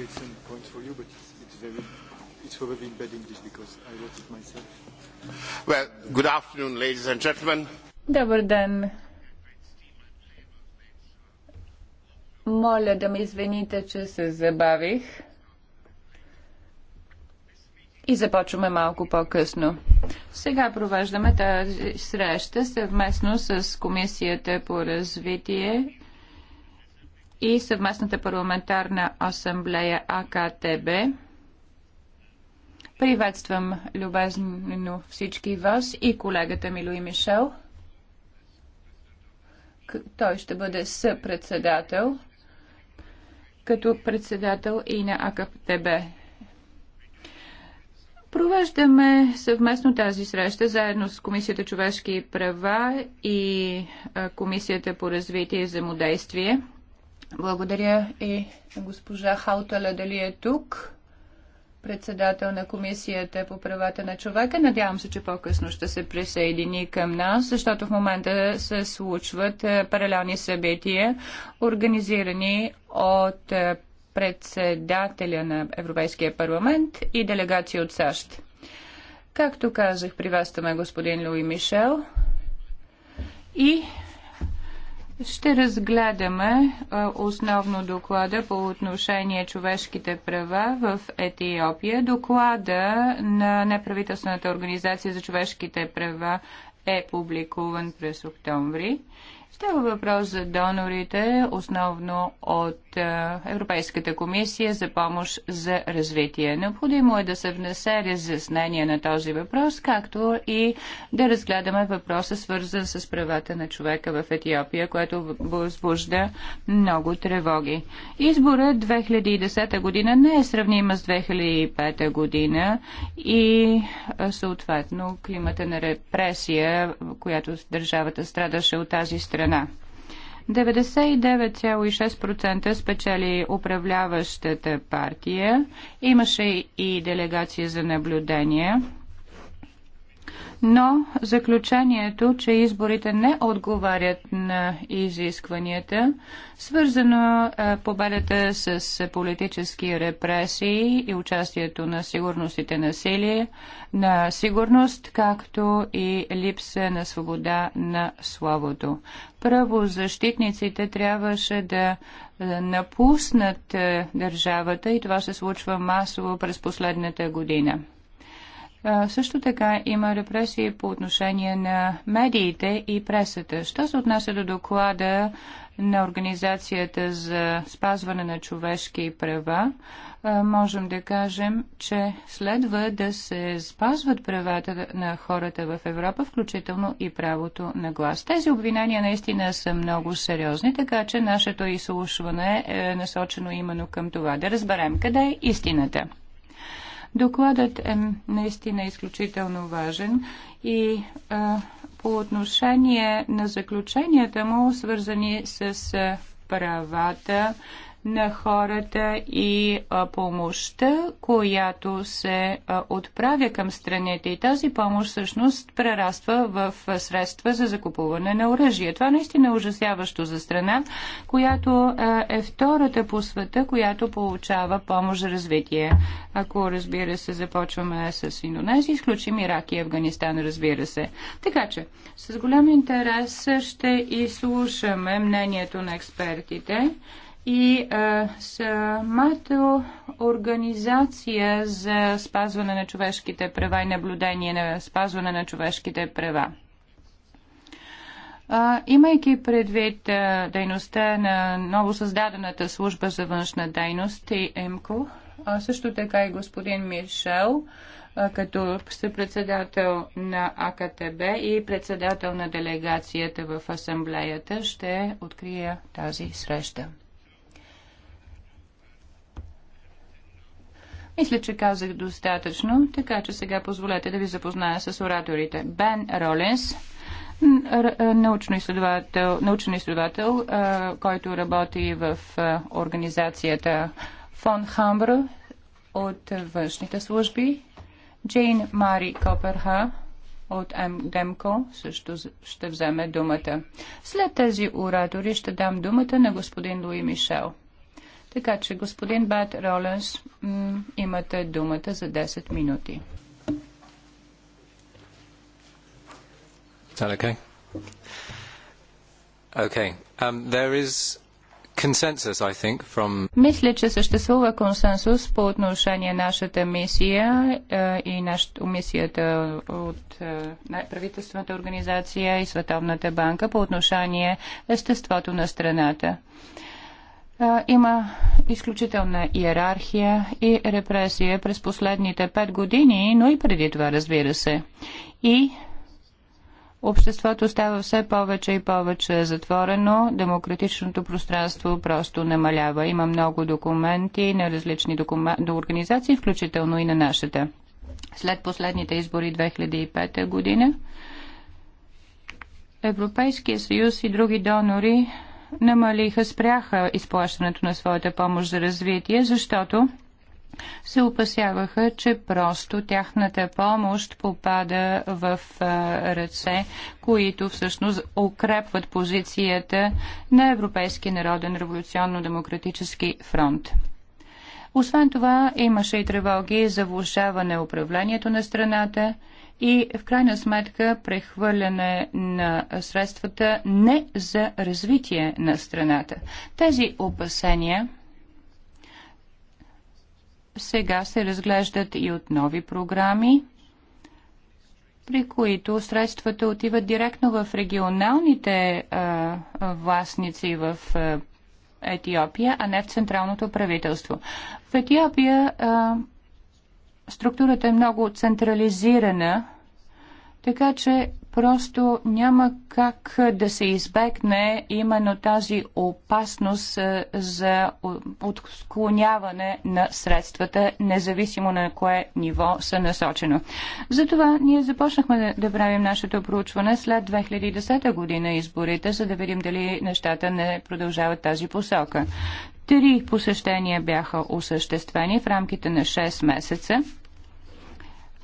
create some points for you, but it's very it's probably in bad English because I wrote it myself. Well, good afternoon, ladies and gentlemen. Добър ден. Моля да ме извините, че се забавих. И започваме малко по-късно. Сега провеждаме тази среща съвместно с Комисията по развитие и съвместната парламентарна асамблея АКТБ. Приветствам любезно всички вас и колегата ми Луи Мишел. Той ще бъде съпредседател като председател и на АКТБ. Провеждаме съвместно тази среща заедно с Комисията човешки права и Комисията по развитие и взаимодействие благодаря и госпожа Хаутала дали е тук, председател на Комисията по правата на човека. Надявам се, че по-късно ще се присъедини към нас, защото в момента се случват е, паралелни събития, организирани от е, председателя на Европейския парламент и делегация от САЩ. Както казах, приветстваме господин Луи Мишел и ще разгледаме основно доклада по отношение човешките права в Етиопия. Доклада на неправителствената организация за човешките права е публикуван през октомври. Става въпрос за донорите, основно от Европейската комисия за помощ за развитие. Необходимо е да се внесе разяснение на този въпрос, както и да разгледаме въпроса, свързан с правата на човека в Етиопия, което възбужда много тревоги. Изборът 2010 година не е сравнима с 2005 година и съответно климата на репресия, която държавата страдаше от тази страна. 99,6% спечели управляващата партия. Имаше и делегация за наблюдение но заключението, че изборите не отговарят на изискванията, свързано победата с политически репресии и участието на сигурностите насилие, на сигурност, както и липса на свобода на словото. Правозащитниците трябваше да напуснат държавата и това се случва масово през последната година. Също така има репресии по отношение на медиите и пресата. Що се отнася до доклада на Организацията за спазване на човешки права, можем да кажем, че следва да се спазват правата на хората в Европа, включително и правото на глас. Тези обвинения наистина са много сериозни, така че нашето изслушване е насочено именно към това да разберем къде е истината. Докладът е наистина изключително важен и а, по отношение на заключенията му, свързани с правата на хората и помощта, която се отправя към страните. И тази помощ всъщност прераства в средства за закупуване на оръжие. Това наистина е ужасяващо за страна, която е втората по света, която получава помощ за развитие. Ако, разбира се, започваме с Индонезия, изключим Ирак и Афганистан, разбира се. Така че, с голям интерес ще изслушаме мнението на експертите и а, е, самата организация за спазване на човешките права и наблюдение на спазване на човешките права. А, имайки предвид а, е, дейността на новосъздадената служба за външна дейност и МКО, а също така и господин Мишел, като председател на АКТБ и председател на делегацията в асамблеята, ще открия тази среща. Мисля, че казах достатъчно, така че сега позволете да ви запозная с ораторите. Бен Ролинс, е, научно-изследовател, научен изследовател, е, който работи в е, организацията Фон Хамбро от външните служби. Джейн Мари Коперха от МДМКО също ще вземе думата. След тези оратори ще дам думата на господин Луи Мишел. Така че, господин Бат Роленс, имате думата за 10 минути. Okay. Okay. Um, there is Think, from... Мисля, че съществува консенсус по отношение нашата мисия е, и нашата мисията от е, правителствената организация и Световната банка по отношение естеството на страната. Е, е, има изключителна иерархия и репресия през последните пет години, но и преди това, разбира се. И обществото става все повече и повече затворено, демократичното пространство просто намалява. Има много документи на различни докума... до организации, включително и на нашата. След последните избори 2005 година Европейския съюз и други донори намалиха, спряха изплащането на своята помощ за развитие, защото се опасяваха, че просто тяхната помощ попада в ръце, които всъщност укрепват позицията на Европейския народен революционно-демократически фронт. Освен това, имаше и тревоги за влушаване управлението на страната и в крайна сметка прехвърляне на средствата не за развитие на страната. Тези опасения сега се разглеждат и от нови програми, при които средствата отиват директно в регионалните а, властници в а, Етиопия, а не в централното правителство. В Етиопия а, структурата е много централизирана, така че просто няма как да се избегне именно тази опасност е, за отклоняване на средствата, независимо на кое ниво са насочено. Затова ние започнахме да правим нашето проучване след 2010 година изборите, за да видим дали нещата не продължават тази посока. Три посещения бяха осъществени в рамките на 6 месеца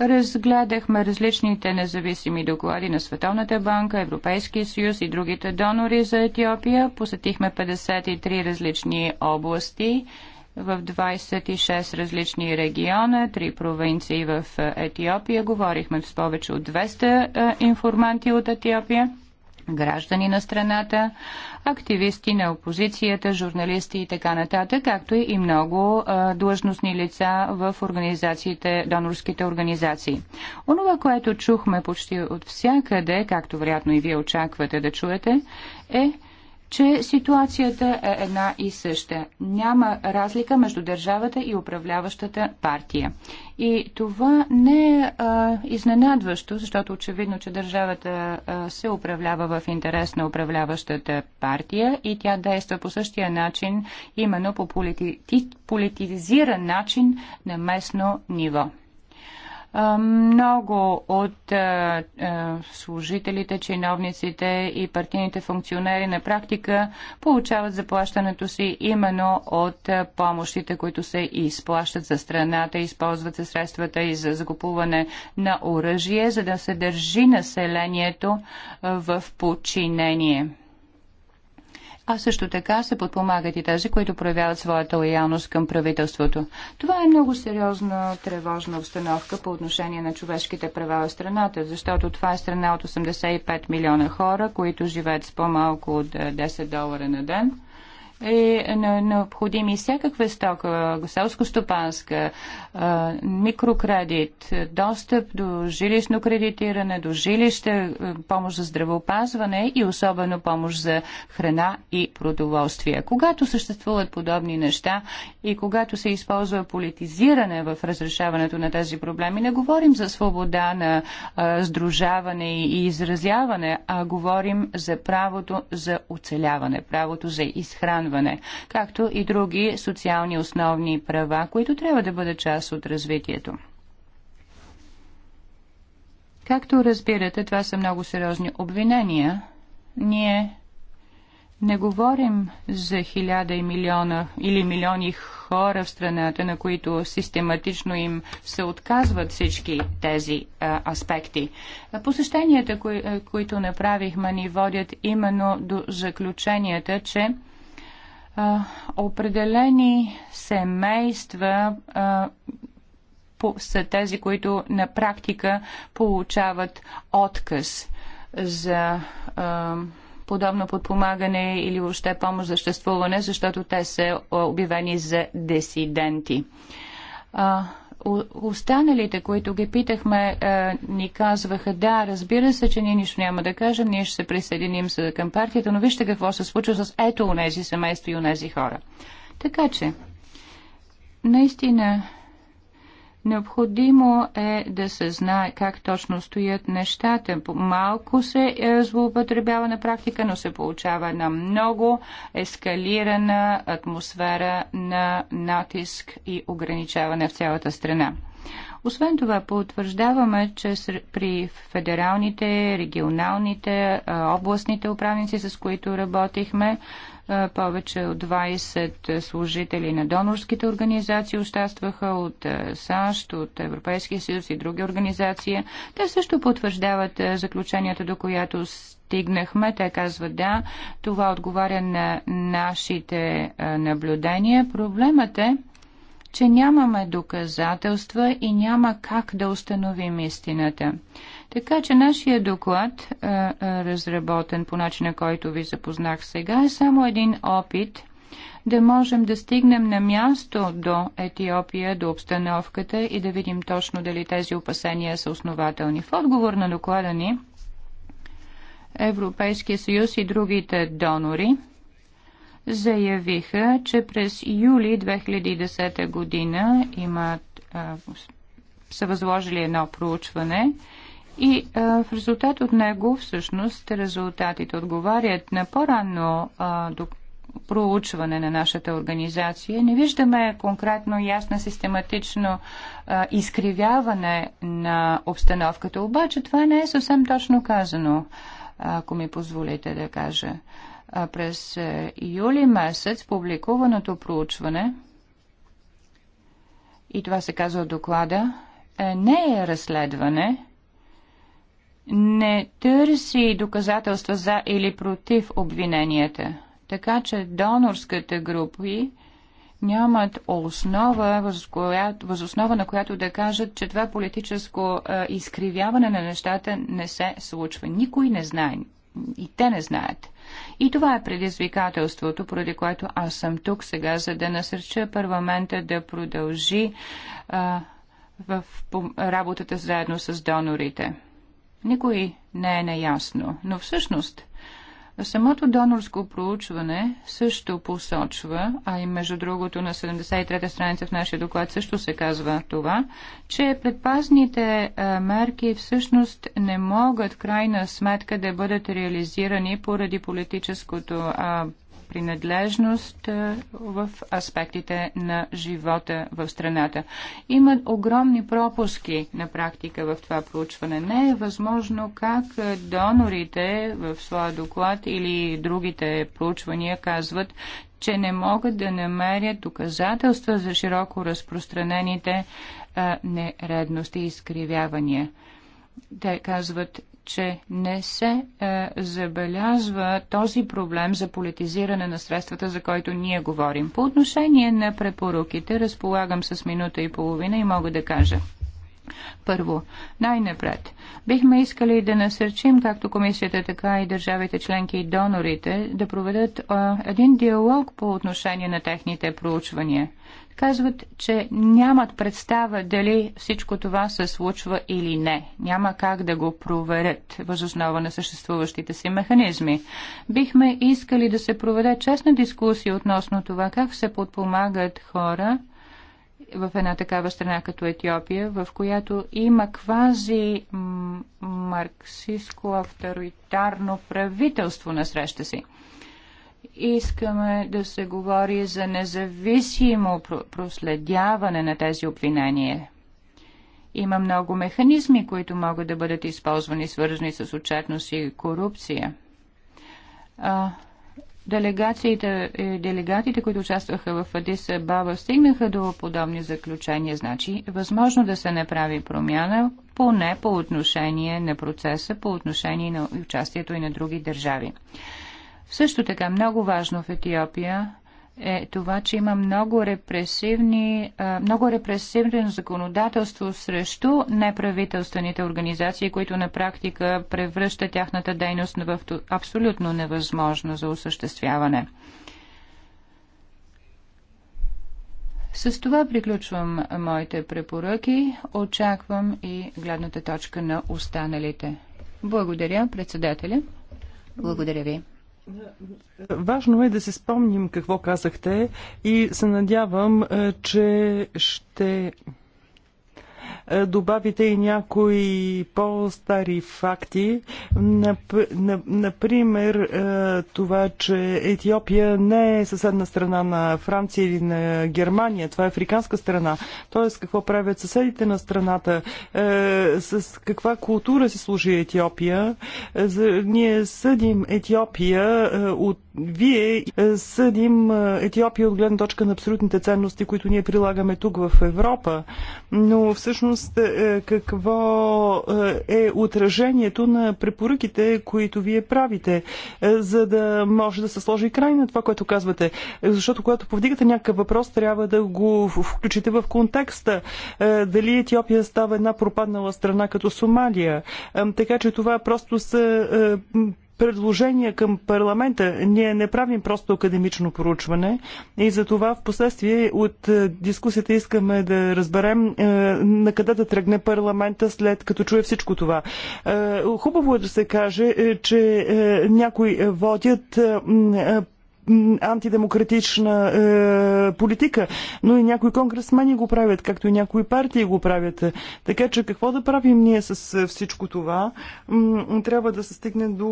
Разгледахме различните независими доклади на Световната банка, Европейския съюз и другите донори за Етиопия. Посетихме 53 различни области в 26 различни региона, три провинции в Етиопия. Говорихме с повече от 200 е, информанти от Етиопия граждани на страната, активисти на опозицията, журналисти и така нататък, както и много а, длъжностни лица в организациите, донорските организации. Онова, което чухме почти от всякъде, както вероятно и вие очаквате да чуете, е, че ситуацията е една и съща. Няма разлика между държавата и управляващата партия. И това не е а, изненадващо, защото очевидно, че държавата а, се управлява в интерес на управляващата партия и тя действа по същия начин, именно по политизиран начин на местно ниво. Много от служителите, чиновниците и партийните функционери на практика получават заплащането си именно от помощите, които се изплащат за страната, използват се средствата и за закупуване на оръжие, за да се държи населението в подчинение а също така се подпомагат и тези, които проявяват своята лоялност към правителството. Това е много сериозна тревожна обстановка по отношение на човешките права в страната, защото това е страна от 85 милиона хора, които живеят с по-малко от 10 е, долара на ден е необходими всякаква стока, селско-стопанска, микрокредит, достъп до жилищно кредитиране, до жилище, помощ за здравеопазване и особено помощ за храна и продоволствие. Когато съществуват подобни неща и когато се използва политизиране в разрешаването на тези проблеми, не говорим за свобода на сдружаване и изразяване, а говорим за правото за оцеляване, правото за изхранване захранване, както и други социални основни права, които трябва да бъдат част от развитието. Както разбирате, това са много сериозни обвинения. Ние не говорим за хиляда и милиона или милиони хора в страната, на които систематично им се отказват всички тези а, аспекти. Посещенията, кои, които направихме, ни водят именно до заключенията, че определени семейства са тези, които на практика получават отказ за подобно подпомагане или въобще помощ за съществуване, защото те са обявени за десиденти. Останалите, които ги питахме, е, ни казваха да, разбира се, че ние нищо няма да кажем, ние ще се присъединим към партията, но вижте какво се случва с ето нези семейства и нези хора. Така че, наистина Необходимо е да се знае как точно стоят нещата. Малко се е злоупотребява на практика, но се получава на много ескалирана атмосфера на натиск и ограничаване в цялата страна. Освен това, потвърждаваме, че при федералните, регионалните, областните управници, с които работихме, повече от 20 служители на донорските организации участваха от е, САЩ, от Европейския съюз и други организации. Те също потвърждават е, заключението, до която стигнахме. Те казват да, това отговаря на нашите е, наблюдения. Проблемът е, че нямаме доказателства и няма как да установим истината. Така че нашия доклад, е, е, разработен по начина, който ви запознах сега, е само един опит да можем да стигнем на място до Етиопия, до обстановката и да видим точно дали тези опасения са основателни. В отговор на доклада ни, Европейския съюз и другите донори заявиха, че през юли 2010 година имат, а, са възложили едно проучване, и а, в резултат от него, всъщност, резултатите отговарят на по-рано проучване на нашата организация. Не виждаме конкретно ясно систематично а, изкривяване на обстановката, обаче това не е съвсем точно казано, ако ми позволите да кажа. А, през юли месец публикуваното проучване, и това се казва от доклада, е, не е разследване, не търси доказателства за или против обвиненията. Така че донорските групи нямат основа, възоснова на която да кажат, че това политическо изкривяване на нещата не се случва. Никой не знае. И те не знаят. И това е предизвикателството, поради което аз съм тук сега, за да насърча парламента да продължи а, в работата заедно с донорите никой не е наясно. Но всъщност Самото донорско проучване също посочва, а и между другото на 73-та страница в нашия доклад също се казва това, че предпазните мерки всъщност не могат крайна сметка да бъдат реализирани поради политическото принадлежност в аспектите на живота в страната. Има огромни пропуски на практика в това проучване. Не е възможно как донорите в своя доклад или другите проучвания казват, че не могат да намерят доказателства за широко разпространените нередности и изкривявания. Те казват, че не се е, забелязва този проблем за политизиране на средствата, за който ние говорим. По отношение на препоръките, разполагам с минута и половина и мога да кажа. Първо, най-напред, бихме искали да насърчим както комисията, така и държавите членки и донорите да проведат е, един диалог по отношение на техните проучвания казват, че нямат представа дали всичко това се случва или не. Няма как да го проверят възоснова на съществуващите си механизми. Бихме искали да се проведе честна дискусия относно това как се подпомагат хора, в една такава страна като Етиопия, в която има квази марксистско авторитарно правителство на среща си искаме да се говори за независимо проследяване на тези обвинения. Има много механизми, които могат да бъдат използвани, свързани с отчетност и корупция. А, делегациите, е, делегатите, които участваха в Адиса Баба, стигнаха до подобни заключения. Значи, възможно да се направи промяна, поне по отношение на процеса, по отношение на участието и на други държави. Също така много важно в Етиопия е това, че има много, репресивни, много репресивно законодателство срещу неправителствените организации, които на практика превръща тяхната дейност в абсолютно невъзможно за осъществяване. С това приключвам моите препоръки. Очаквам и гледната точка на останалите. Благодаря, председателя. Благодаря ви. Важно е да се спомним какво казахте и се надявам, е, че ще е, добавите и някои по-стари факти. Например, е, това, че Етиопия не е съседна страна на Франция или на Германия. Това е африканска страна. Тоест, какво правят съседите на страната? Е, с каква култура си служи Етиопия? Ние съдим Етиопия от вие съдим Етиопия от гледна точка на абсолютните ценности, които ние прилагаме тук в Европа, но всъщност всъщност е, какво е, е отражението на препоръките, които вие правите, е, за да може да се сложи край на това, което казвате. Защото когато повдигате някакъв въпрос, трябва да го включите в контекста. Дали Етиопия става една пропаднала страна като Сомалия. Така че това просто са предложения към парламента. Ние не правим просто академично проучване и за това в последствие от е, дискусията искаме да разберем е, на къде да тръгне парламента след като чуе всичко това. Е, хубаво е да се каже, е, че е, някои водят е, антидемократична е, политика, но и някои конгресмени го правят, както и някои партии го правят. Така че какво да правим ние с е, всичко това? Трябва да се стигне до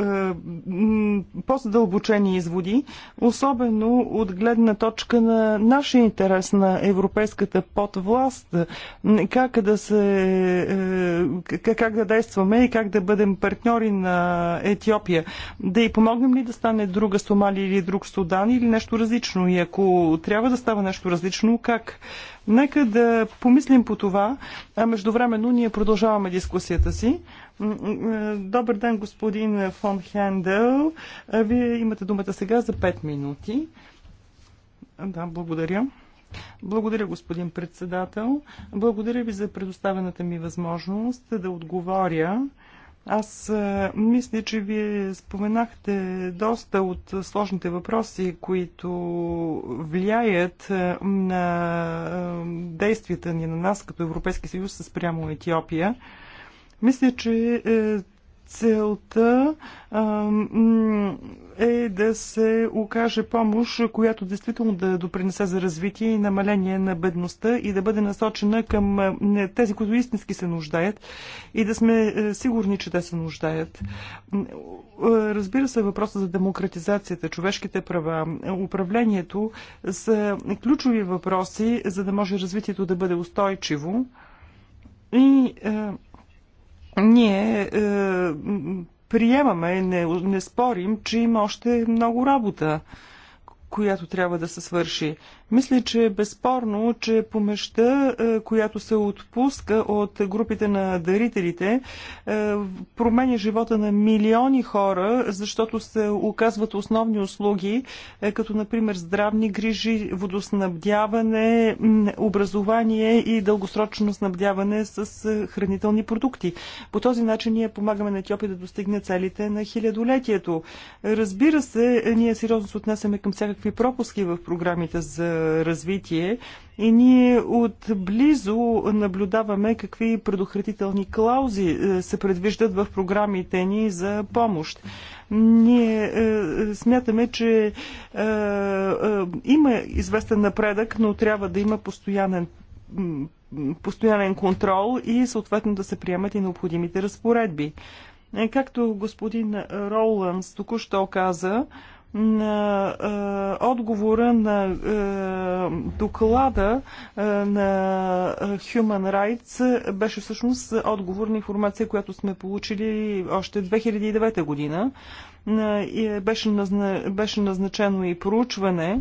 е, по-задълбочени изводи, особено от гледна точка на нашия интерес на европейската подвласт, как да се е, как да действаме и как да бъдем партньори на Етиопия. Да й помогнем ли да стане друга Сомалия или или друг Судан или нещо различно. И ако трябва да става нещо различно, как? Нека да помислим по това, а междувременно ние продължаваме дискусията си. Добър ден, господин фон Хендел. Вие имате думата сега за 5 минути. Да, благодаря. Благодаря, господин председател. Благодаря ви за предоставената ми възможност да отговоря аз е, мисля, че вие споменахте доста от сложните въпроси, които влияят е, на е, действията ни на нас като Европейски съюз спрямо Етиопия. Мисля, че целта е да се окаже помощ, която действително да допринесе за развитие и намаление на бедността и да бъде насочена към тези, които истински се нуждаят и да сме е, сигурни, че те се нуждаят. Е, разбира се, въпроса за демократизацията, човешките права, управлението са ключови въпроси, за да може развитието да бъде устойчиво. И е, ние е, приемаме, не, не спорим, че има още много работа, която трябва да се свърши. Мисля, че е безспорно, че помеща, е, която се отпуска от групите на дарителите, е, променя живота на милиони хора, защото се оказват основни услуги, е, като например здравни грижи, водоснабдяване, образование и дългосрочно снабдяване с хранителни продукти. По този начин ние помагаме на Етиопия да достигне целите на хилядолетието. Разбира се, ние сериозно се отнасяме към всякакви пропуски в програмите за развитие и ние отблизо наблюдаваме какви предохранителни клаузи е, се предвиждат в програмите ни за помощ. Ние е, смятаме, че е, е, има известен напредък, но трябва да има постоянен постоянен контрол и съответно да се приемат и необходимите разпоредби. Е, както господин Роланс току-що каза, е, на е, отговора на е, доклада е, на Human Rights беше всъщност отговор на информация, която сме получили още 2009 година. Е, беше, назна, беше назначено и проучване.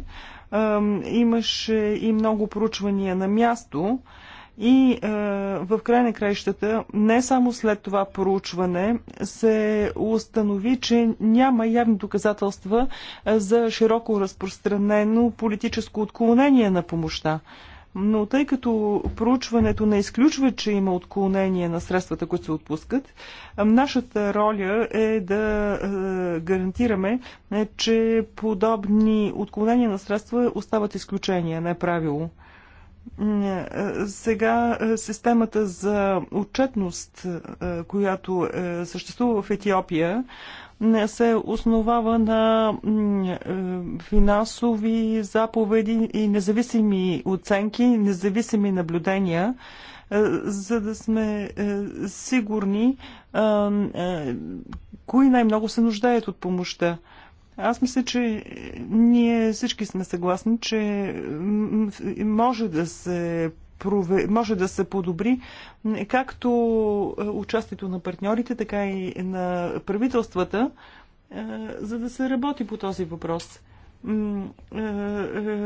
Е, имаше и много проучвания на място. Е, и е, в край на краищата, не само след това проучване, се установи, че няма явни доказателства е, за широко разпространено политическо отклонение на помощта. Но тъй като проучването не изключва, че има отклонение на средствата, които се отпускат, е, нашата роля е да е, гарантираме, че подобни отклонения на средства остават изключения, не правило. Сега е, системата за отчетност, е, която е, съществува в Етиопия, не се основава на финансови заповеди и независими оценки, независими наблюдения, за да сме сигурни кои най-много се нуждаят от помощта. Аз мисля, че ние всички сме съгласни, че може да се може да се подобри както е, участието на партньорите, така и на правителствата, е, за да се работи по този въпрос. Е,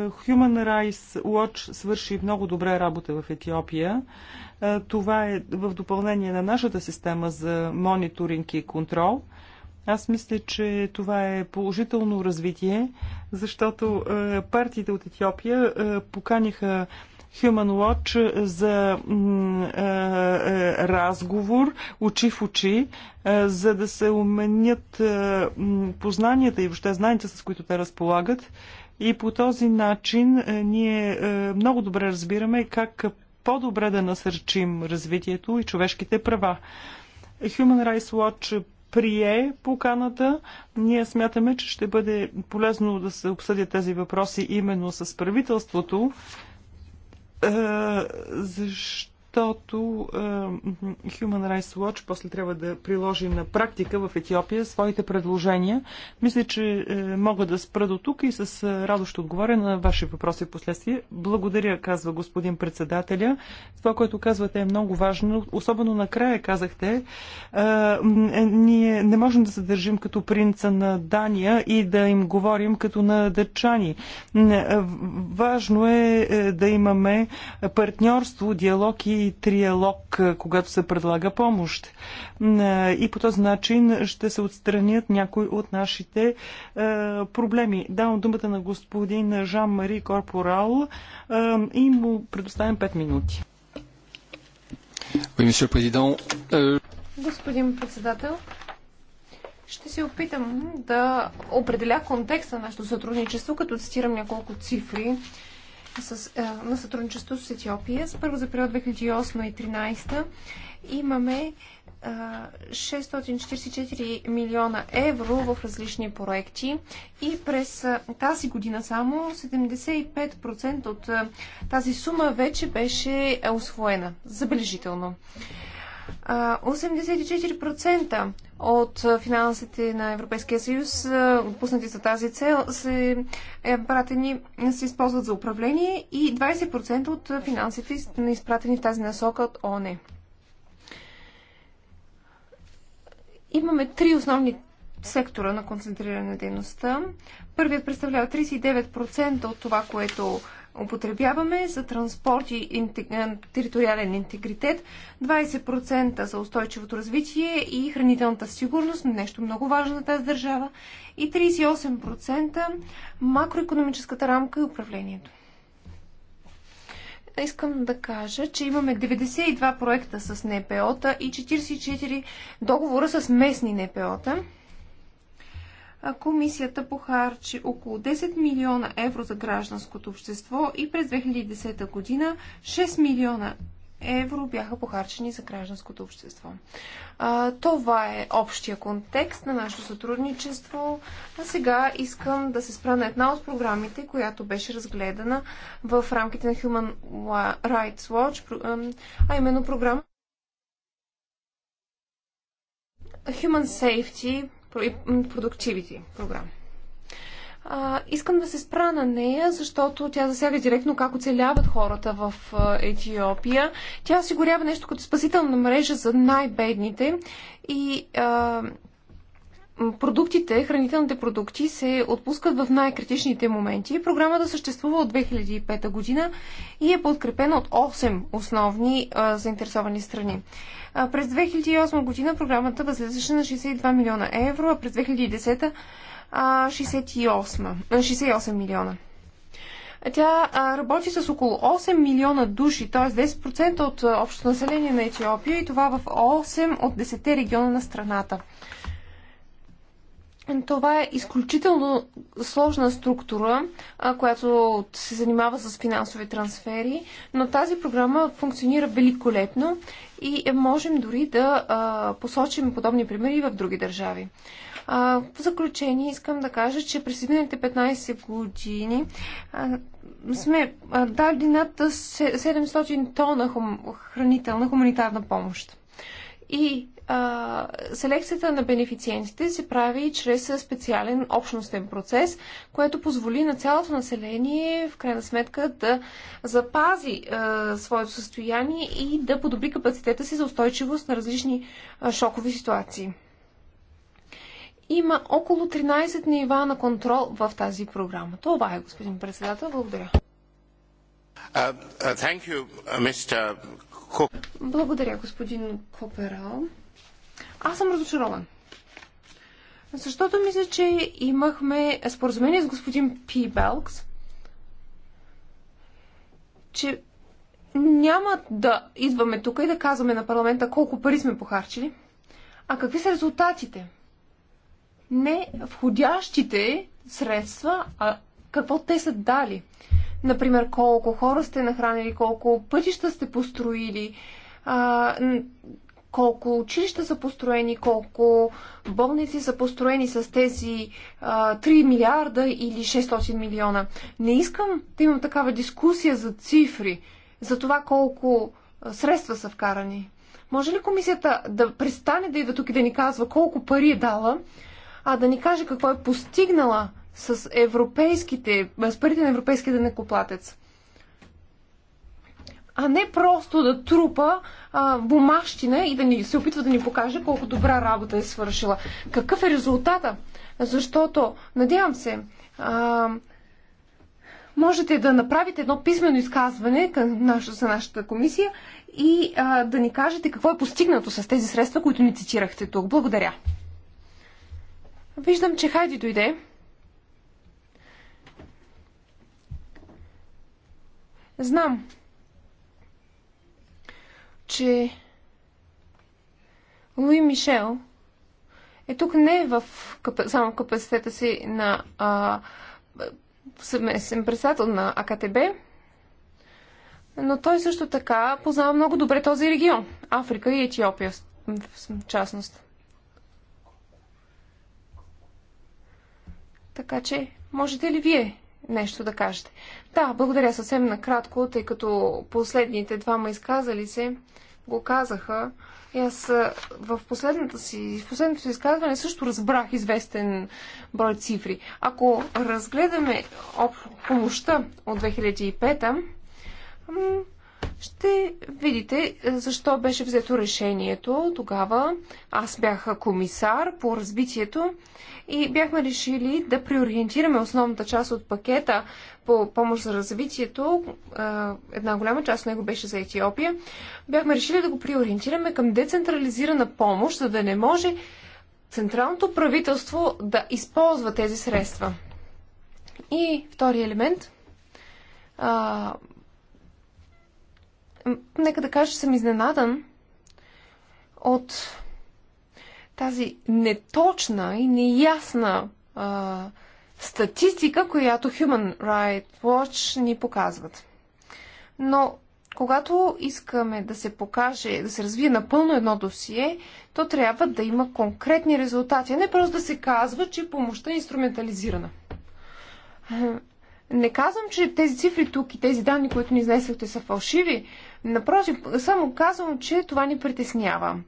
Human Rights Watch свърши много добра работа в Етиопия. Това е в допълнение на нашата система за мониторинг и контрол – аз мисля, че това е положително развитие, защото е, партиите от Етиопия е, поканиха Human Watch за е, разговор очи в очи, за да се уменят познанията и въобще знанията, с които те разполагат. И по този начин ние много добре разбираме как по-добре да насърчим развитието и човешките права. Human Rights Watch прие поканата. Ние смятаме, че ще бъде полезно да се обсъдят тези въпроси именно с правителството, е, защото защото е, Human Rights Watch после трябва да приложи на практика в Етиопия своите предложения. Мисля, че е, мога да спра до тук и с е, радост ще отговоря на ваши въпроси в последствие. Благодаря, казва господин председателя. Това, което казвате е много важно. Особено накрая казахте, ние не можем да се държим като принца на Дания и да им говорим като на дъчани. Важно е да имаме партньорство, диалог и триалог, когато се предлага помощ. И по този начин ще се отстранят някои от нашите проблеми. Давам думата на господин Жан-Мари Корпорал и му предоставям 5 минути. Euh, господин председател, ще се опитам да определя контекста на нашето сътрудничество, като цитирам няколко цифри с, а, е, на сътрудничество с Етиопия. С първо за период 2008 и 2013 имаме а, е, 644 милиона евро в различни проекти и през а, е, тази година само 75% от а, тази сума вече беше освоена. Забележително. 84% от финансите на Европейския съюз, отпуснати за тази цел, се е, пратени, се използват за управление и 20% от финансите са изпратени в тази насока от ОНЕ. Имаме три основни сектора на концентриране на дейността. Първият представлява 39% от това, което употребяваме за транспорт и териториален интегритет, 20% за устойчивото развитие и хранителната сигурност, нещо много важно за тази държава, и 38% макроекономическата рамка и управлението. Искам да кажа, че имаме 92 проекта с НПО-та и 44 договора с местни НПО-та комисията похарчи около 10 милиона евро за гражданското общество и през 2010 година 6 милиона евро бяха похарчени за гражданското общество. А, това е общия контекст на нашето сътрудничество. А сега искам да се спра на една от програмите, която беше разгледана в рамките на Human Rights Watch, а именно програма Human Safety, продуктивити програма. А, искам да се спра на нея, защото тя засяга директно как оцеляват хората в Етиопия. Тя осигурява нещо като спасителна мрежа за най-бедните и а, продуктите, хранителните продукти се отпускат в най-критичните моменти. Програмата съществува от 2005 година и е подкрепена от 8 основни а, заинтересовани страни. През 2008 година програмата възлезаше на 62 милиона евро, а през 2010 68 милиона. Тя работи с около 8 милиона души, т.е. 10% от общото население на Етиопия и това в 8 от 10 региона на страната. Това е изключително сложна структура, която се занимава с финансови трансфери, но тази програма функционира великолепно и можем дори да посочим подобни примери в други държави. В заключение искам да кажа, че през следните 15 години сме дали над 700 тона хранителна хуманитарна помощ. И а, селекцията на бенефициентите се прави чрез специален общностен процес, което позволи на цялото население в крайна сметка да запази а, своето състояние и да подобри капацитета си за устойчивост на различни а, шокови ситуации. Има около 13 нива на контрол в тази програма. Това е, господин председател. Благодаря. Uh, uh, you, Благодаря, господин Коперал. Аз съм разочарован. Защото мисля, че имахме споразумение с господин Пи Белкс, че няма да идваме тук и да казваме на парламента колко пари сме похарчили, а какви са резултатите. Не входящите средства, а какво те са дали. Например, колко хора сте нахранили, колко пътища сте построили, а, колко училища са построени, колко болници са построени с тези а, 3 милиарда или 600 милиона. Не искам да имам такава дискусия за цифри, за това колко средства са вкарани. Може ли комисията да престане да идва тук и да ни казва колко пари е дала, а да ни каже какво е постигнала с, европейските, с парите на европейския денекоплатец? а не просто да трупа а, бумащина и да ни, се опитва да ни покаже колко добра работа е свършила. Какъв е резултата? Защото, надявам се, а, можете да направите едно писмено изказване към наш, за нашата комисия и а, да ни кажете какво е постигнато с тези средства, които ни цитирахте тук. Благодаря. Виждам, че Хайди дойде. Знам че Луи Мишел е тук не в само в капацитета си на а, съместен председател на АКТБ, но той също така познава много добре този регион Африка и Етиопия в частност. Така че, можете ли вие нещо да кажете. Да, благодаря съвсем накратко, тъй като последните двама изказали се го казаха. И аз в, последната си, в последното си изказване също разбрах известен брой цифри. Ако разгледаме помощта от 2005-та, ще видите е, защо беше взето решението тогава. Аз бях комисар по развитието и бяхме решили да приориентираме основната част от пакета по помощ за развитието. Е, една голяма част от него беше за Етиопия. Бяхме решили да го приориентираме към децентрализирана помощ, за да не може централното правителство да използва тези средства. И втори елемент – нека да кажа, че съм изненадан от тази неточна и неясна а, статистика, която Human Rights Watch ни показват. Но когато искаме да се покаже, да се развие напълно едно досие, то трябва да има конкретни резултати, а не просто да се казва, че помощта е инструментализирана. Не казвам, че тези цифри тук и тези данни, които ни изнесахте, са фалшиви, Напротив, само казвам, че това ни притеснява.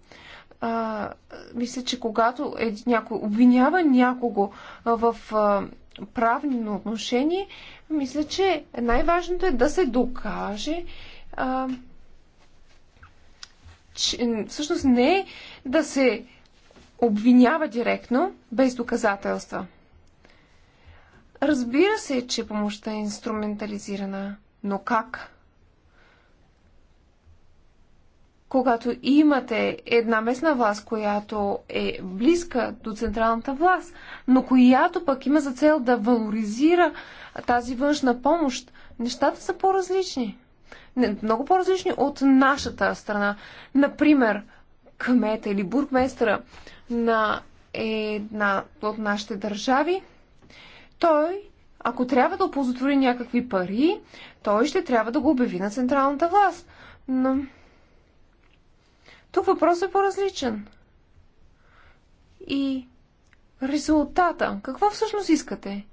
А, мисля, че когато е, някой обвинява някого в а, правно отношение, мисля, че най-важното е да се докаже, а, че всъщност не е да се обвинява директно, без доказателства. Разбира се, че помощта е инструментализирана, но как? когато имате една местна власт, която е близка до централната власт, но която пък има за цел да валоризира тази външна помощ, нещата са по-различни. Много по-различни от нашата страна. Например, кмета или бургместъра на една от нашите държави, той, ако трябва да оползотвори някакви пари, той ще трябва да го обяви на централната власт. Но тук въпросът е по-различен. И резултата. Какво всъщност искате?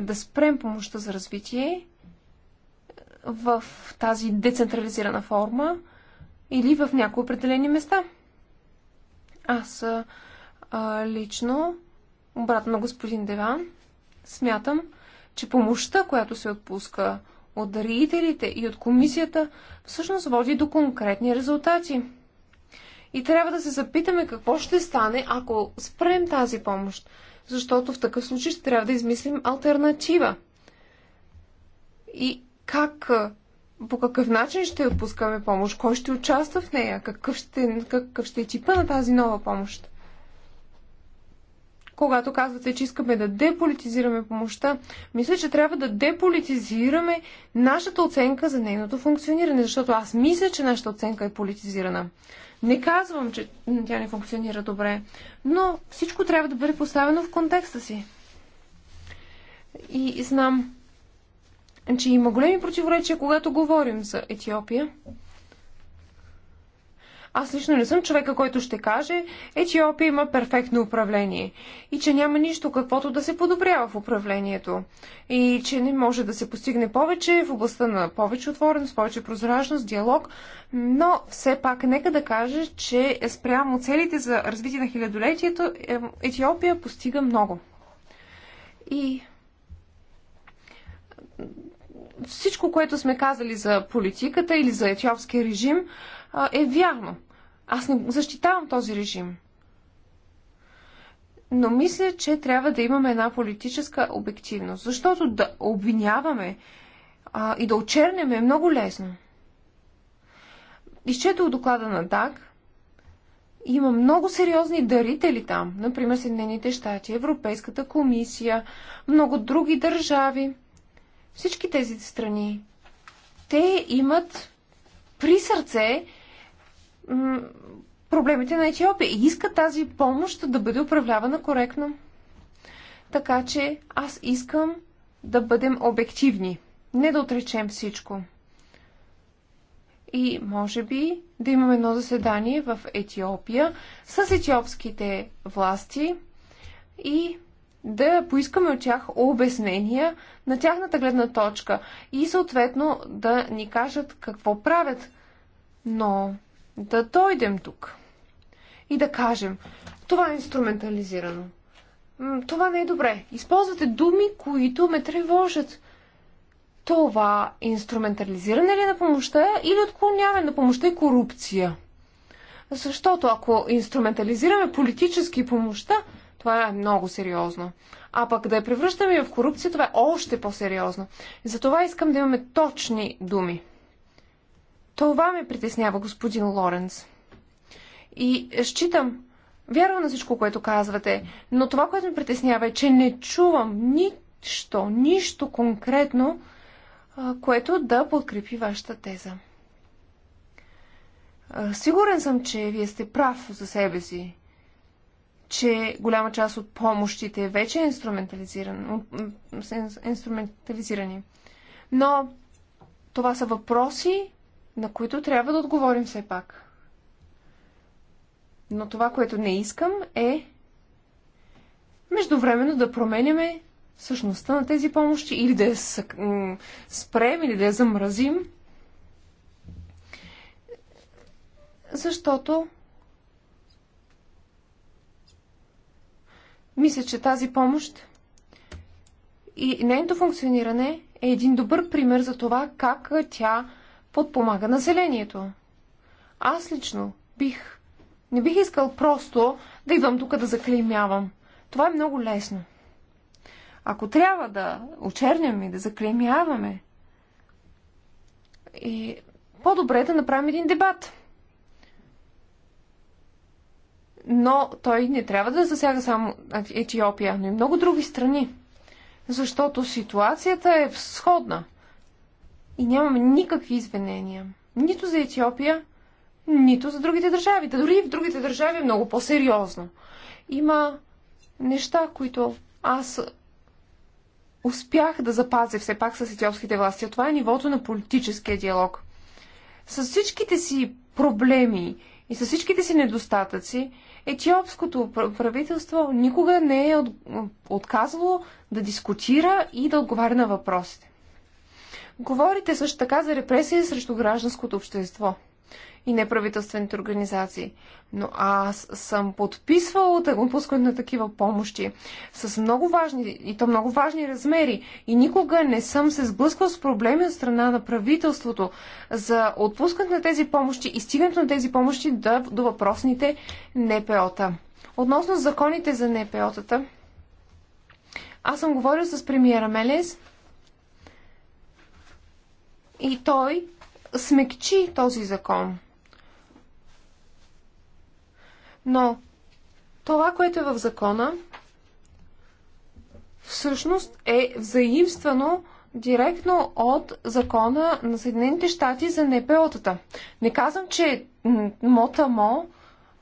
Да спрем помощта за развитие в тази децентрализирана форма или в някои определени места. Аз а, лично, обратно на господин Деван, смятам, че помощта, която се отпуска от дарителите и от комисията всъщност води до конкретни резултати. И трябва да се запитаме какво ще стане, ако спрем тази помощ. Защото в такъв случай ще трябва да измислим альтернатива. И как, по какъв начин ще отпускаме помощ, кой ще участва в нея, какъв ще, какъв ще е типа на тази нова помощ когато казвате, че искаме да деполитизираме помощта, мисля, че трябва да деполитизираме нашата оценка за нейното функциониране, защото аз мисля, че нашата оценка е политизирана. Не казвам, че тя не функционира добре, но всичко трябва да бъде поставено в контекста си. И знам, че има големи противоречия, когато говорим за Етиопия. Аз лично не съм човека, който ще каже, Етиопия има перфектно управление и че няма нищо каквото да се подобрява в управлението и че не може да се постигне повече в областта на повече отвореност, повече прозрачност, диалог, но все пак нека да кажа, че спрямо целите за развитие на хилядолетието Етиопия постига много. И всичко, което сме казали за политиката или за етиопския режим, е вярно. Аз не защитавам този режим. Но мисля, че трябва да имаме една политическа обективност, защото да обвиняваме а, и да очерняме е много лесно. Изчетох доклада на ДАК. Има много сериозни дарители там. Например, Съединените щати, Европейската комисия, много други държави. Всички тези страни. Те имат при сърце проблемите на Етиопия и иска тази помощ да бъде управлявана коректно. Така че аз искам да бъдем обективни, не да отречем всичко. И може би да имаме едно заседание в Етиопия с етиопските власти и да поискаме от тях обяснения на тяхната гледна точка и съответно да ни кажат какво правят. Но да дойдем тук и да кажем, това е инструментализирано. Това не е добре. Използвате думи, които ме тревожат. Това инструментализиране ли е на помощта или отклоняване на помощта и корупция? Защото ако инструментализираме политически помощта, това е много сериозно. А пък да я превръщаме в корупция, това е още по-сериозно. Затова искам да имаме точни думи. Това ме притеснява, господин Лоренц. И считам, вярвам на всичко, което казвате, но това, което ме притеснява е, че не чувам нищо, нищо конкретно, което да подкрепи вашата теза. Сигурен съм, че вие сте прав за себе си, че голяма част от помощите вече е инструментализиран, инструментализирани. Но това са въпроси, на които трябва да отговорим все пак. Но това, което не искам е междувременно да променяме същността на тези помощи или да я спрем, или да я замразим. Защото мисля, че тази помощ и нейното функциониране е един добър пример за това как тя подпомага населението. Аз лично бих. Не бих искал просто да идвам тук да заклеймявам. Това е много лесно. Ако трябва да очерняме и да заклеймяваме, и по-добре е да направим един дебат. Но той не трябва да засяга само Етиопия, но и много други страни. Защото ситуацията е сходна – и нямаме никакви извинения. Нито за Етиопия, нито за другите държави. Да дори и в другите държави е много по-сериозно. Има неща, които аз успях да запазя все пак с етиопските власти. А това е нивото на политическия диалог. С всичките си проблеми и с всичките си недостатъци, етиопското правителство никога не е отказвало да дискутира и да отговаря на въпросите. Говорите също така за репресии срещу гражданското общество и неправителствените организации. Но аз съм подписвала отпускане на такива помощи с много важни, и то много важни размери. И никога не съм се сблъсквал с проблеми от страна на правителството за отпускането на тези помощи и стигането на тези помощи до, до въпросните НПО-та. Относно законите за НПО-тата, аз съм говорил с премиера Мелес – и той смекчи този закон. Но това, което е в закона, всъщност е взаимствано директно от закона на Съединените щати за НПО-тата. Не казвам, че е мотамо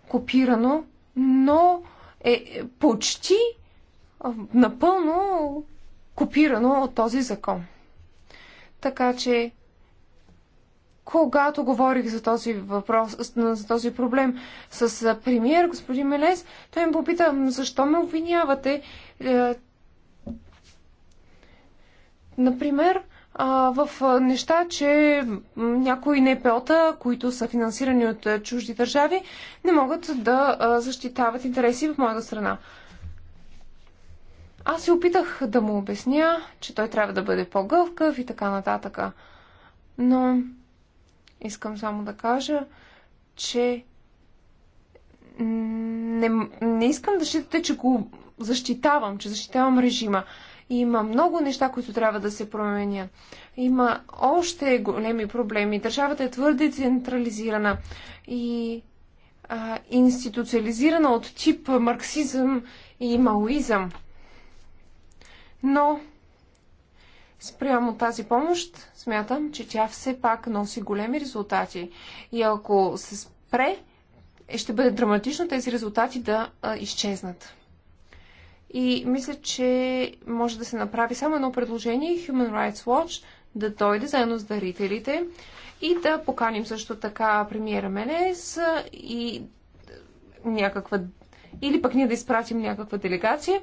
копирано, но е почти напълно копирано от този закон. Така че когато говорих за този въпрос, за този проблем с премиер господин Мелес, той ме попита, защо ме обвинявате? Е, например, в неща, че някои НПО-та, които са финансирани от чужди държави, не могат да защитават интереси в моята страна. Аз се опитах да му обясня, че той трябва да бъде по-гъвкав и така нататък. Но Искам само да кажа, че не, не искам да считате, че го защитавам, че защитавам режима. Има много неща, които трябва да се променят. Има още големи проблеми. Държавата е твърде централизирана и а, институциализирана от тип марксизъм и маоизъм. Но Спрямо тази помощ, смятам, че тя все пак носи големи резултати. И ако се спре, е, ще бъде драматично тези резултати да а, изчезнат. И мисля, че може да се направи само едно предложение Human Rights Watch да дойде заедно с дарителите и да поканим също така премиера Менес и някаква или пък ние да изпратим някаква делегация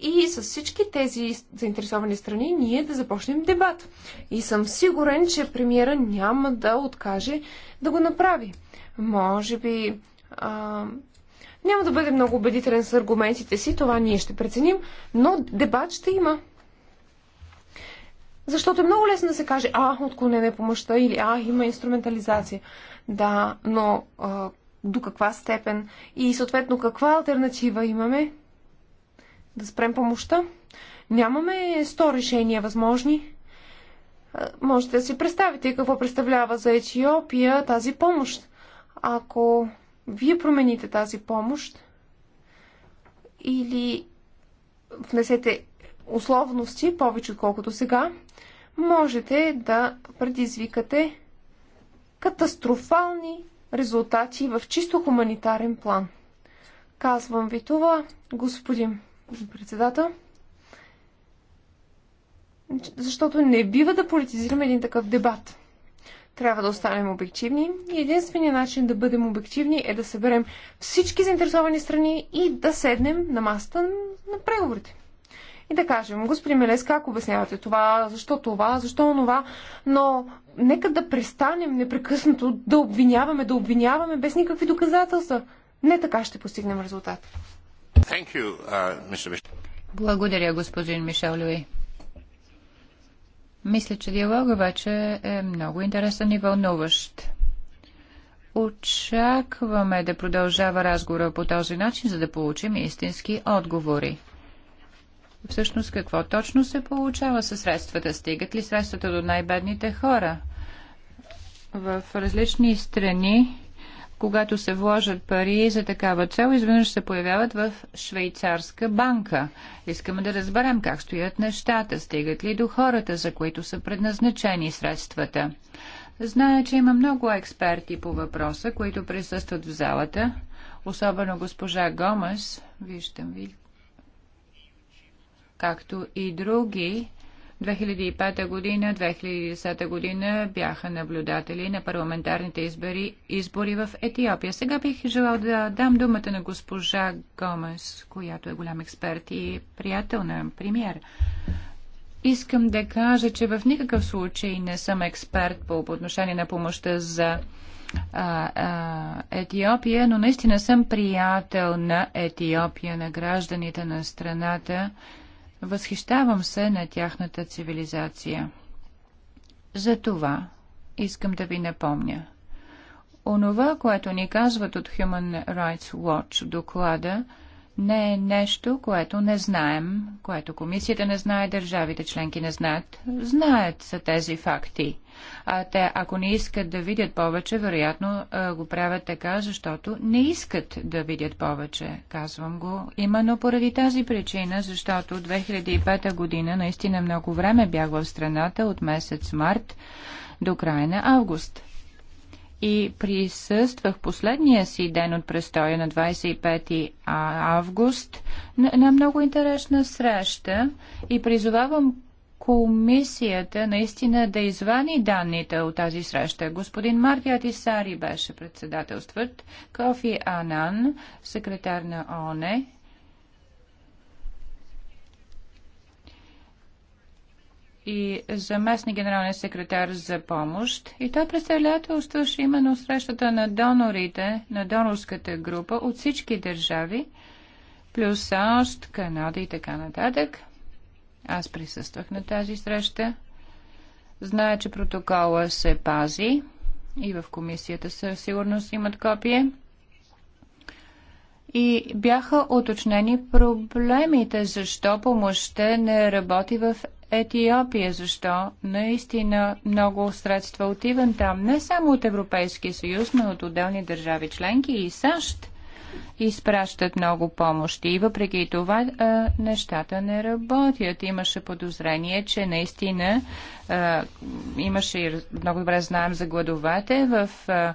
и с всички тези заинтересовани страни ние да започнем дебат. И съм сигурен, че премиера няма да откаже да го направи. Може би а, няма да бъде много убедителен с аргументите си, това ние ще преценим, но дебат ще има. Защото е много лесно да се каже, а, отклонена е помощта или а, има инструментализация. Да, но а, до каква степен и съответно каква альтернатива имаме? Да спрем помощта? Нямаме 100 решения възможни. Можете да си представите какво представлява за Етиопия тази помощ. Ако вие промените тази помощ или внесете условности повече отколкото сега, можете да предизвикате катастрофални резултати в чисто хуманитарен план. Казвам ви това, господин председател, защото не бива да политизираме един такъв дебат. Трябва да останем обективни и единственият начин да бъдем обективни е да съберем всички заинтересовани страни и да седнем на масата на преговорите и да кажем, господин Мелес, как обяснявате това, защо това, защо онова, но нека да престанем непрекъснато да обвиняваме, да обвиняваме без никакви доказателства. Не така ще постигнем резултат. You, uh, Благодаря, господин Мишел Люи. Мисля, че диалог обаче е много интересен и вълнуващ. Очакваме да продължава разговора по този начин, за да получим истински отговори всъщност какво точно се получава със средствата? Стигат ли средствата до най-бедните хора? В различни страни, когато се вложат пари за такава цел, изведнъж се появяват в швейцарска банка. Искаме да разберем как стоят нещата, стигат ли до хората, за които са предназначени средствата. Зная, че има много експерти по въпроса, които присъстват в залата, особено госпожа Гомес. Виждам ви както и други 2005 година, 2010 година бяха наблюдатели на парламентарните избори, избори в Етиопия. Сега бих желал да дам думата на госпожа Гомес, която е голям експерт и приятел на премьер. Искам да кажа, че в никакъв случай не съм експерт по, по отношение на помощта за а, а, Етиопия, но наистина съм приятел на Етиопия, на гражданите на страната. Възхищавам се на тяхната цивилизация. За това искам да ви напомня. Онова, което ни казват от Human Rights Watch доклада, не е нещо, което не знаем, което комисията не знае, държавите членки не знаят. Знаят са тези факти. А те, ако не искат да видят повече, вероятно го правят така, защото не искат да видят повече. Казвам го именно поради тази причина, защото 2005 година наистина много време бях в страната от месец март до края на август и присъствах последния си ден от престоя на 25 август на, на много интересна среща и призовавам комисията наистина да извани данните от тази среща. Господин Марти Атисари беше председателстват, Кофи Анан, секретар на ОНЕ и заместник генералния секретар за помощ и той представлятелстваше именно срещата на донорите, на донорската група от всички държави, плюс САЩ, Канада и така нататък. Аз присъствах на тази среща. Зная, че протокола се пази и в комисията със сигурност имат копие и бяха уточнени проблемите, защо помощта не работи в Етиопия, защо наистина много средства отивам там, не само от Европейския съюз, но от отделни държави членки и САЩ изпращат много помощи. И въпреки това а, нещата не работят. Имаше подозрение, че наистина а, имаше и много добре знаем за гладовете в а,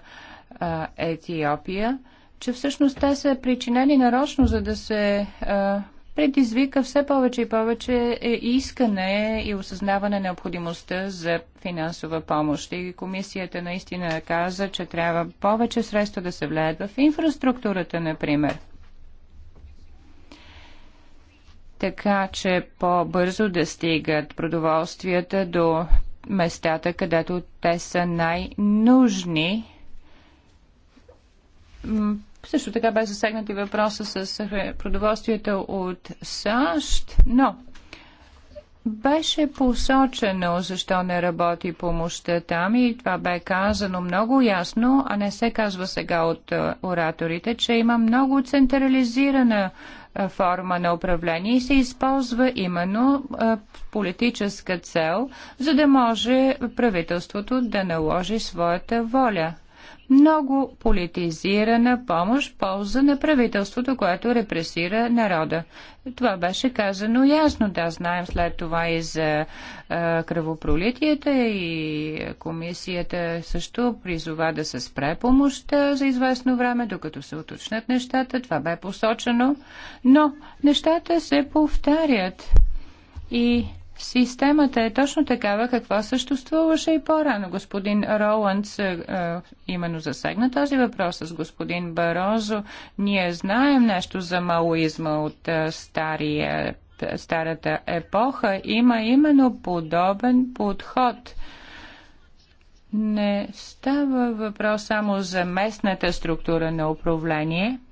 а, Етиопия че всъщност те са причинени нарочно, за да се а, предизвика все повече и повече е, искане и осъзнаване на необходимостта за финансова помощ. И комисията наистина каза, че трябва повече средства да се влеят в инфраструктурата, например. Така че по-бързо да стигат продоволствията до местата, където те са най-нужни също така бе засегнат и въпроса с продоволствието от САЩ, но беше посочено защо не работи помощта там и това бе казано много ясно, а не се казва сега от е, ораторите, че има много централизирана е, форма на управление и се използва именно е, политическа цел, за да може правителството да наложи своята воля много политизирана помощ в полза на правителството, което репресира народа. Това беше казано ясно, да, знаем след това и за а, кръвопролитията и комисията също призова да се спре помощта за известно време, докато се уточнят нещата, това бе посочено, но нещата се повтарят и Системата е точно такава, каква съществуваше и по-рано. Господин Роландс е, е, именно засегна този въпрос с господин Барозо. Ние знаем нещо за малоизма от е, стария, е, старата епоха. Има именно подобен подход. Не става въпрос само за местната структура на управление –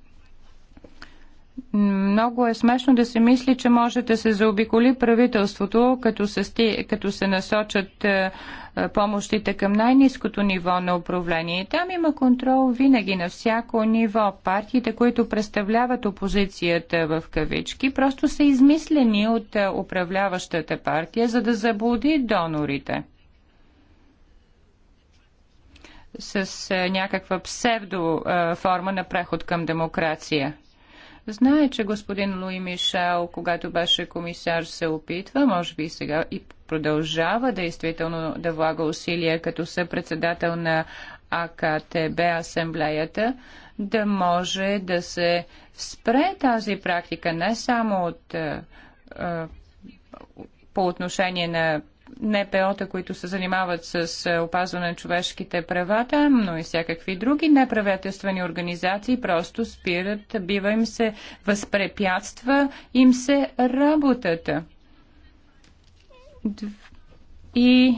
много е смешно да се мисли, че може да се заобиколи правителството, като се, сти... като се насочат е, е, помощите към най-низкото ниво на управление. Там има контрол винаги на всяко ниво. Партиите, които представляват опозицията в кавички, просто са измислени от е, управляващата партия, за да заблуди донорите с някаква псевдоформа на преход към демокрация. Знае, че господин Луи Мишел, когато беше комисар, се опитва, може би сега и продължава действително да влага усилия като съпредседател на АКТБ асамблеята, да може да се спре тази практика не само от, е, е, по отношение на НПО-та, които се занимават с е, опазване на човешките права там, но и всякакви други неправителствени организации просто спират, бива им се, възпрепятства им се работата. И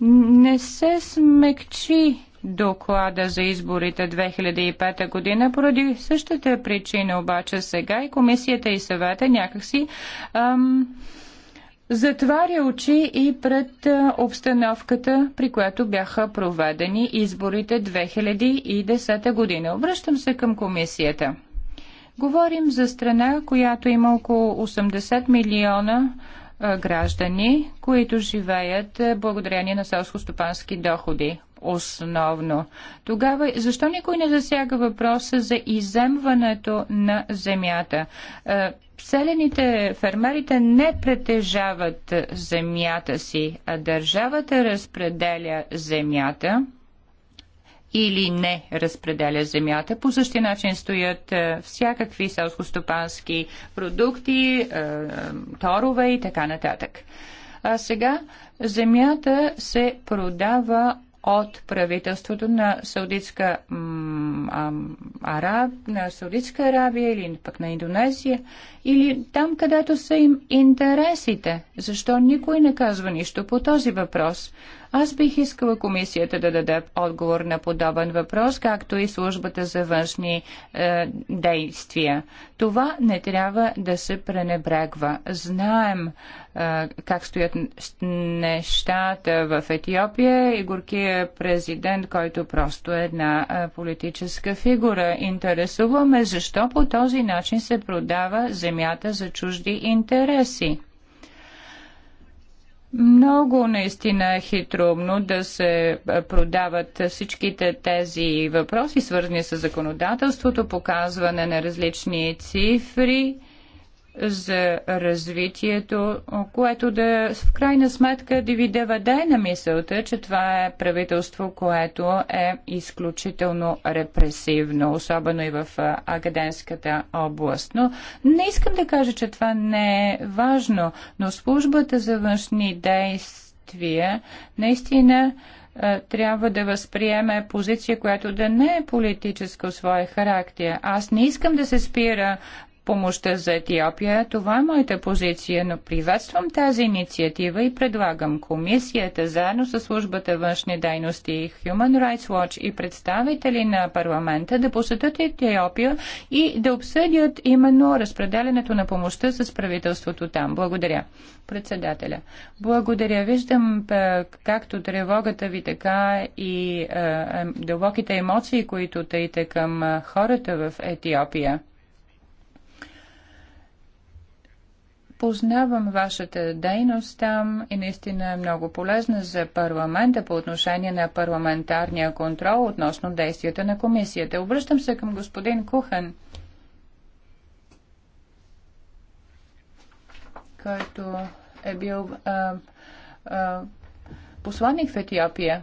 не се смекчи доклада за изборите 2005 година. Поради същата причина обаче сега и комисията и съвета някакси ам, затваря очи и пред обстановката, при която бяха проведени изборите 2010 година. Обръщам се към комисията. Говорим за страна, която има около 80 милиона граждани, които живеят благодарение на селско-стопански доходи основно. Тогава защо никой не засяга въпроса за иземването на земята? Е, селените фермерите не притежават земята си, а държавата разпределя земята или не разпределя земята. По същия начин стоят е, всякакви селскостопански продукти, е, торове и така нататък. А сега земята се продава от правителството на Саудитска Араб, на Саудитска Арабия или пък на Индонезия, или там, където са им интересите. Защо никой не казва нищо по този въпрос? Аз бих искала комисията да даде отговор на подобен въпрос, както и службата за външни е, действия. Това не трябва да се пренебрегва. Знаем е, как стоят нещата в Етиопия и горкия е президент, който просто е една е, политическа фигура. Интересуваме защо по този начин се продава земята за чужди интереси. Много наистина е хитроумно да се продават всичките тези въпроси, свързани с законодателството, показване на различни цифри за развитието, което да в крайна сметка да ви даде на мисълта, че това е правителство, което е изключително репресивно, особено и в академската област. Но не искам да кажа, че това не е важно, но службата за външни действия наистина трябва да възприеме позиция, която да не е политическа в своя характер. Аз не искам да се спира помощта за Етиопия. Това е моята позиция, но приветствам тази инициатива и предлагам комисията заедно с службата външни дейности Human Rights Watch и представители на парламента да посетят Етиопия и да обсъдят именно разпределенето на помощта с правителството там. Благодаря. Председателя. Благодаря. Виждам както тревогата ви, така и е, дълбоките емоции, които тъйте към хората в Етиопия. Познавам вашата дейност там и наистина е много полезна за парламента по отношение на парламентарния контрол относно действията на комисията. Обръщам се към господин Кухен, който е бил а, а, посланник в Етиопия.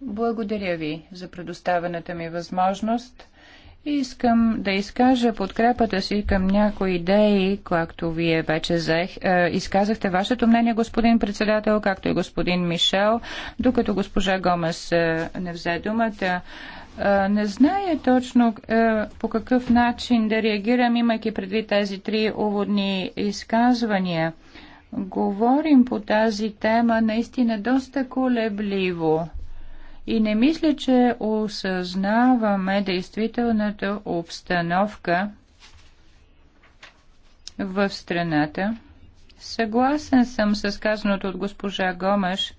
Благодаря ви за предоставената ми възможност Искам да изкажа подкрепата си към някои идеи, както вие вече заех, е, изказахте вашето мнение, господин председател, както и господин Мишел, докато госпожа Гомес е, не взе думата. Е, не зная точно е, по какъв начин да реагирам, имайки предвид тези три уводни изказвания. Говорим по тази тема наистина доста колебливо и не мисля, че осъзнаваме действителната обстановка в страната. Съгласен съм с казаното от госпожа Гомаш,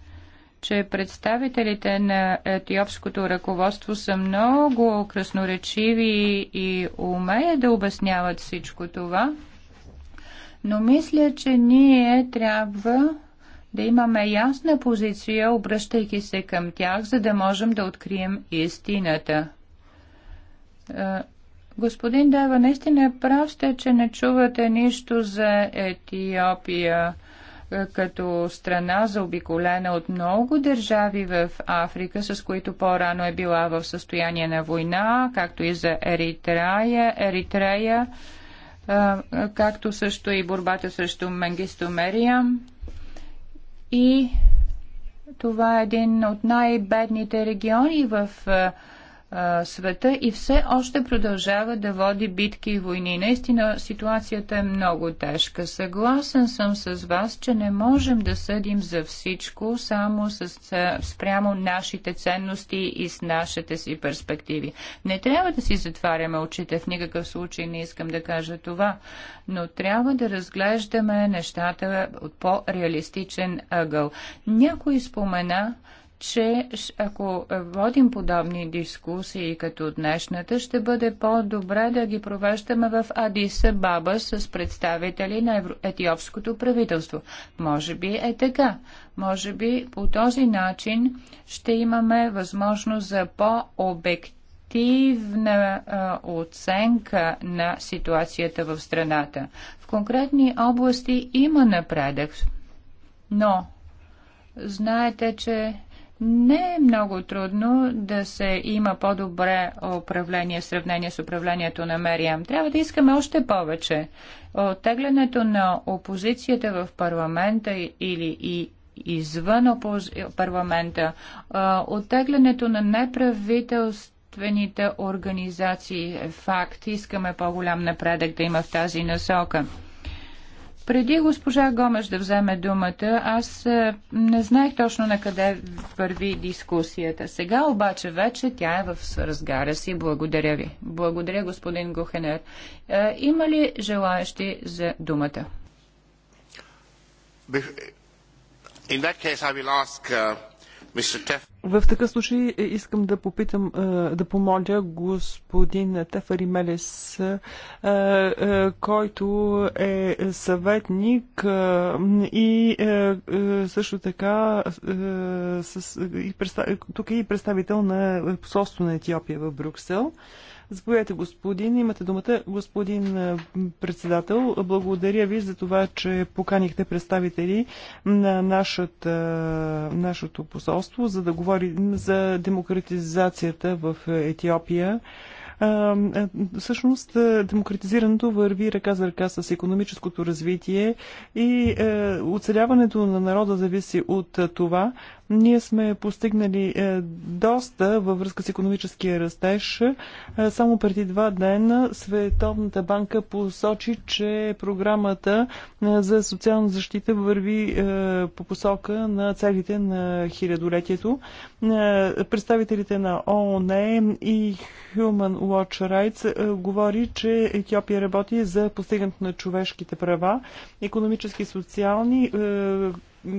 че представителите на етиопското ръководство са много красноречиви и умеят да обясняват всичко това, но мисля, че ние трябва да имаме ясна позиция, обръщайки се към тях, за да можем да открием истината. Е, господин Дева, наистина прав сте, че не чувате нищо за Етиопия е, като страна заобиколена от много държави в Африка, с които по-рано е била в състояние на война, както и за Еритрея, Еритрея е, както също и борбата срещу Менгистомерия и това е един от най-бедните региони в е, света и все още продължава да води битки и войни. Наистина ситуацията е много тежка. Съгласен съм с вас, че не можем да съдим за всичко само с, спрямо нашите ценности и с нашите си перспективи. Не трябва да си затваряме очите, в никакъв случай не искам да кажа това, но трябва да разглеждаме нещата от по-реалистичен ъгъл. Някой спомена, че ако водим подобни дискусии като днешната, ще бъде по-добре да ги провеждаме в Адиса Баба с представители на етиопското правителство. Може би е така. Може би по този начин ще имаме възможност за по-обективна оценка на ситуацията в страната. В конкретни области има напредък, но Знаете, че не е много трудно да се има по-добре управление в сравнение с управлението на Мериам. Трябва да искаме още повече. Оттеглянето на опозицията в парламента или и извън опози парламента, оттеглянето на неправителството, организации е факт. Искаме по-голям напредък да има в тази насока. Преди госпожа Гомеш да вземе думата, аз е, не знаех точно на къде върви дискусията. Сега обаче вече тя е в разгара си. Благодаря ви. Благодаря, господин Гухенер. Е, има ли желаящи за думата? In that case, I will ask, uh... В такъв случай е, искам да попитам, е, да помоля господин Тефари Мелес, е, който е съветник и също така тук е и представител на посолство на Етиопия в Брюксел. Заповядайте, господин. Имате думата, господин председател. Благодаря ви за това, че поканихте представители на нашата, нашето посолство, за да говорим за демократизацията в Етиопия. Всъщност, демократизирането върви ръка за ръка с економическото развитие и оцеляването на народа зависи от това ние сме постигнали е, доста във връзка с економическия растеж. Е, само преди два дена Световната банка посочи, че програмата е, за социална защита върви по посока на целите на хилядолетието. Представителите на ООН и Human Watch Rights говори, че Етиопия работи за постигането на човешките права, економически, и социални,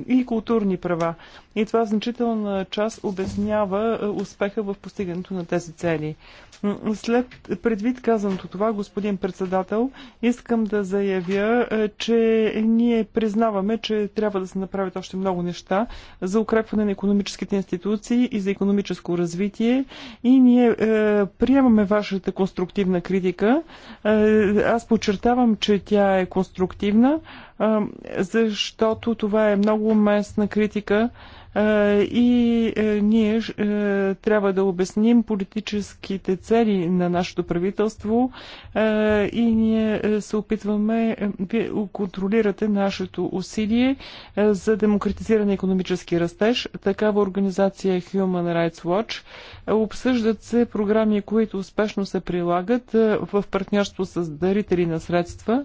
и културни права. И това в значителна част обяснява е, успеха в постигането на тези цели. След предвид казаното това, господин председател, искам да заявя, е, че ние признаваме, че трябва да се направят още много неща за укрепване на економическите институции и за економическо развитие. И ние е, приемаме вашата конструктивна критика. Е, аз подчертавам, че тя е конструктивна защото това е много местна критика и е, ние е, трябва да обясним политическите цели на нашето правителство е, и ние се опитваме, вие контролирате нашето усилие за демократизиране на економически растеж. Такава организация е Human Rights Watch. Обсъждат се програми, които успешно се прилагат в партньорство с дарители на средства.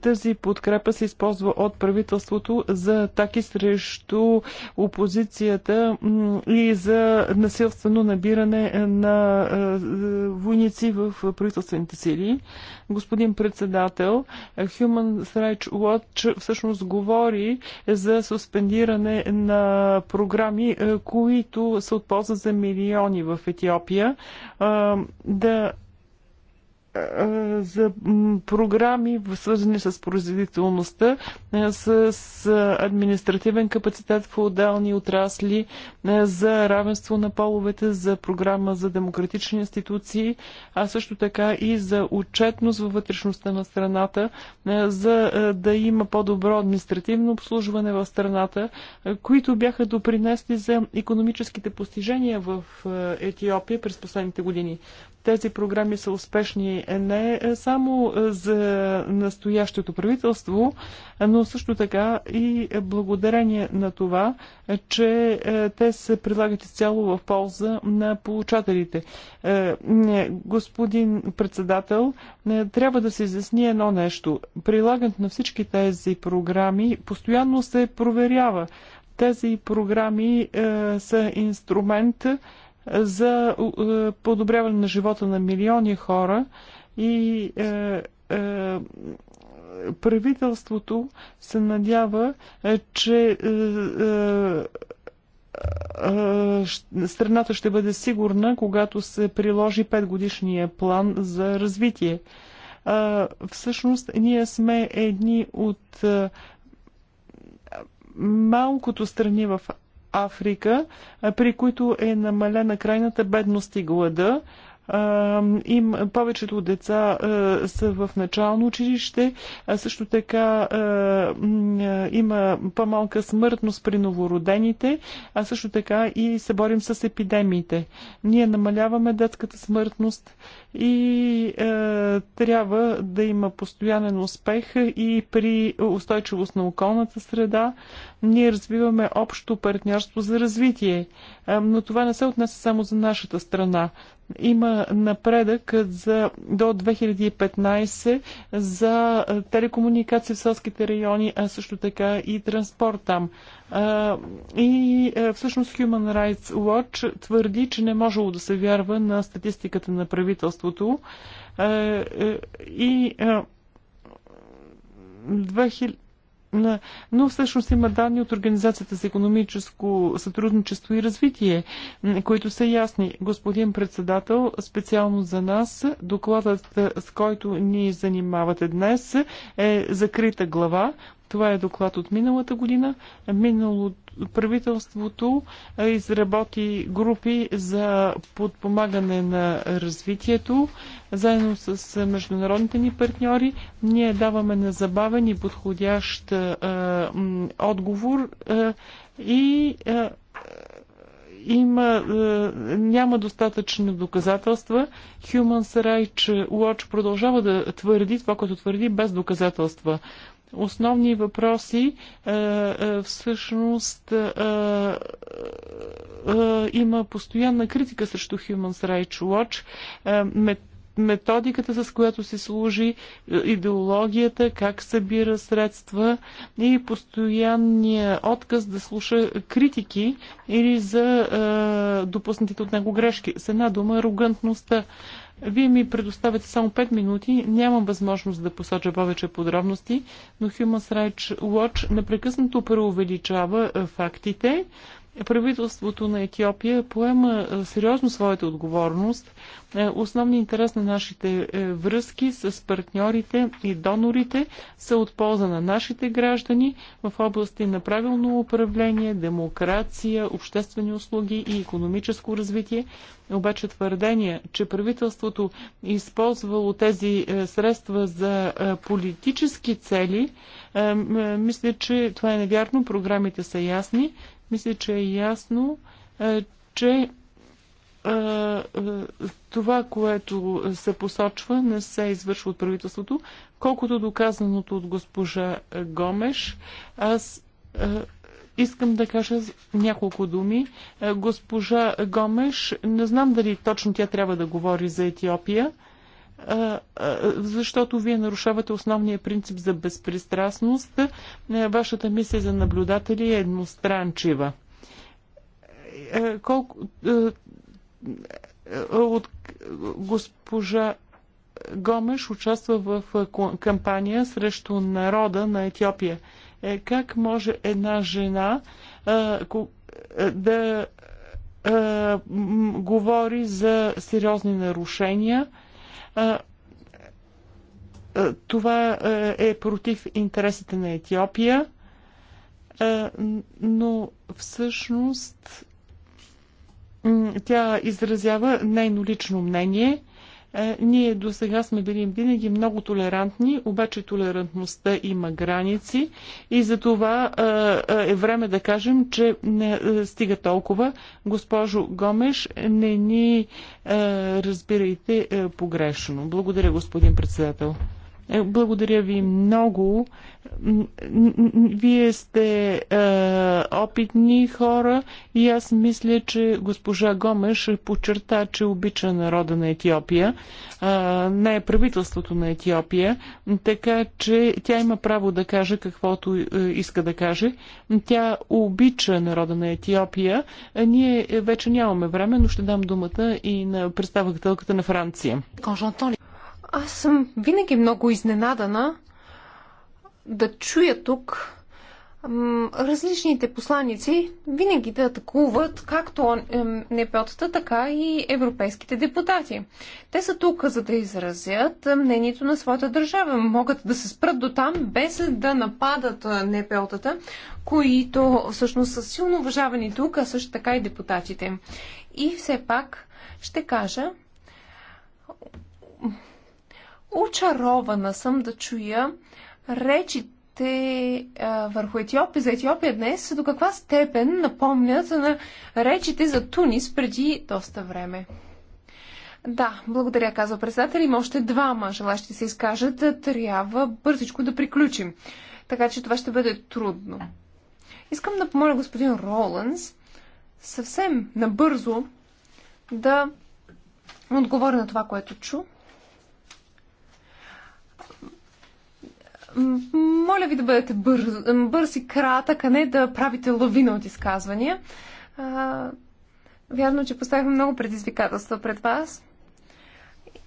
Тази подкрепа се използва от правителството за атаки срещу опозицията и за насилствено набиране е, на е, войници в правителствените сили. Господин председател, Human Rights Watch всъщност говори за суспендиране на програми, е, които са от полза за милиони в Етиопия. Да за програми, свързани с производителността, с административен капацитет в отделни отрасли, за равенство на половете, за програма за демократични институции, а също така и за отчетност във вътрешността на страната, за да има по-добро административно обслужване в страната, които бяха допринесли за економическите постижения в Етиопия през последните години. Тези програми са успешни не само за настоящето правителство, но също така и благодарение на това, че е, те се прилагат изцяло в полза на получателите. Е, господин председател, е, трябва да се изясни едно нещо. Прилагането на всички тези програми постоянно се проверява. Тези програми са инструмент за подобряване на живота на милиони хора, и е, е, правителството се надява, е, че е, е, е, страната ще бъде сигурна, когато се приложи петгодишния план за развитие. Е, всъщност, ние сме едни от е, малкото страни в Африка, при които е намалена крайната бедност и глада, им, повечето деца са в начално училище, а също така има по-малка смъртност при новородените, а също така и се борим с епидемиите. Ние намаляваме детската смъртност и трябва да има постоянен успех и при устойчивост на околната среда. Ние развиваме общо партньорство за развитие, но това не се отнесе само за нашата страна има напредък за, до 2015 за телекомуникации в селските райони, а също така и транспорт там. И всъщност Human Rights Watch твърди, че не можело да се вярва на статистиката на правителството. И 2000 но всъщност има данни от Организацията за економическо сътрудничество и развитие, които са ясни. Господин председател, специално за нас, докладът, с който ни занимавате днес, е закрита глава. Това е доклад от миналата година. миналото правителството изработи групи за подпомагане на развитието. Заедно с международните ни партньори ние даваме незабавен и подходящ отговор и има, няма достатъчно доказателства. Human Rights Watch продължава да твърди това, което твърди, без доказателства основни въпроси е, е, всъщност е, има постоянна критика срещу Human Rights Watch. Методиката, с която се служи, идеологията, как събира средства и постоянния отказ да слуша критики или за допуснатите от него грешки. С една дума, арогантността. Вие ми предоставяте само 5 минути, нямам възможност да посоча повече подробности, но Human Rights Watch непрекъснато преувеличава е, фактите правителството на Етиопия поема е, сериозно своята отговорност. Е, Основният интерес на нашите е, връзки с партньорите и донорите са от полза на нашите граждани в области на правилно управление, демокрация, обществени услуги и економическо развитие. Обаче твърдение, че правителството използвало тези средства за политически цели, мисля, че това е невярно. Програмите са ясни мисля, че е ясно, че това, което се посочва, не се извършва от правителството. Колкото доказаното от госпожа Гомеш, аз искам да кажа няколко думи. Госпожа Гомеш, не знам дали точно тя трябва да говори за Етиопия, защото вие нарушавате основния принцип за безпристрастност. Е, вашата мисия за наблюдатели е едностранчива. Е, е, колко, от госпожа Гомеш участва в кампания срещу народа на Етиопия. Как може една жена да говори за сериозни нарушения? Това е против интересите на Етиопия, но всъщност тя изразява нейно лично мнение е, ние до сега сме били винаги много толерантни, обаче толерантността има граници и за това е, е, е време да кажем, че не стига толкова. Госпожо Гомеш, не ни разбирайте погрешно. Благодаря, господин председател. Е, благодаря ви много. Вие сте е, опитни хора и аз мисля, че госпожа Гомеш подчерта, че обича народа на Етиопия, е, не е правителството на Етиопия, така че тя има право да каже каквото е, иска да каже. Тя обича народа на Етиопия. Е, ние вече нямаме време, но ще дам думата и на представителката на Франция. Аз съм винаги много изненадана да чуя тук различните посланици винаги да атакуват както НПО-тата, така и европейските депутати. Те са тук, за да изразят мнението на своята държава. Могат да се спрат до там, без да нападат нпо които всъщност са силно уважавани тук, а също така и депутатите. И все пак ще кажа, очарована съм да чуя речите а, върху Етиопия, за Етиопия днес, до каква степен напомнят на речите за Тунис преди доста време. Да, благодаря, казва председател. Има още двама желащи се изкажат. Трябва бързичко да приключим. Така че това ще бъде трудно. Искам да помоля господин Роланс съвсем набързо да отговори на това, което чу Моля ви да бъдете бърз, бърз и кратък, а не да правите лавина от изказвания. А, вярно, че поставихме много предизвикателства пред вас.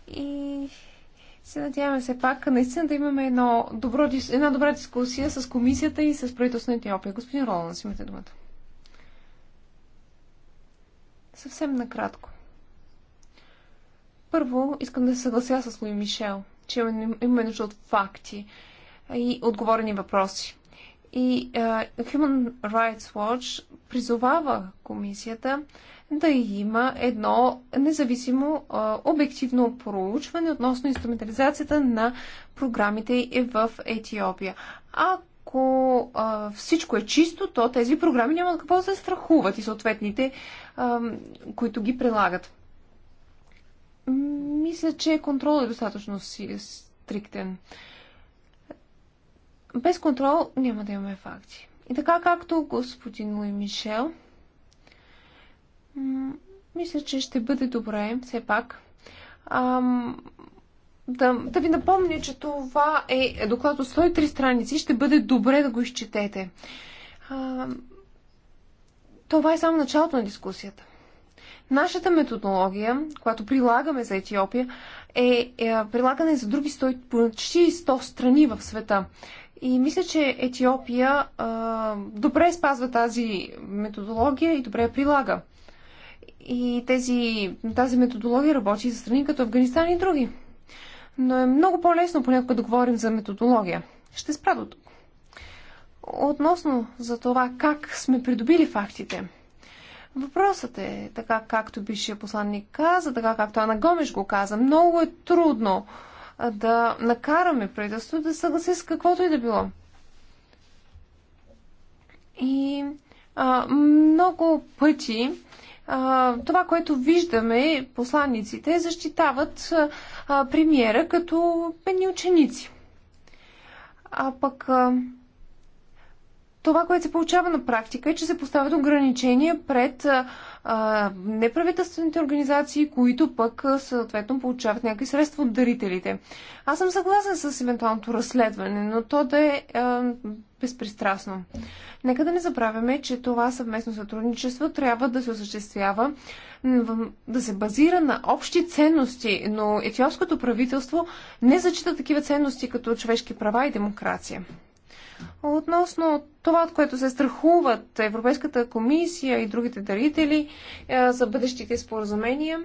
И се надяваме все пак наистина да имаме едно добро, една добра дискусия с комисията и с правителството на Етиопия. Господин Роланс, имате думата. Съвсем накратко. Първо, искам да се съглася с Луи Мишел, че имаме нужда от факти и отговорени въпроси. И uh, Human Rights Watch призовава комисията да има едно независимо uh, обективно проучване относно инструментализацията на програмите в Етиопия. Ако uh, всичко е чисто, то тези програми няма какво да се страхуват и съответните, uh, които ги прилагат. Мисля, че контролът е достатъчно стриктен. Uh, без контрол няма да имаме факти. И така както господин Луи Мишел, мисля, че ще бъде добре, все пак, ам, да, да ви напомня, че това е доклад от 103 страници. Ще бъде добре да го изчетете. Ам, това е само началото на дискусията. Нашата методология, която прилагаме за Етиопия, е, е прилагане за други 100, почти 100 страни в света. И мисля, че Етиопия а, добре спазва тази методология и добре я прилага. И тези, тази методология работи за страни като Афганистан и други. Но е много по-лесно понякога да говорим за методология. Ще спра до тук. Относно за това как сме придобили фактите. Въпросът е, така както бившия посланник каза, така както Ана Гомеш го каза, много е трудно да накараме правителството да съгласи с каквото и да било. И а, много пъти а, това, което виждаме, посланниците защитават а, премиера като пени ученици. А пък а, това, което се получава на практика е, че се поставят ограничения пред а, неправителствените организации, които пък съответно получават някакви средства от дарителите. Аз съм съгласен с евентуалното разследване, но то да е а, безпристрастно. Нека да не забравяме, че това съвместно сътрудничество трябва да се осъществява, да се базира на общи ценности, но етиопското правителство не зачита такива ценности като човешки права и демокрация. Относно това, от което се страхуват Европейската комисия и другите дарители е, за бъдещите споразумения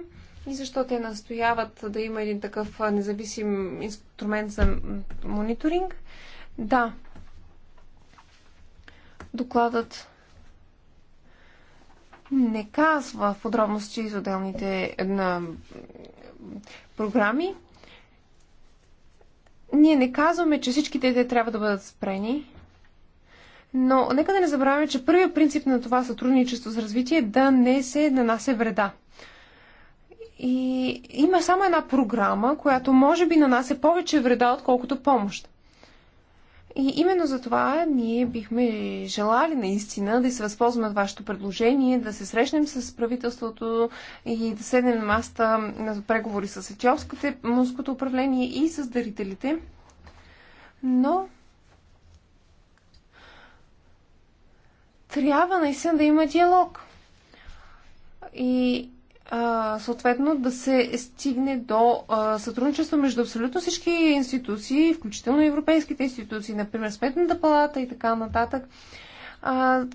и защо те настояват да има един такъв независим инструмент за мониторинг. Да, докладът не казва в подробности за отделните на програми, ние не казваме, че всичките те трябва да бъдат спрени, но нека да не забравяме, че първият принцип на това сътрудничество с развитие е да не се нанася вреда. И има само една програма, която може би нанася повече вреда, отколкото помощ. И именно за това ние бихме желали наистина да се възползваме от вашето предложение, да се срещнем с правителството и да седнем на маста на преговори с мунското управление и с дарителите. Но трябва наистина да има диалог. И съответно да се стигне до сътрудничество между абсолютно всички институции, включително европейските институции, например Сметната палата и така нататък,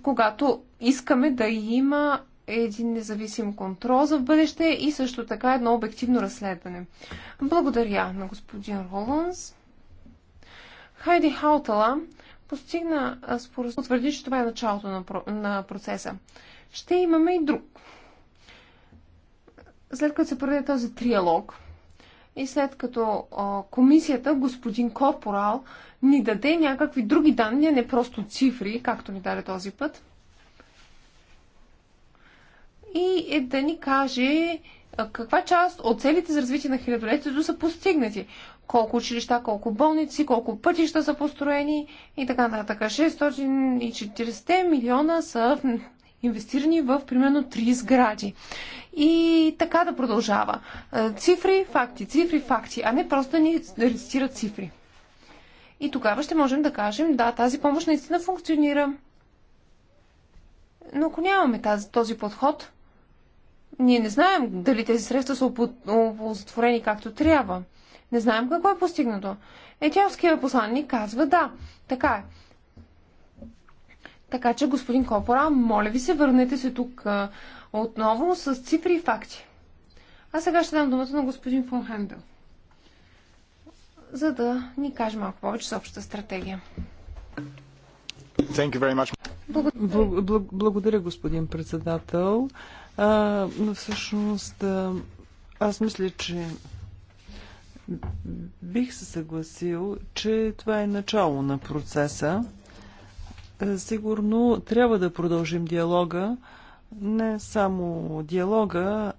когато искаме да има един независим контрол за в бъдеще и също така едно обективно разследване. Благодаря на господин Роланс. Хайди Хаутала постигна според утвърди, че това е началото на, на процеса. Ще имаме и друг след като се проведе този триалог и след като а, комисията, господин Корпорал, ни даде някакви други данни, не просто цифри, както ни даде този път, и е да ни каже каква част от целите за развитие на хилядолетието са постигнати. Колко училища, колко болници, колко пътища са построени и така нататък. 640 милиона са инвестирани в примерно 3 сгради и така да продължава. Е, цифри, факти, цифри, факти, а не просто да ни рецитират цифри. И тогава ще можем да кажем, да, тази помощ наистина функционира. Но ако нямаме тази, този подход, ние не знаем дали тези средства са оползотворени както трябва. Не знаем какво е постигнато. Етиопският посланник казва да. Така е. Така че, господин Копора, моля ви се, върнете се тук отново с цифри и факти. А сега ще дам думата на господин Фон Хендел, за да ни каже малко повече с общата стратегия. Благодаря. Благодаря, господин председател. А, всъщност, аз мисля, че бих се съгласил, че това е начало на процеса. Сигурно трябва да продължим диалога, не само диалога,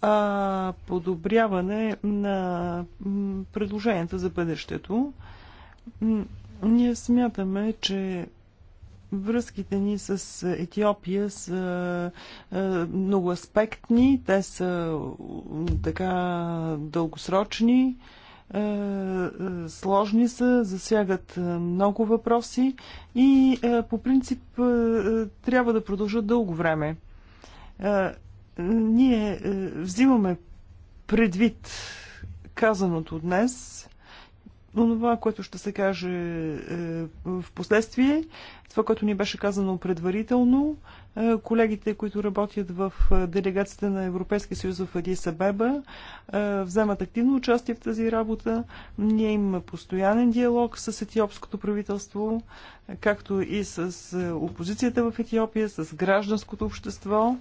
а подобряване на предложенията за бъдещето. Ние смятаме, че връзките ни с Етиопия са е, многоаспектни, те са така дългосрочни. Е, е, сложни са, засягат е, много въпроси и по принцип трябва да продължат дълго време. Ние взимаме предвид казаното днес това, което ще се каже е, в последствие, това, което ни беше казано предварително, е, колегите, които работят в е, делегацията на Европейския съюз в Адис Абеба, вземат активно участие в тази работа. Ние имаме постоянен диалог с етиопското правителство, както и с опозицията в Етиопия, с гражданското общество.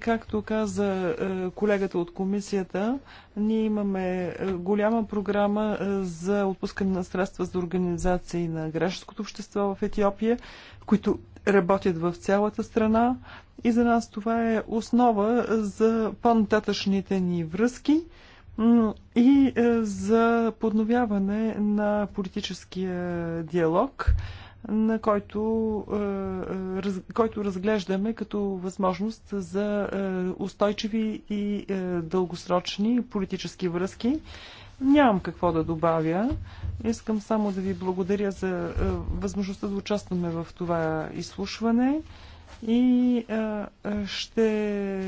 Както каза е, колегата от комисията, ние имаме е, голяма програма е, за отпускане на средства за организации на гражданското общество в Етиопия, които работят в цялата страна. И за нас това е основа за по-нататъчните ни връзки и за подновяване на политическия диалог на който, е, е, раз, който разглеждаме като възможност за е, устойчиви и дългосрочни политически връзки. Нямам какво да добавя. Искам само да ви благодаря за възможността да участваме в това изслушване и ще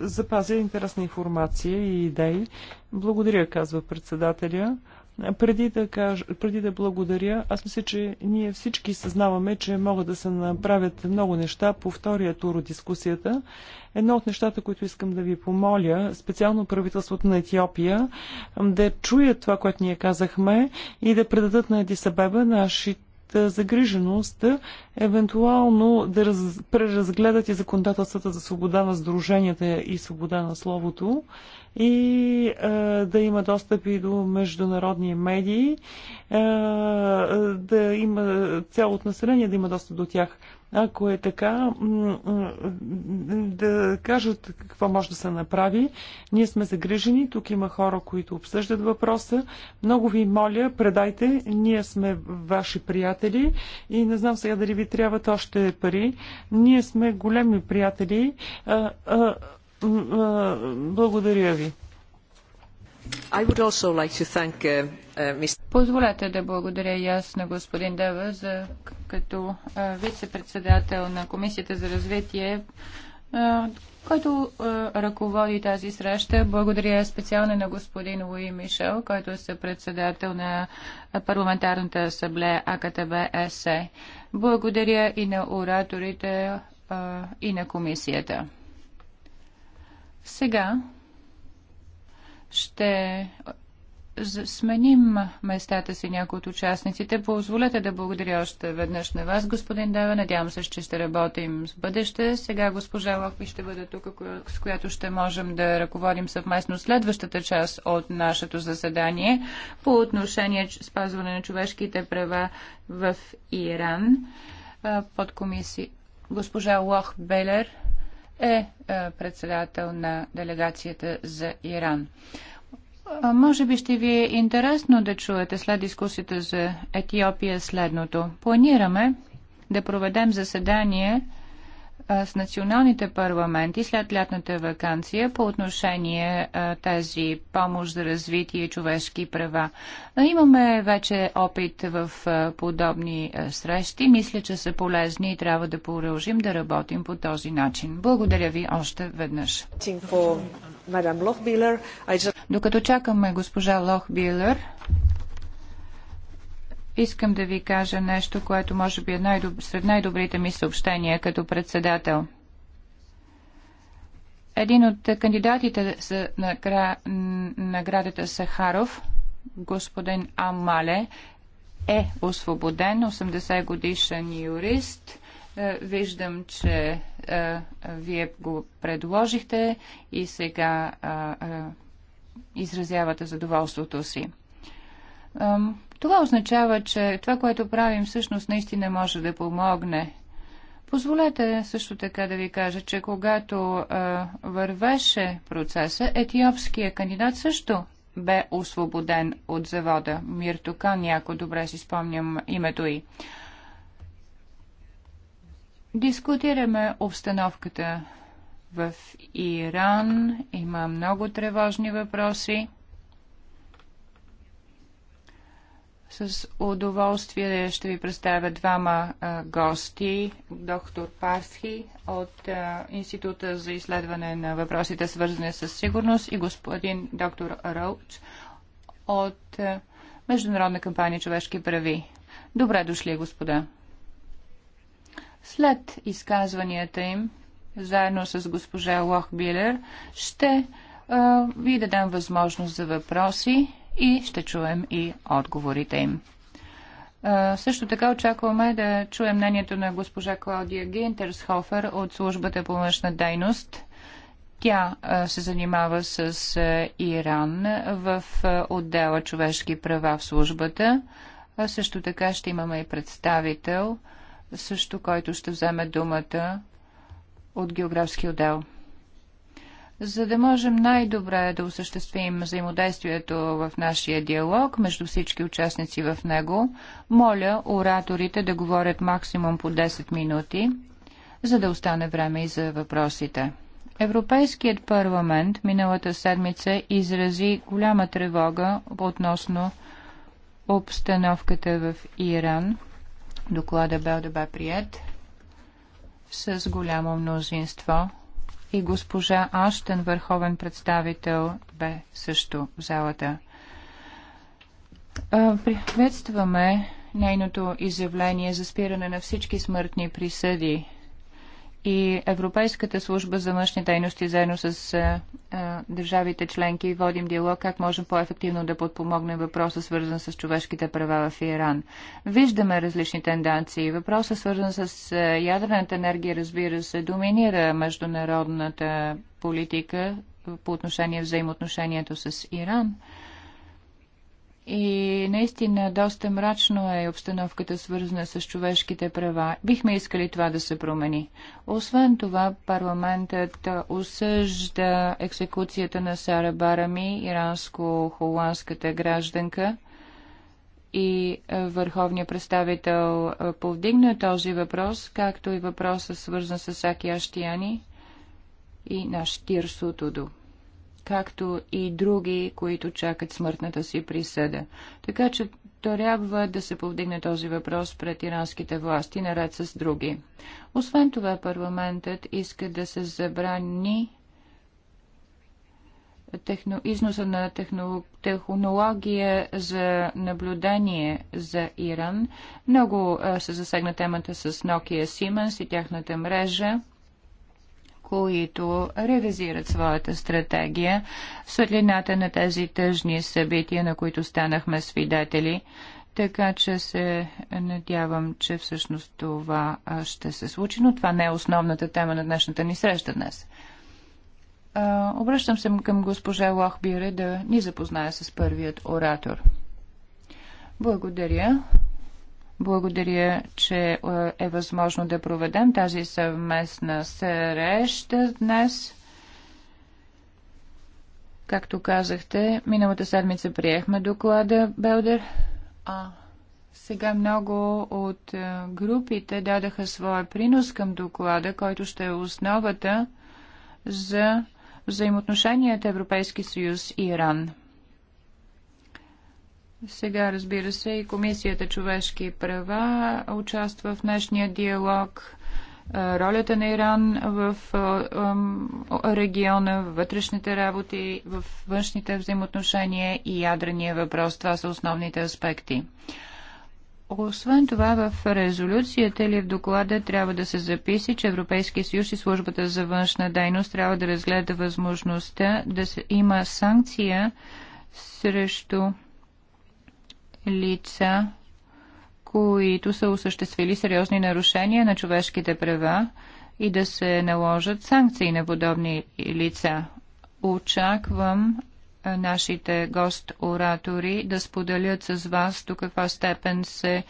запазя интересна информация и идеи. Благодаря, казва председателя. Преди да, кажа, преди да благодаря, аз мисля, че ние всички съзнаваме, че могат да се направят много неща по втория тур от дискусията. Едно от нещата, които искам да ви помоля, специално правителството на Етиопия, да чуят това, което ние казахме и да предадат на Едисабеба нашите загриженост, евентуално да раз, преразгледат и законодателствата за свобода на сдруженията и свобода на словото и а, е, да има достъп и до международни медии, а, е, да има цялото население да има достъп до тях. Ако е така, да кажат какво може да се направи. Ние сме загрижени. Тук има хора, които обсъждат въпроса. Много ви моля, предайте. Ние сме ваши приятели и не знам сега дали ви трябват още пари. Ние сме големи приятели. Е, благодаря ви. Uh, uh, Позволете да благодаря и аз на господин Дева за като вице-председател на Комисията за развитие, който ръководи тази среща. Благодаря специално на господин Луи Мишел, който е председател на парламентарната асамблея АКТБ СЕ. Благодаря и на ораторите и на комисията. Сега ще сменим местата си някои от участниците. Позволете да благодаря още веднъж на вас, господин Дева. Надявам се, че ще работим с бъдеще. Сега госпожа Лохви ще бъде тук, с която ще можем да ръководим съвместно следващата част от нашето заседание по отношение спазване на човешките права в Иран под комисия. Госпожа Лох Белер е, е председател на делегацията за Иран. Може би ще ви е интересно да чуете след дискусията за Етиопия следното. Планираме да проведем заседание с националните парламенти след лятната вакансия по отношение тази помощ за развитие и човешки права. Имаме вече опит в подобни срещи. Мисля, че са полезни и трябва да продължим да работим по този начин. Благодаря ви още веднъж. Докато чакаме госпожа Лохбилер, Искам да ви кажа нещо, което може би е най сред най-добрите ми съобщения като председател. Един от кандидатите за наградата Сахаров, господин Амале, е освободен, 80 годишен юрист. Е, виждам, че е, вие го предложихте и сега е, изразявате задоволството си това означава, че това, което правим, всъщност наистина може да помогне. Позволете също така да ви кажа, че когато а, вървеше процеса, етиопския кандидат също бе освободен от завода. Мир Тока яко добре си спомням името й. Дискутираме обстановката в Иран. Има много тревожни въпроси. С удоволствие ще ви представя двама а, гости. Доктор Пасхи от а, Института за изследване на въпросите свързани с сигурност и господин доктор Роуч от а, Международна кампания Човешки прави. Добре дошли, господа. След изказванията им, заедно с госпожа Лох Билер, ще а, ви дадам възможност за въпроси и ще чуем и отговорите им. Също така очакваме да чуем мнението на госпожа Клаудия Гинтерсхофер от службата по външна дейност. Тя се занимава с Иран в отдела човешки права в службата. Също така ще имаме и представител, също който ще вземе думата от географски отдел за да можем най-добре да осъществим взаимодействието в нашия диалог между всички участници в него, моля ораторите да говорят максимум по 10 минути, за да остане време и за въпросите. Европейският парламент миналата седмица изрази голяма тревога относно обстановката в Иран. Доклада бе да бе прият с голямо мнозинство и госпожа Аштен, върховен представител, бе също в залата. Приветстваме нейното изявление за спиране на всички смъртни присъди и Европейската служба за външни дейности заедно с държавите членки и водим диалог как можем по-ефективно да подпомогнем въпроса, свързан с човешките права в Иран. Виждаме различни тенденции. Въпроса, свързан с ядрената енергия, разбира се, доминира международната политика по отношение взаимоотношението с Иран. И наистина доста мрачно е обстановката свързана с човешките права. Бихме искали това да се промени. Освен това, парламентът осъжда екзекуцията на Сара Барами, иранско-холандската гражданка. И върховният представител повдигна този въпрос, както и въпроса свързан с Аки Аштияни и наш Тирсо Тудо както и други, които чакат смъртната си присъда. Така че трябва да се повдигне този въпрос пред иранските власти, наред с други. Освен това, парламентът иска да се забрани техно, износа на техно, технология за наблюдение за Иран. Много се засегна темата с Nokia Siemens и тяхната мрежа които ревизират своята стратегия в светлината на тези тъжни събития, на които станахме свидетели. Така че се надявам, че всъщност това ще се случи, но това не е основната тема на днешната ни среща днес. Обръщам се към госпожа Лохбире да ни запознае с първият оратор. Благодаря. Благодаря, че е, е възможно да проведем тази съвместна среща днес. Както казахте, миналата седмица приехме доклада Белдер, а сега много от е, групите дадаха своя принос към доклада, който ще е основата за взаимоотношенията Европейски съюз и Иран. Сега, разбира се, и Комисията човешки права участва в днешния диалог. Ролята на Иран в региона, в вътрешните работи, в външните взаимоотношения и ядрения въпрос. Това са основните аспекти. Освен това, в резолюцията или в доклада трябва да се записи, че Европейския съюз и службата за външна дейност трябва да разгледа възможността да има санкция срещу лица, които са осъществили сериозни нарушения на човешките права и да се наложат санкции на подобни лица. Очаквам нашите гост-оратори да споделят с вас до каква степен се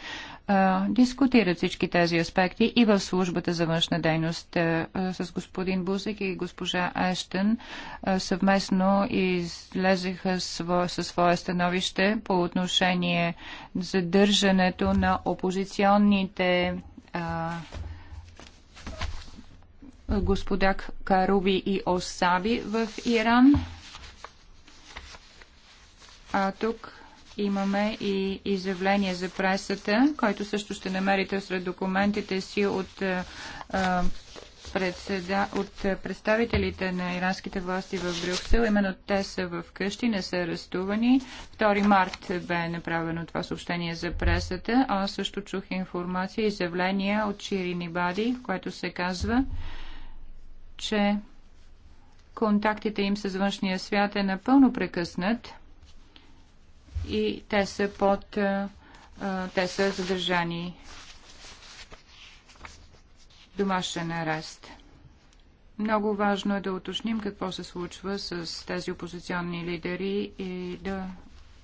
а, дискутират всички тези аспекти и в службата за външна дейност а, с господин Бузик и госпожа Ештен а, съвместно излезеха със свое становище по отношение задържането на опозиционните а, господа Каруби и Осаби в Иран. А тук Имаме и изявление за пресата, който също ще намерите сред документите си от, а, е, е, председа... от представителите на иранските власти в Брюксел. Именно те са в къщи, не са арестувани. 2 март бе направено това съобщение за пресата. Аз също чух информация, и изявление от Ширини Бади, в което се казва, че контактите им с външния свят е напълно прекъснат – и те са под те са задържани домашен арест. Много важно е да уточним какво се случва с тези опозиционни лидери и да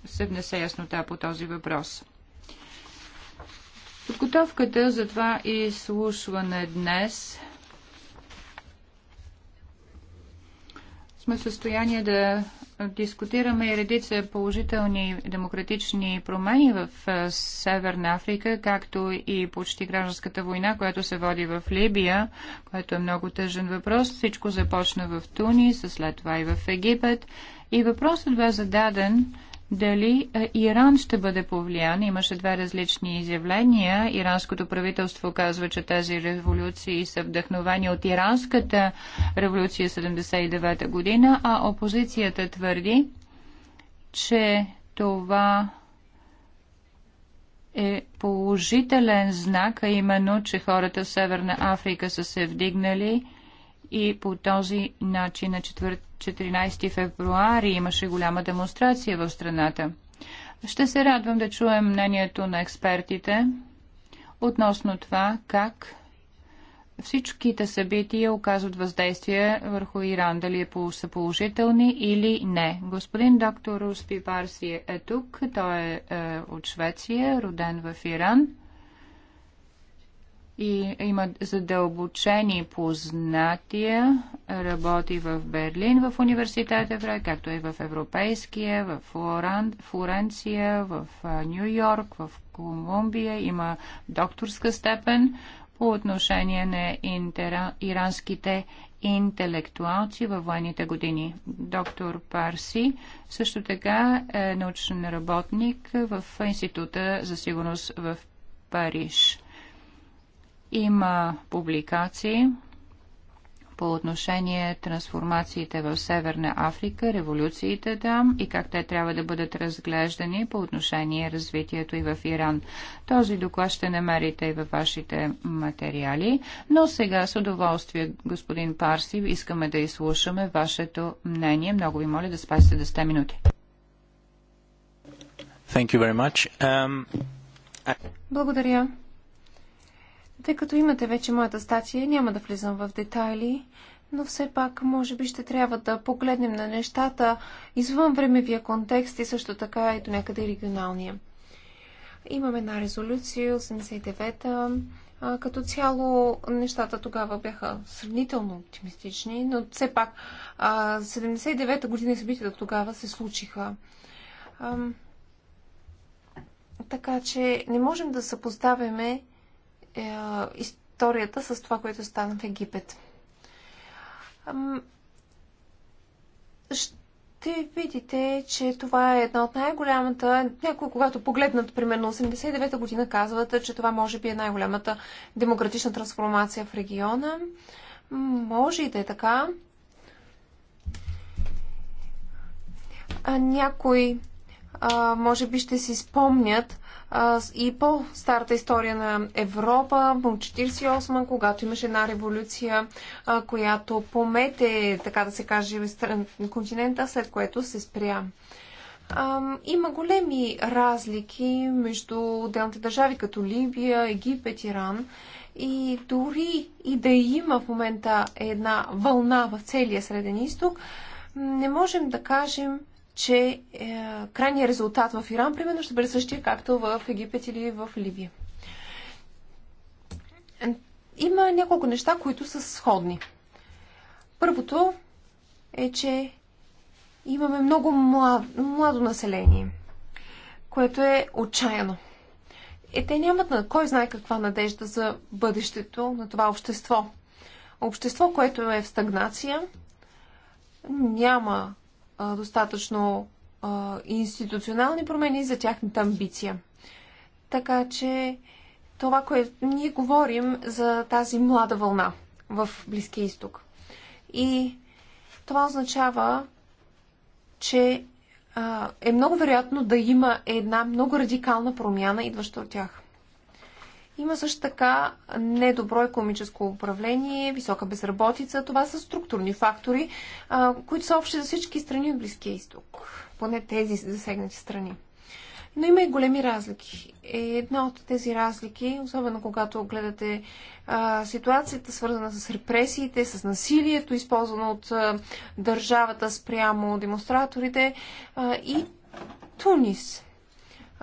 се внесе яснота по този въпрос. Подготовката за това изслушване днес – сме в състояние да дискутираме и редица положителни демократични промени в Северна Африка, както и почти гражданската война, която се води в Либия, което е много тъжен въпрос. Всичко започна в Тунис, след това и в Египет. И въпросът бе зададен дали Иран ще бъде повлиян. Имаше две различни изявления. Иранското правителство казва, че тези революции са вдъхновени от иранската революция 79 та година, а опозицията твърди, че това е положителен знак, а именно, че хората в Северна Африка са се вдигнали – и по този начин на 14 февруари имаше голяма демонстрация в страната. Ще се радвам да чуем мнението на експертите относно това как всичките събития оказват въздействие върху Иран, дали е са положителни или не. Господин доктор Руспи Барси е тук, той е, е от Швеция, роден в Иран – и има задълбочени познатия, работи в Берлин, в университета както и в Европейския, в Флоран, Флоренция, в Нью Йорк, в Колумбия. Има докторска степен по отношение на интера, иранските интелектуалци във военните години. Доктор Парси също така е научен работник в Института за сигурност в Париж. Има публикации по отношение трансформациите в Северна Африка, революциите там и как те трябва да бъдат разглеждани по отношение развитието и в Иран. Този доклад ще намерите и във вашите материали, но сега с удоволствие, господин Парси, искаме да изслушаме вашето мнение. Много ви моля да спасите 10 минути. Thank you very much. Um... Благодаря. Тъй като имате вече моята статия, няма да влизам в детайли, но все пак може би ще трябва да погледнем на нещата извън времевия контекст и също така и до някъде регионалния. Имаме една резолюция, 89-та. Като цяло нещата тогава бяха сравнително оптимистични, но все пак 79-та година и събитията тогава се случиха. Така че не можем да съпоставяме е, историята с това, което стана в Египет. Ще видите, че това е една от най-голямата... Някой, когато погледнат, примерно 89-та година, казват, че това може би е най-голямата демократична трансформация в региона. Може и да е така. А някой а, може би ще си спомнят, и по-старата история на Европа, от 48 когато имаше една революция, която помете, така да се каже, континента, след което се спря. Има големи разлики между отделните държави, като Либия, Египет, Иран. И дори и да има в момента една вълна в целия Среден изток, не можем да кажем, че е, крайният резултат в Иран, примерно, ще бъде същия както в Египет или в Ливия. Има няколко неща, които са сходни. Първото е, че имаме много младо, младо население, което е отчаяно. Е, те нямат на кой знае каква надежда за бъдещето на това общество. Общество, което е в стагнация, няма а, достатъчно а, институционални промени за тяхната амбиция. Така че това, което ние говорим за тази млада вълна в Близкия изток. И това означава, че а, е много вероятно да има една много радикална промяна, идваща от тях. Има също така недобро економическо управление, висока безработица. Това са структурни фактори, които са общи за всички страни от Близкия изток, поне тези засегнати страни. Но има и големи разлики. Е, една от тези разлики, особено когато гледате а, ситуацията, свързана с репресиите, с насилието, използвано от а, държавата спрямо демонстраторите а, и Тунис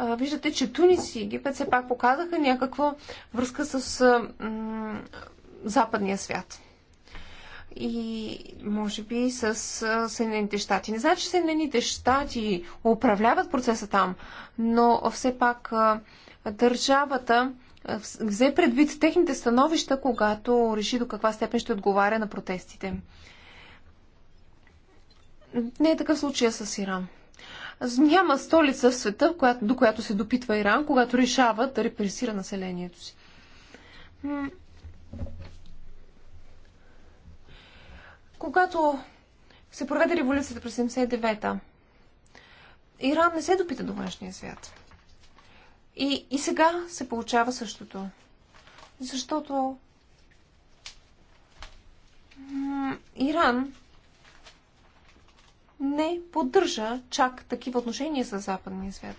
виждате, че Тунис и Египет все пак показаха някаква връзка с западния свят. И може би с Съединените щати. Не значи, че Съединените щати управляват процеса там, но все пак държавата взе предвид техните становища, когато реши до каква степен ще отговаря на протестите. Не е такъв случай с Иран няма столица в света, до която се допитва Иран, когато решава да репресира населението си. Когато се проведе революцията през 79-та, Иран не се допита до външния свят. И, и сега се получава същото. Защото Иран не поддържа чак такива отношения с западния свят.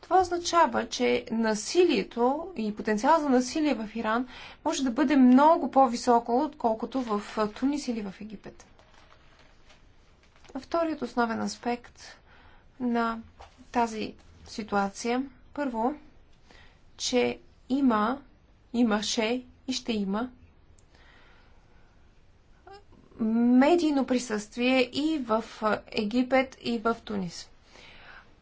Това означава, че насилието и потенциал за насилие в Иран може да бъде много по-високо, отколкото в Тунис или в Египет. Вторият основен аспект на тази ситуация, първо, че има, имаше и ще има медийно присъствие и в Египет, и в Тунис.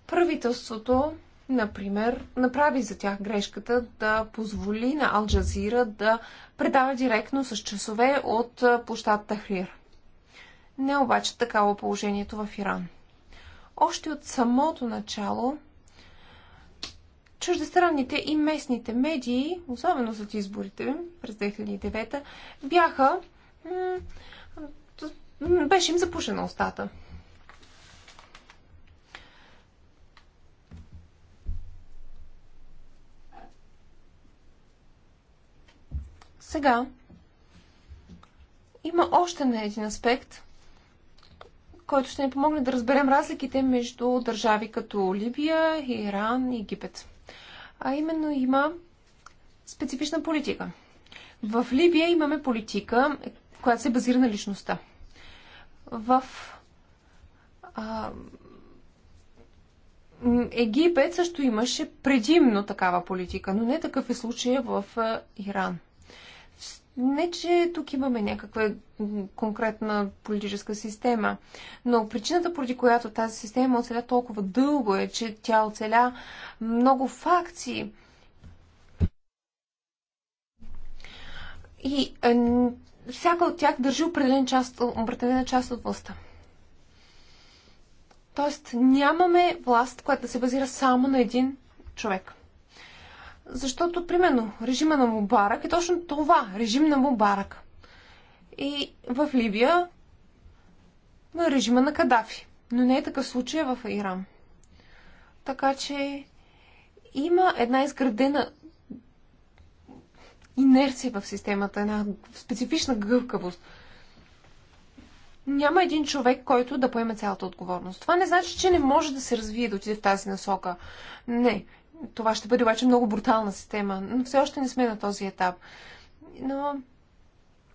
Правителството, например, направи за тях грешката да позволи на Алджазира да предава директно с часове от площад Тахрир. Не обаче такава е положението в Иран. Още от самото начало чуждестранните и местните медии, особено след изборите през 2009, бяха беше им запушена устата. Сега има още на един аспект, който ще ни помогне да разберем разликите между държави като Либия, Иран и Египет. А именно има специфична политика. В Либия имаме политика, която се базира на личността в а, Египет също имаше предимно такава политика, но не такъв е случая в а, Иран. Не, че тук имаме някаква конкретна политическа система, но причината, поради която тази система оцеля толкова дълго е, че тя оцеля много факции. И всяка от тях държи определен част, определена част от властта. Тоест нямаме власт, която да се базира само на един човек. Защото, примерно, режима на Мубарак е точно това режим на Мубарак. И в Либия на режима на Кадафи. Но не е такъв случай в Иран. Така че има една изградена инерция в системата, една специфична гъвкавост. Няма един човек, който да поеме цялата отговорност. Това не значи, че не може да се развие да отиде в тази насока. Не. Това ще бъде обаче много брутална система, но все още не сме на този етап. Но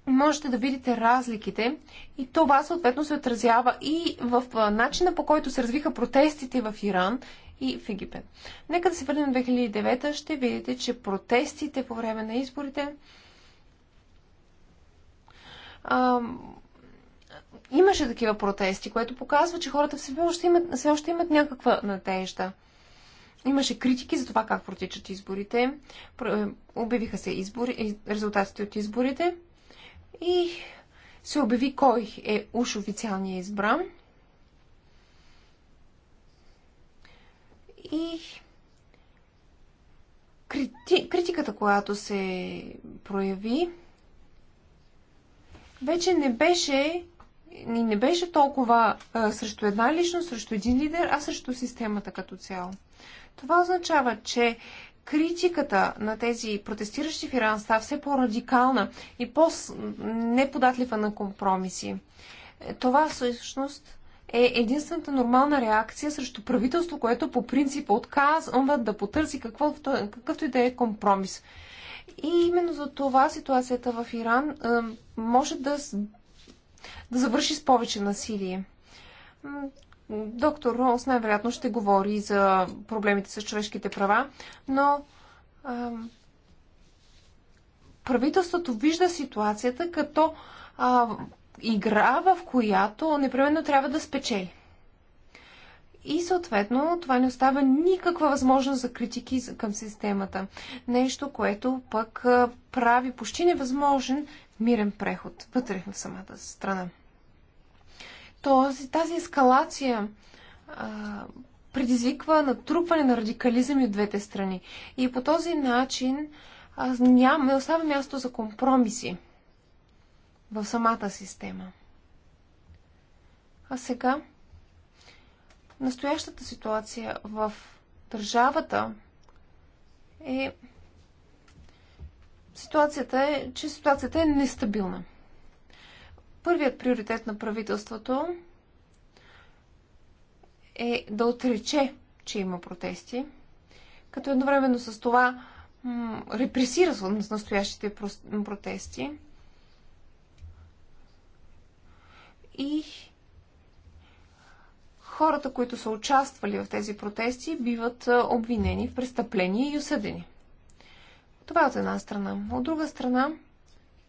можете да видите разликите и това съответно се отразява и в начина по който се развиха протестите в Иран и в Египет. Нека да се върнем в 2009. Ще видите, че протестите по време на изборите а, имаше такива протести, което показва, че хората все още имат, все още имат някаква надежда. Имаше критики за това как протичат изборите. Е, обявиха се избори, резултатите от изборите и се обяви кой е уж официалния избран. И крити... критиката, която се прояви, вече не беше и не беше толкова а, срещу една личност, срещу един лидер, а срещу системата като цяло. Това означава, че критиката на тези протестиращи в Иран става все по-радикална и по-неподатлива на компромиси. Е, това всъщност е единствената нормална реакция срещу правителство, което по принцип отказва да потърси каквото, какъвто и да е компромис. И именно за това ситуацията в Иран е, може да, да завърши с повече насилие. Доктор Роуз най-вероятно ще говори за проблемите с човешките права, но а, правителството вижда ситуацията като а, игра, в която непременно трябва да спечели. И съответно това не остава никаква възможност за критики към системата. Нещо, което пък прави почти невъзможен мирен преход вътре в самата страна този, тази ескалация а, предизвиква натрупване на радикализъм и от двете страни. И по този начин а, ням, не остава място за компромиси в самата система. А сега, настоящата ситуация в държавата е ситуацията е, че ситуацията е нестабилна. Първият приоритет на правителството е да отрече, че има протести, като едновременно с това репресира с настоящите протести и хората, които са участвали в тези протести, биват обвинени в престъпления и осъдени. Това е от една страна. От друга страна,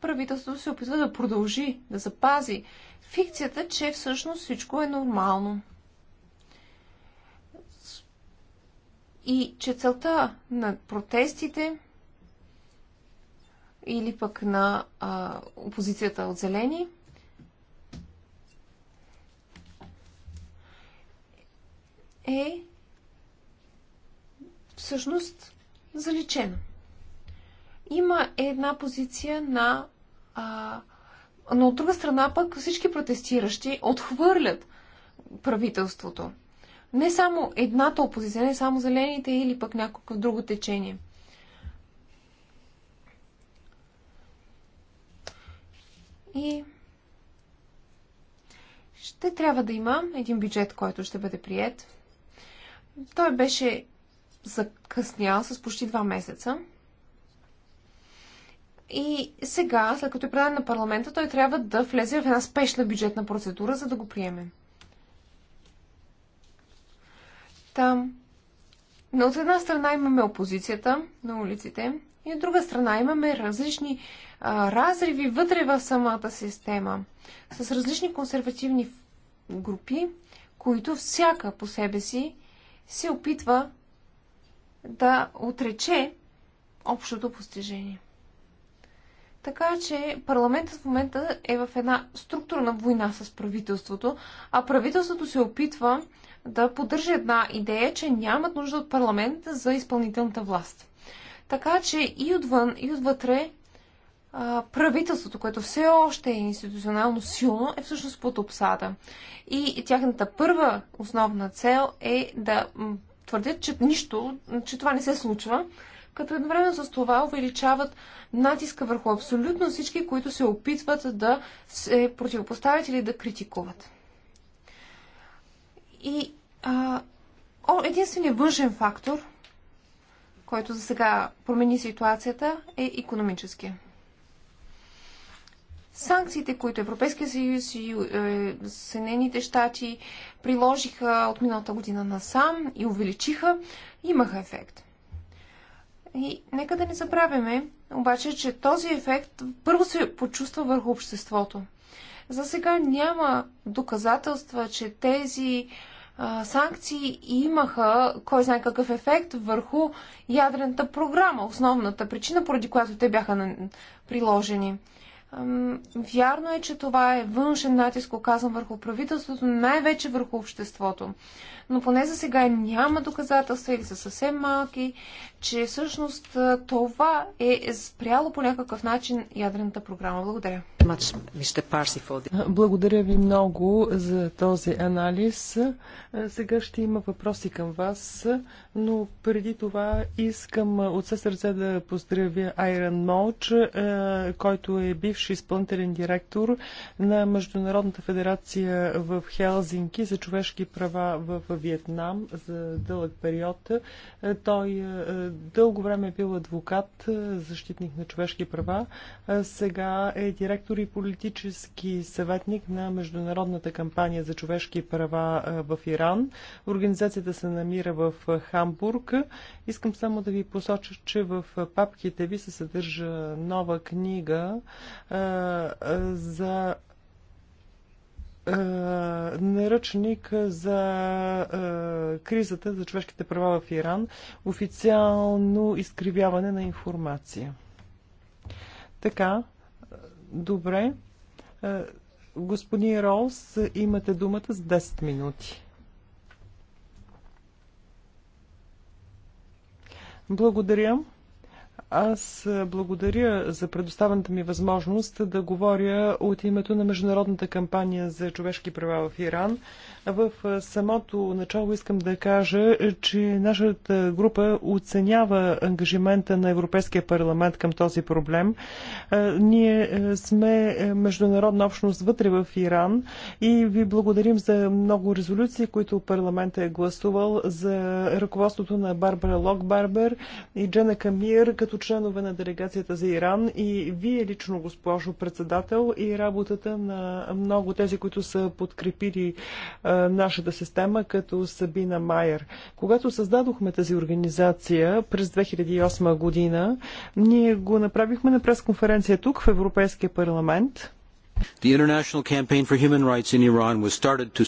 правителството се опитва да продължи, да запази фикцията, че всъщност всичко е нормално. И че целта на протестите или пък на а, опозицията от зелени е всъщност заличена. Има една позиция на а, но от друга страна пък всички протестиращи отхвърлят правителството. Не само едната опозиция, не само зелените или пък някакво друго течение. И ще трябва да има един бюджет, който ще бъде прият. Той беше закъснял с почти два месеца. И сега, след като е предаден на парламента, той трябва да влезе в една спешна бюджетна процедура, за да го приеме. Там. Но от една страна имаме опозицията на улиците, и от друга страна имаме различни а, разриви вътре в самата система, с различни консервативни групи, които всяка по себе си се опитва да отрече общото постижение. Така че парламентът в момента е в една структурна война с правителството, а правителството се опитва да поддържа една идея, че нямат нужда от парламент за изпълнителната власт. Така че и отвън, и отвътре правителството, което все още е институционално силно, е всъщност под обсада. И тяхната първа основна цел е да твърдят, че нищо, че това не се случва, като едновременно с това увеличават натиска върху абсолютно всички, които се опитват да се противопоставят или да критикуват. И а, единственият външен фактор, който за сега промени ситуацията, е економически. Санкциите, които Европейския съюз и е, Съединените щати приложиха от миналата година насам и увеличиха, имаха ефект. И нека да не забравяме, обаче, че този ефект първо се почувства върху обществото. За сега няма доказателства, че тези а, санкции имаха кой знае какъв ефект върху ядрената програма, основната причина, поради която те бяха приложени. Вярно е, че това е външен натиск, оказан върху правителството, най-вече върху обществото но поне за сега няма доказателства или са съвсем малки, че всъщност това е спряло по някакъв начин ядрената програма. Благодаря. Благодаря ви много за този анализ. Сега ще има въпроси към вас, но преди това искам от със сърце да поздравя Айран Молч, който е бивш изпълнителен директор на Международната федерация в Хелзинки за човешки права в Виетнам за дълъг период. Е, той е, дълго време е бил адвокат, е, защитник на човешки права. Сега е директор и политически съветник на Международната кампания за човешки права в Иран. Организацията се намира в Хамбург. Искам само да ви посоча, че в папките ви се съдържа нова книга за е, наръчник за е, кризата за човешките права в Иран, официално изкривяване на информация. Така, добре. Е, господин Ролс, имате думата с 10 минути. Благодаря. Аз е, благодаря за предоставената ми възможност да говоря от името на Международната кампания за човешки права в Иран. В самото начало искам да кажа, че нашата група оценява ангажимента на Европейския парламент към този проблем. Ние сме международна общност вътре в Иран и ви благодарим за много резолюции, които парламент е гласувал за ръководството на Барбара Локбарбер и Джена Камир като членове на делегацията за Иран и вие лично, госпожо председател, и работата на много тези, които са подкрепили нашата система като Сабина Майер. Когато създадохме тази организация през 2008 година, ние го направихме на пресконференция тук в Европейския парламент.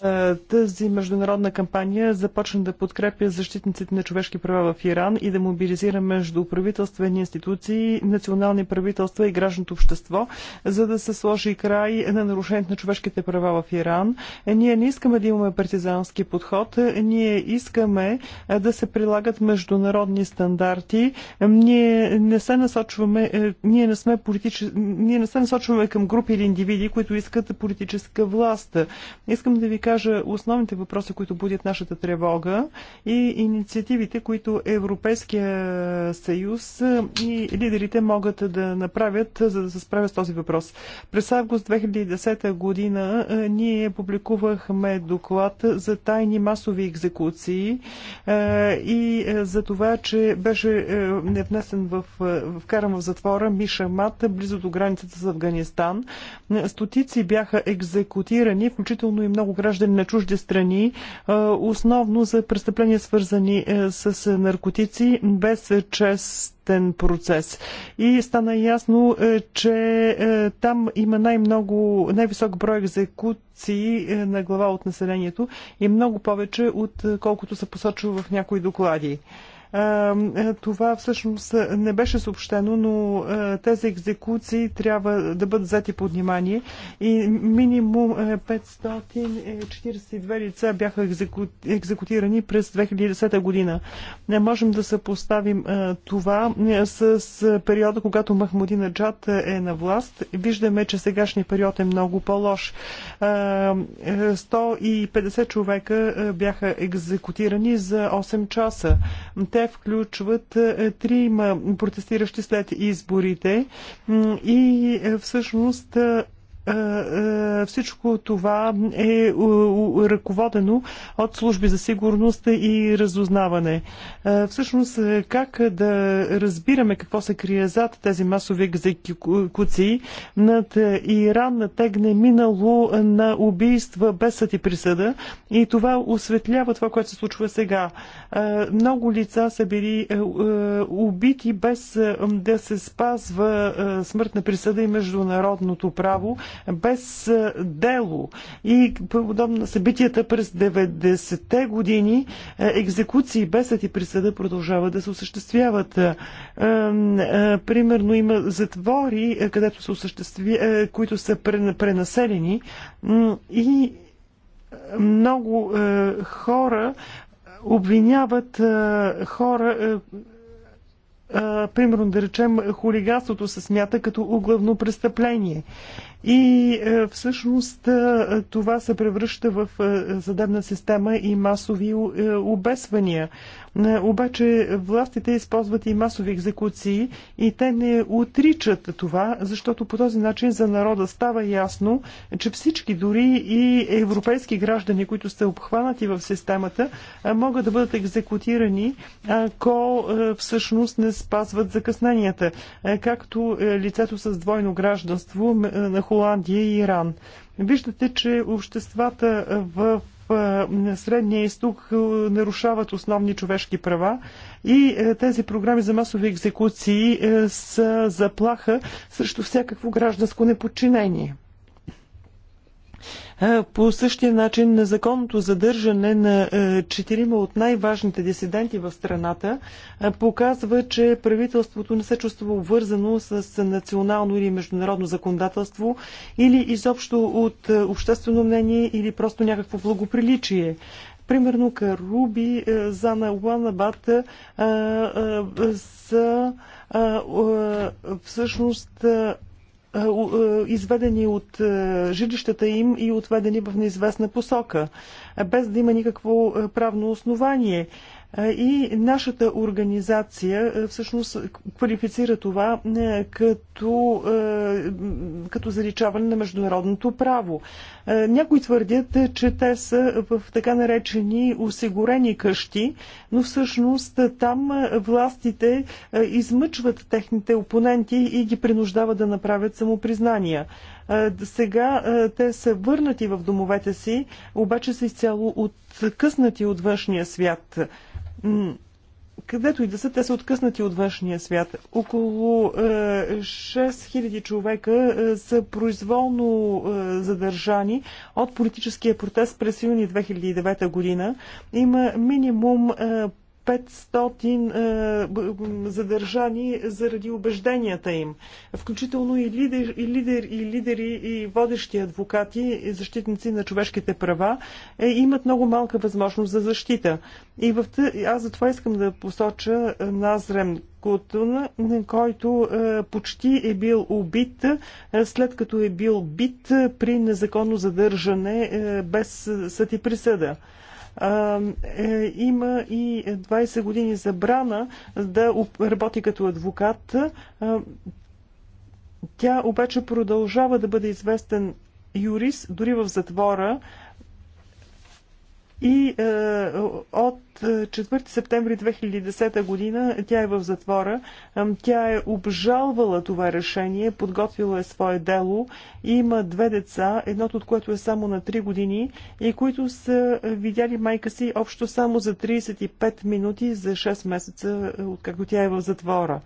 Е, тази международна кампания започна да подкрепя защитниците на човешки права в Иран и да мобилизира между правителствени институции, национални правителства и гражданото общество, за да се сложи край на нарушението на човешките права в Иран. Е, ние не искаме да имаме партизански подход, е, ние искаме да се прилагат международни стандарти. Ние не се насочваме, ние не сме политич... ние не се насочваме към групи или индивиди индивиди, които искат политическа власт. Искам да ви кажа основните въпроси, които будят нашата тревога и инициативите, които Европейския съюз и лидерите могат да направят, за да се справят с този въпрос. През август 2010 година е, ние публикувахме доклад за тайни масови екзекуции е, и е, за това, че беше внесен в, вкаран в затвора Миша Мат, близо до границата с Афганистан. Стотици бяха екзекутирани, включително и много граждани на чужди страни, е, основно за престъпления свързани е, с е, наркотици, без чест процес. И стана ясно, че там има най-много, най-висок брой екзекуции на глава от населението и много повече, отколкото се посочва в някои доклади. Е, това всъщност не беше съобщено, но е, тези екзекуции трябва да бъдат взети под внимание и минимум 542 е, лица бяха екзеку... екзекутирани през 2010 година. Не можем да съпоставим това с периода, когато Махмудина Джад е на власт. Виждаме, че сегашният период е много по-лош. 150 човека бяха екзекутирани за 8 часа. Те включват е, трима протестиращи след изборите и е, всъщност е, е, е, всичко това е, е ръководено от служби за сигурност и разузнаване. Всъщност, как да разбираме какво се крие зад тези масови екзекуции над Иран тегне минало на убийства без съд и присъда и това осветлява това, което се случва сега. Много лица са били убити без да се спазва смъртна присъда и международното право без е, дело. И подобно на събитията през 90-те години, е, екзекуции без съд и присъда продължават да се осъществяват. Е, примерно има затвори, където се осъществи, които са пренаселени и много хора обвиняват хора, примерно да речем, хулиганството се смята като углавно престъпление. И е, всъщност е, това се превръща в е, съдебна система и масови обесвания. Обаче властите използват и масови екзекуции и те не отричат това, защото по този начин за народа става ясно, че всички, дори и европейски граждани, които са обхванати в системата, могат да бъдат екзекутирани, ако всъщност не спазват закъсненията. Както лицето с двойно гражданство на Холандия и Иран. Виждате, че обществата в Средния изток нарушават основни човешки права и тези програми за масови екзекуции са заплаха срещу всякакво гражданско неподчинение. По същия начин незаконното задържане на е, четирима от най-важните дисиденти в страната показва, че правителството не се чувства обвързано с национално или международно законодателство или изобщо от е, обществено мнение или просто някакво благоприличие. Примерно Каруби, е, Зана Уанабат са всъщност е, е, изведени от е, жилищата им и отведени в неизвестна посока, без да има никакво правно основание. И нашата организация всъщност квалифицира това като, като заличаване на международното право. Някои твърдят, че те са в така наречени осигурени къщи, но всъщност там властите измъчват техните опоненти и ги принуждават да направят самопризнания. Сега те са върнати в домовете си, обаче са изцяло откъснати от външния свят където и да са, те са откъснати от външния свят. Около 6000 е, човека е, са произволно е, задържани от политическия протест през юни 2009 година. Има минимум 500 е, задържани заради убежденията им, включително и, лидер, и, лидер, и лидери, и водещи адвокати, и защитници на човешките права, е, имат много малка възможност за защита. И в тъ... аз затова искам да посоча е, Назрем Кутун, който почти е бил убит, след като е бил бит при незаконно задържане без съд и присъда. Е, има и 20 години забрана да работи като адвокат. Тя обаче продължава да бъде известен юрист дори в затвора, и е, от 4 е, септември 2010 година тя е в затвора. Тя е обжалвала това решение, подготвила е свое дело и има две деца, едното от което е само на 3 години и които са видяли майка си общо само за 35 минути за 6 месеца, е, откакто тя е в затвора.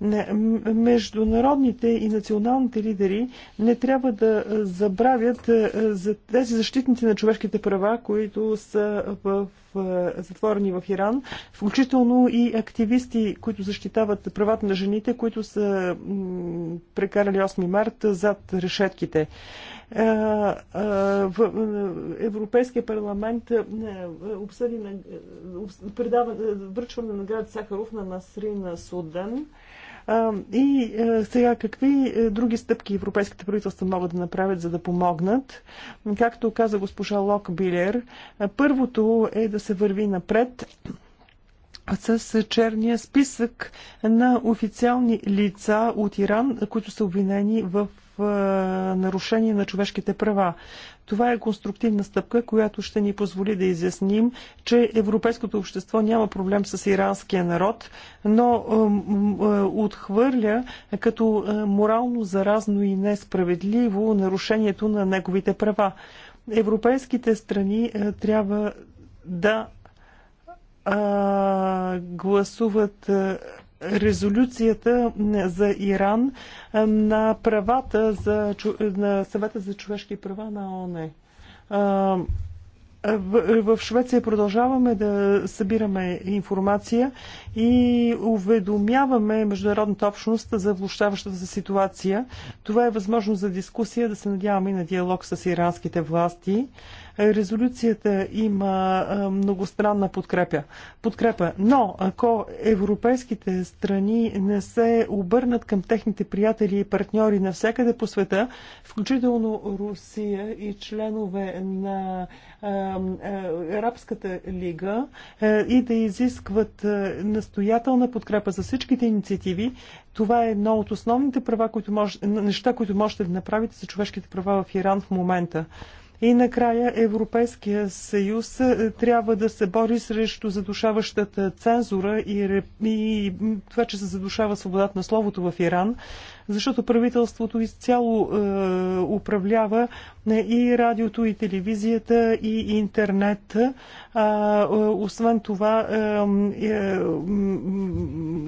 Международните и националните лидери не трябва да е, забравят е, за тези защитници на човешките права, които са в е, затворени в Иран, включително и активисти, които защитават правата на жените, които са прекарали 8 марта зад решетките. В Европейския парламент обсъди на, предава, връчване на град Сахаров на Насрин Суден. И сега какви е, други стъпки европейските правителства могат да направят, за да помогнат? Както каза госпожа Лок Билер, първото е да се върви напред с черния списък на официални лица от Иран, които са обвинени в е, нарушение на човешките права. Това е конструктивна стъпка, която ще ни позволи да изясним, че европейското общество няма проблем с иранския народ, но е, е, отхвърля като морално заразно и несправедливо нарушението на неговите права. Европейските страни трябва да гласуват резолюцията за Иран на правата за, на съвета за човешки права на ОНЕ. В Швеция продължаваме да събираме информация и уведомяваме международната общност за влощаващата се ситуация. Това е възможно за дискусия, да се надяваме и на диалог с иранските власти резолюцията има многостранна подкрепя. подкрепа. Но ако европейските страни не се обърнат към техните приятели и партньори навсякъде по света, включително Русия и членове на Арабската лига и да изискват настоятелна подкрепа за всичките инициативи, това е едно от основните права, които може, неща, които можете да направите за човешките права в Иран в момента. И накрая Европейския съюз е, трябва да се бори срещу задушаващата цензура и, и това, че се задушава свободата на словото в Иран защото правителството изцяло е, управлява е, и радиото, и телевизията, и интернет. е, е освен това, е, е,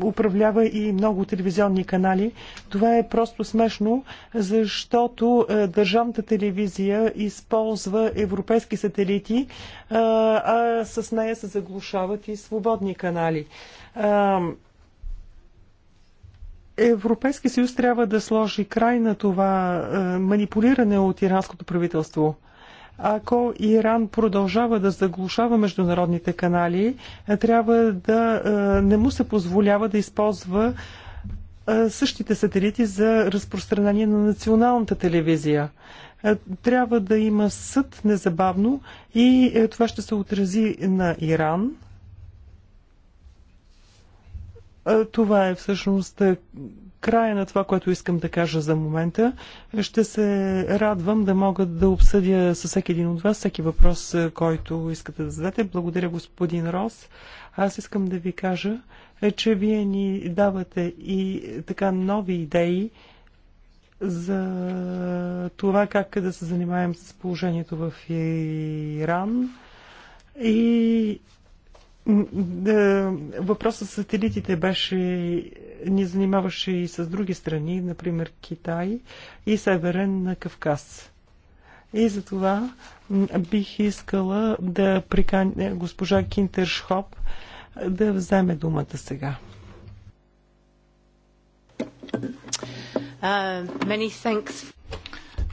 управлява и много телевизионни канали. Това е просто смешно, защото е, държавната телевизия използва европейски сателити, е, а с нея се заглушават и свободни канали. Е, Европейски съюз трябва да сложи край на това е, манипулиране от иранското правителство. Ако Иран продължава да заглушава международните канали, е, трябва да е, не му се позволява да използва е, същите сателити за разпространение на националната телевизия. Е, трябва да има съд незабавно и е, това ще се отрази на Иран това е всъщност е, края на това, което искам да кажа за момента. Ще се радвам да мога да обсъдя с всеки един от вас всеки въпрос, е, който искате да зададете. Благодаря, господин Рос. Аз искам да ви кажа, е, че вие ни давате и така нови идеи за това как да се занимаем с положението в Иран. И да, е, въпросът с сателитите беше, ни занимаваше и с други страни, например Китай и Северен на Кавказ. И за това бих искала да приканя госпожа Кинтершхоп да вземе думата сега. Uh,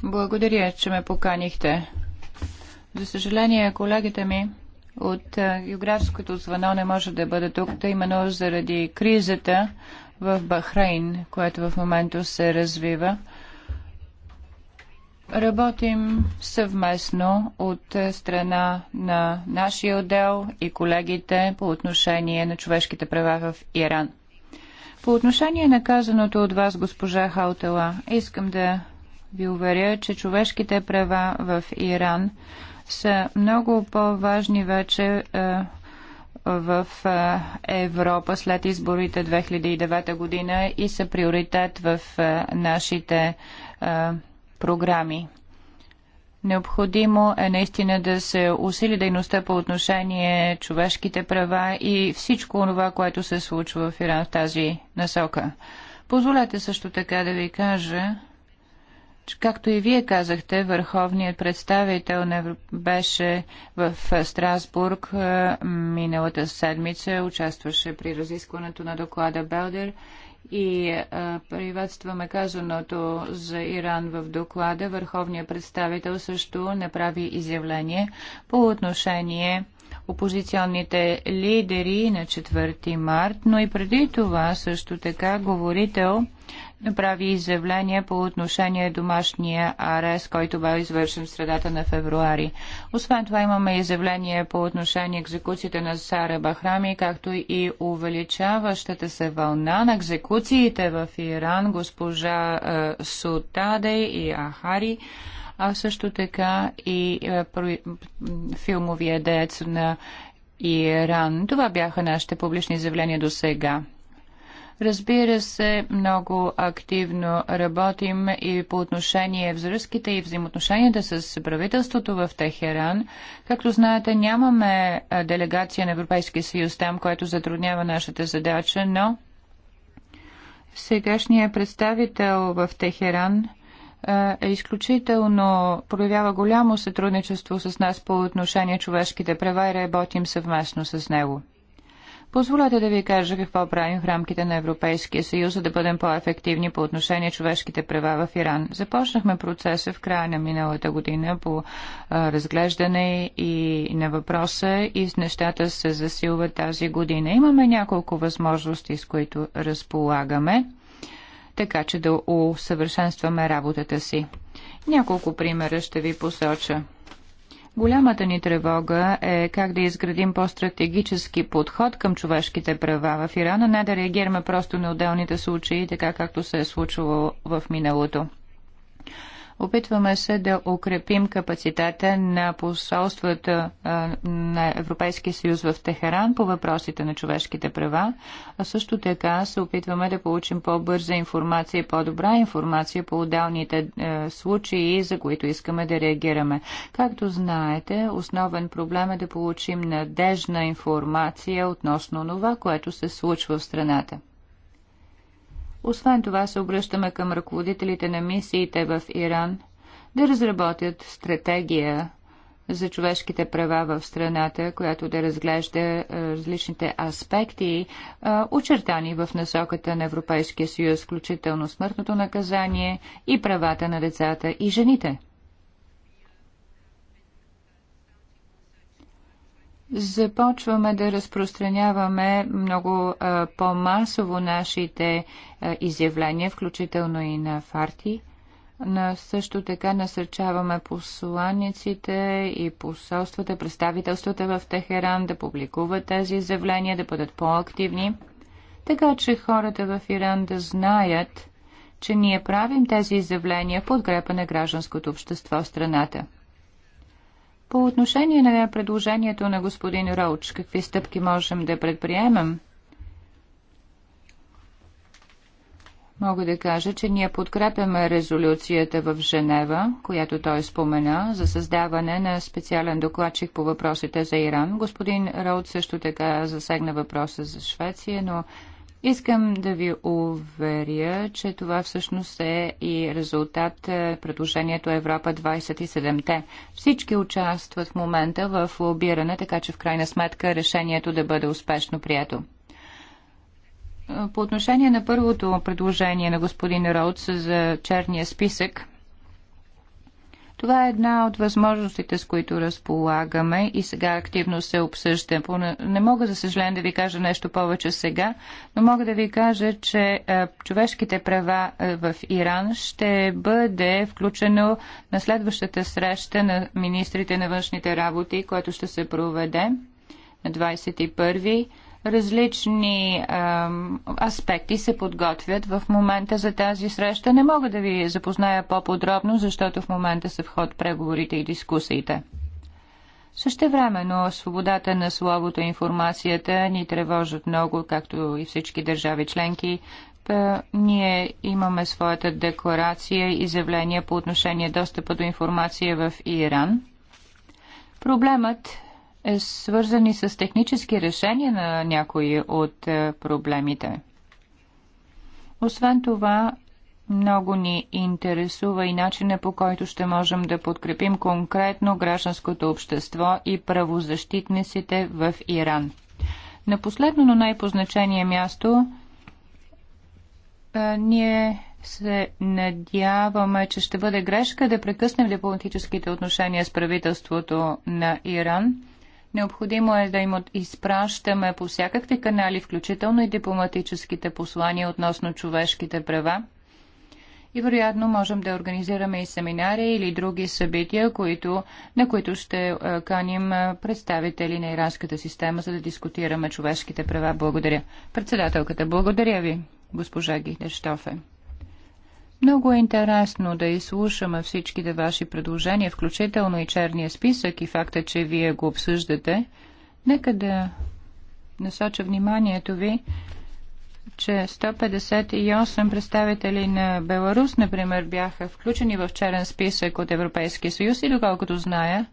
Благодаря, че ме поканихте. За съжаление, колегите ми от географското звено не може да бъде тук, именно заради кризата в Бахрейн, която в момента се развива. Работим съвместно от страна на нашия отдел и колегите по отношение на човешките права в Иран. По отношение на казаното от вас, госпожа Хаутела, искам да ви уверя, че човешките права в Иран – са много по-важни вече е, в е, Европа след изборите 2009 година и са приоритет в е, нашите програми. Необходимо е наистина да се усили дейността по отношение човешките права и всичко това, което се случва в Иран в тази насока. Позволете също така да ви кажа, както и вие казахте, върховният представител не беше в Страсбург миналата седмица, участваше при разискването на доклада Белдер и приветстваме казаното за Иран в доклада. Върховният представител също направи изявление по отношение опозиционните лидери на 4 март, но и преди това също така говорител направи изявление по отношение домашния арест, който бе извършен в средата на февруари. Освен това имаме изявление по отношение екзекуциите на Сара Бахрами, както и увеличаващата се вълна на екзекуциите в Иран, госпожа е, Сутаде и Ахари а също така и е, филмовия деец на Иран. Това бяха нашите публични изявления до сега. Разбира се, много активно работим и по отношение взръзките и взаимоотношенията с правителството в Техеран. Както знаете, нямаме делегация на Европейския съюз там, което затруднява нашата задача, но сегашният представител в Техеран е изключително проявява голямо сътрудничество с нас по отношение човешките права и работим съвместно с него. Позволете да ви кажа какво правим в рамките на Европейския съюз, за да бъдем по-ефективни по отношение човешките права в Иран. Започнахме процеса в края на миналата година по а, разглеждане и на въпроса и с нещата се засилват тази година. Имаме няколко възможности, с които разполагаме, така че да усъвършенстваме работата си. Няколко примера ще ви посоча. Голямата ни тревога е как да изградим по-стратегически подход към човешките права в Ирана, не да реагираме просто на отделните случаи, така както се е случвало в миналото. Опитваме се да укрепим капацитета на посолствата на Европейския съюз в Техеран по въпросите на човешките права, а също така се опитваме да получим по-бърза информация по-добра информация по отделните е, случаи, за които искаме да реагираме. Както знаете, основен проблем е да получим надежна информация относно това, което се случва в страната. Освен това се обръщаме към ръководителите на мисиите в Иран да разработят стратегия за човешките права в страната, която да разглежда различните аспекти, очертани в насоката на Европейския съюз, включително смъртното наказание и правата на децата и жените. започваме да разпространяваме много по-масово нашите а, изявления, включително и на фарти. На също така насърчаваме посланиците и посолствата, представителствата в Техеран да публикуват тези изявления, да бъдат по-активни, така че хората в Иран да знаят, че ние правим тези изявления в подкрепа на гражданското общество в страната. По отношение на предложението на господин Роуч, какви стъпки можем да предприемем? Мога да кажа, че ние подкрепяме резолюцията в Женева, която той спомена, за създаване на специален докладчик по въпросите за Иран. Господин Роуд също така засегна въпроса за Швеция, но Искам да ви уверя, че това всъщност е и резултат е, предложението Европа 27-те. Всички участват в момента в лобиране, така че в крайна сметка решението да бъде успешно прието. Е, по отношение на първото предложение на господин Роудс за черния списък – това е една от възможностите, с които разполагаме и сега активно се обсъжда. Не мога, за съжаление, да ви кажа нещо повече сега, но мога да ви кажа, че е, човешките права е, в Иран ще бъде включено на следващата среща на министрите на външните работи, което ще се проведе на 21 Различни аспекти се подготвят в момента за тази среща. Не мога да ви запозная по-подробно, защото в момента са в ход преговорите и дискусиите. Същевременно свободата на словото и информацията ни тревожат много, както и всички държави членки. Та, ние имаме своята декларация и заявление по отношение достъпа до информация в Иран. Проблемът е свързани с технически решения на някои от е, проблемите. Освен това, много ни интересува и начина по който ще можем да подкрепим конкретно гражданското общество и правозащитниците в Иран. На последно, но най-позначение място, е, ние се надяваме, че ще бъде грешка да прекъснем дипломатическите отношения с правителството на Иран Необходимо е да им изпращаме по всякакви канали, включително и дипломатическите послания относно човешките права. И вероятно можем да организираме и семинари или други събития, които, на които ще е, каним е, представители на иранската система, за да дискутираме човешките права. Благодаря. Председателката, благодаря ви, госпожа Гихнештофе. Много е интересно да изслушаме всичките ваши предложения, включително и черния списък и факта, че вие го обсъждате. Нека да насоча вниманието ви, че 158 представители на Беларус, например, бяха включени в черен списък от Европейския съюз и доколкото зная,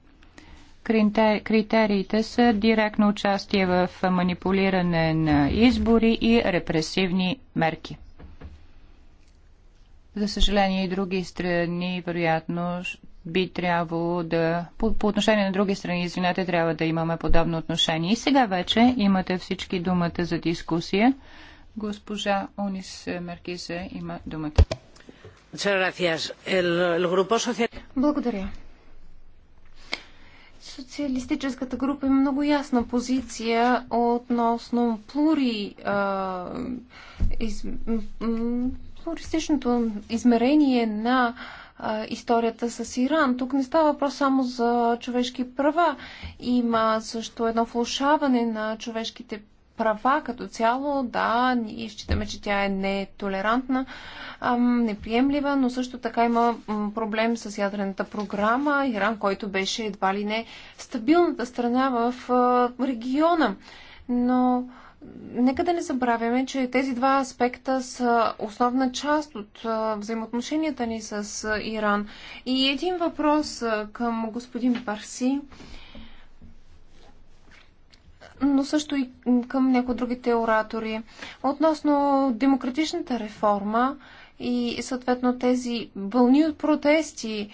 критериите са директно участие в манипулиране на избори и репресивни мерки. За съжаление и други страни, вероятно, би трябвало да, по, по отношение на други страни, извинете, трябва да имаме подобно отношение. И сега вече имате всички думата за дискусия. Госпожа Унис Меркиза има думата. Благодаря. Социалистическата група има много ясна позиция относно плури а, из, терористичното измерение на историята с Иран. Тук не става въпрос само за човешки права. Има също едно влушаване на човешките права като цяло. Да, ние считаме, че тя е нетолерантна, неприемлива, но също така има проблем с ядрената програма. Иран, който беше едва ли не стабилната страна в региона. Но Нека да не забравяме, че тези два аспекта са основна част от взаимоотношенията ни с Иран. И един въпрос към господин Парси, но също и към някои другите оратори. Относно демократичната реформа, и съответно тези вълни от протести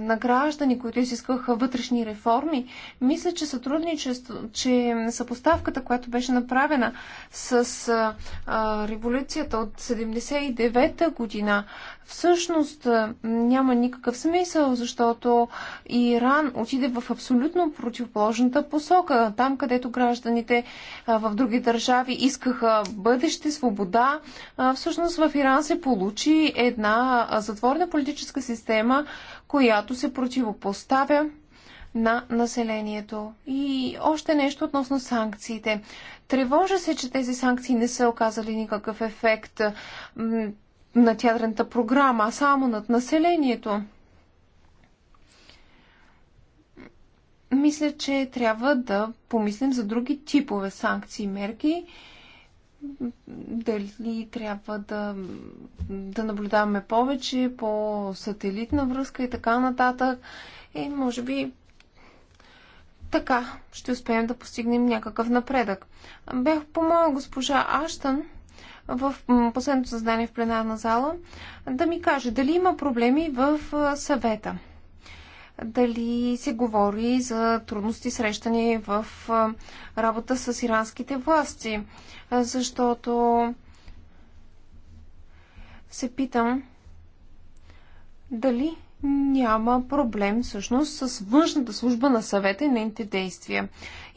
на граждани, които изискваха вътрешни реформи, мисля, че сътрудничество, че съпоставката, която беше направена с а, а, революцията от 79-та година, всъщност а, няма никакъв смисъл, защото Иран отиде в абсолютно противоположната посока. Там, където гражданите а, в други държави искаха бъдеще, свобода, а, всъщност в Иран се получи получи една затворена политическа система, която се противопоставя на населението. И още нещо относно санкциите. Тревожа се, че тези санкции не са оказали никакъв ефект на театрната програма, а само над населението. Мисля, че трябва да помислим за други типове санкции и мерки, дали трябва да, да наблюдаваме повече по сателитна връзка и така нататък. и може би така ще успеем да постигнем някакъв напредък. Бях по моя госпожа Аштън в последното създание в пленарна зала да ми каже дали има проблеми в съвета дали се говори за трудности срещани в работа с иранските власти, защото се питам дали няма проблем всъщност с външната служба на съвета и нейните действия.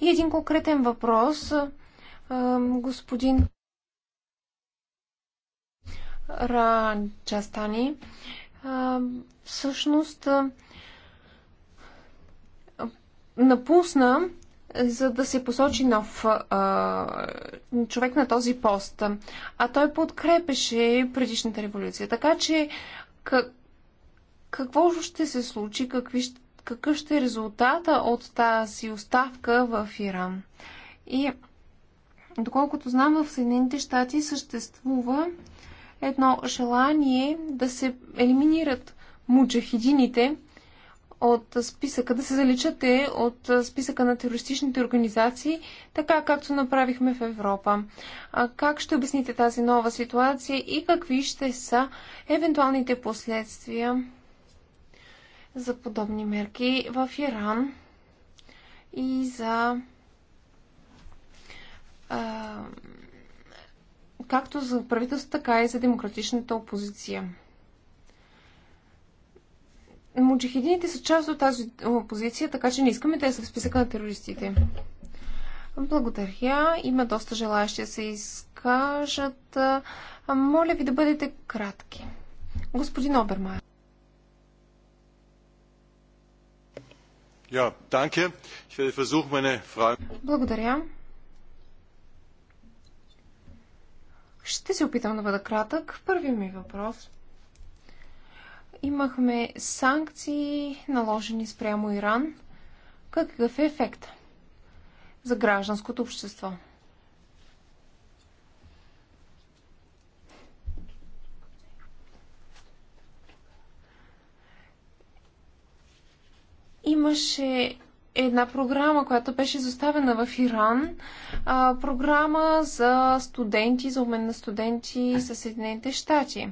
И един конкретен въпрос, господин Частани Всъщност, напусна, е, за да се посочи нов а, човек на този пост. А той подкрепеше предишната революция. Така че как, какво ще се случи, какви, какъв ще е резултата от тази оставка в Иран? И доколкото знам, в Съединените щати съществува едно желание да се елиминират муджахидините, от списъка, да се заличате от списъка на терористичните организации, така както направихме в Европа. А как ще обясните тази нова ситуация и какви ще са евентуалните последствия за подобни мерки в Иран и за а, както за правителството, така и за демократичната опозиция? муджихидините са част от тази опозиция, така че не искаме те са в списъка на терористите. Благодаря. Има доста желаящи да се изкажат. Моля ви да бъдете кратки. Господин Обермайер. meine Frage... Благодаря. Ще се опитам да бъда кратък. Първи ми въпрос – имахме санкции, наложени спрямо Иран. Какъв е ефект за гражданското общество? Имаше една програма, която беше заставена в Иран. А, програма за студенти, за обмен на студенти със Съединените щати.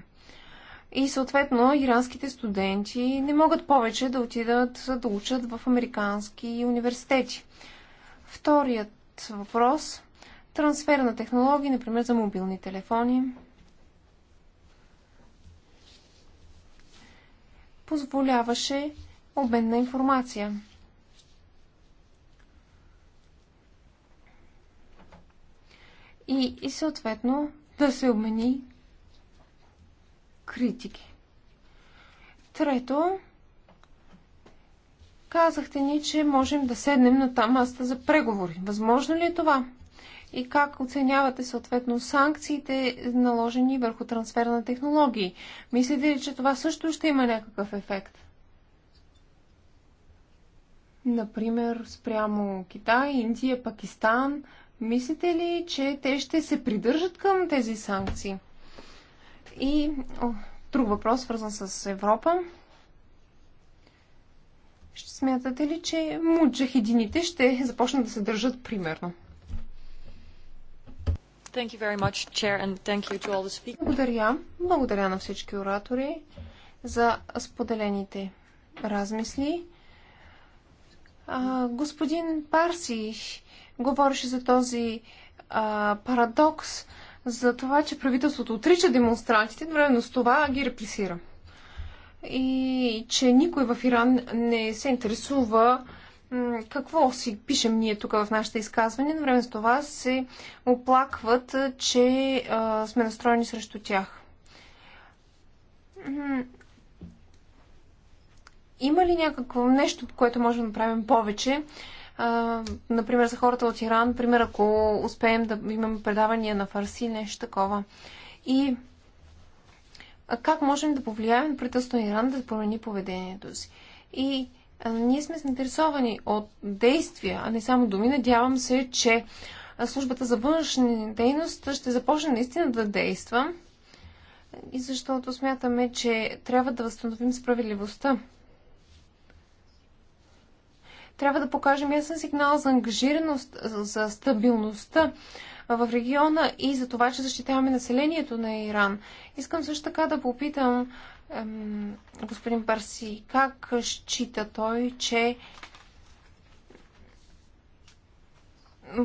И съответно иранските студенти не могат повече да отидат да учат в американски университети. Вторият въпрос трансфер на технологии, например за мобилни телефони. Позволяваше обмен на информация. И, и съответно да се обмени критики. Трето, казахте ни, че можем да седнем на там маста за преговори. Възможно ли е това? И как оценявате съответно санкциите, наложени върху трансфер на технологии? Мислите ли, че това също ще има някакъв ефект? Например, спрямо Китай, Индия, Пакистан. Мислите ли, че те ще се придържат към тези санкции? И о, друг въпрос, свързан с Европа. Ще смятате ли, че муджахидините ще започнат да се държат примерно? Much, Chair, Благодаря. Благодаря на всички оратори за споделените размисли. А, господин Парси говореше за този а, парадокс за това, че правителството отрича демонстрантите, временно с това ги репресира. И че никой в Иран не се интересува какво си пишем ние тук в нашите изказвания, но време с това се оплакват, че а, сме настроени срещу тях. Има ли някакво нещо, което можем да направим повече, а, например, за хората от Иран, например, ако успеем да имаме предавания на фарси, нещо такова. И а как можем да повлияем на правителството на Иран да промени поведението си? И а, ние сме заинтересовани от действия, а не само думи. Надявам се, че службата за външни дейност ще започне наистина да действа и защото смятаме, че трябва да възстановим справедливостта трябва да покажем ясен сигнал за ангажираност, за стабилността в региона и за това, че защитаваме населението на Иран. Искам също така да попитам ем, господин Парси, как счита той, че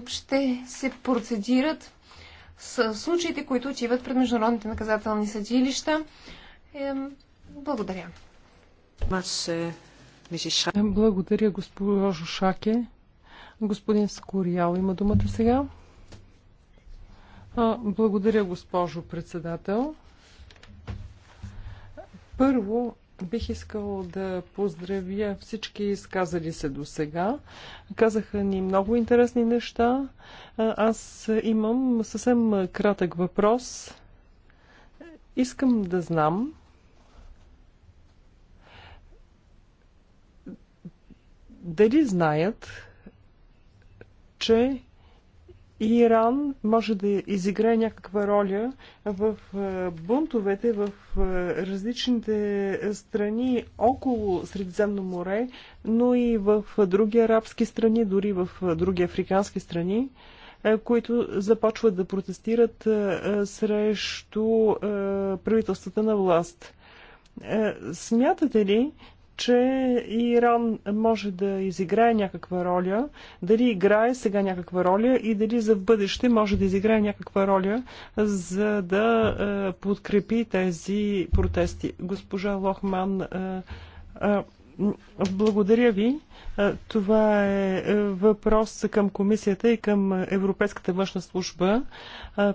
ще се процедират с случаите, които отиват пред международните наказателни съдилища. Е, благодаря. Благодаря, госпожо Шаке. Господин Скориал, има думата сега. Благодаря, госпожо председател. Първо, бих искал да поздравя всички изказали се до сега. Казаха ни много интересни неща. Аз имам съвсем кратък въпрос. Искам да знам дали знаят, че Иран може да изиграе някаква роля в е, бунтовете в е, различните страни около Средиземно море, но и в други арабски страни, дори в е, други африкански страни, които започват да протестират срещу правителствата на власт. Смятате ли, че Иран може да изиграе някаква роля, дали играе сега някаква роля и дали за бъдеще може да изиграе някаква роля, за да е, подкрепи тези протести. Госпожа Лохман, е, е, благодаря ви. Това е въпрос към комисията и към Европейската външна служба.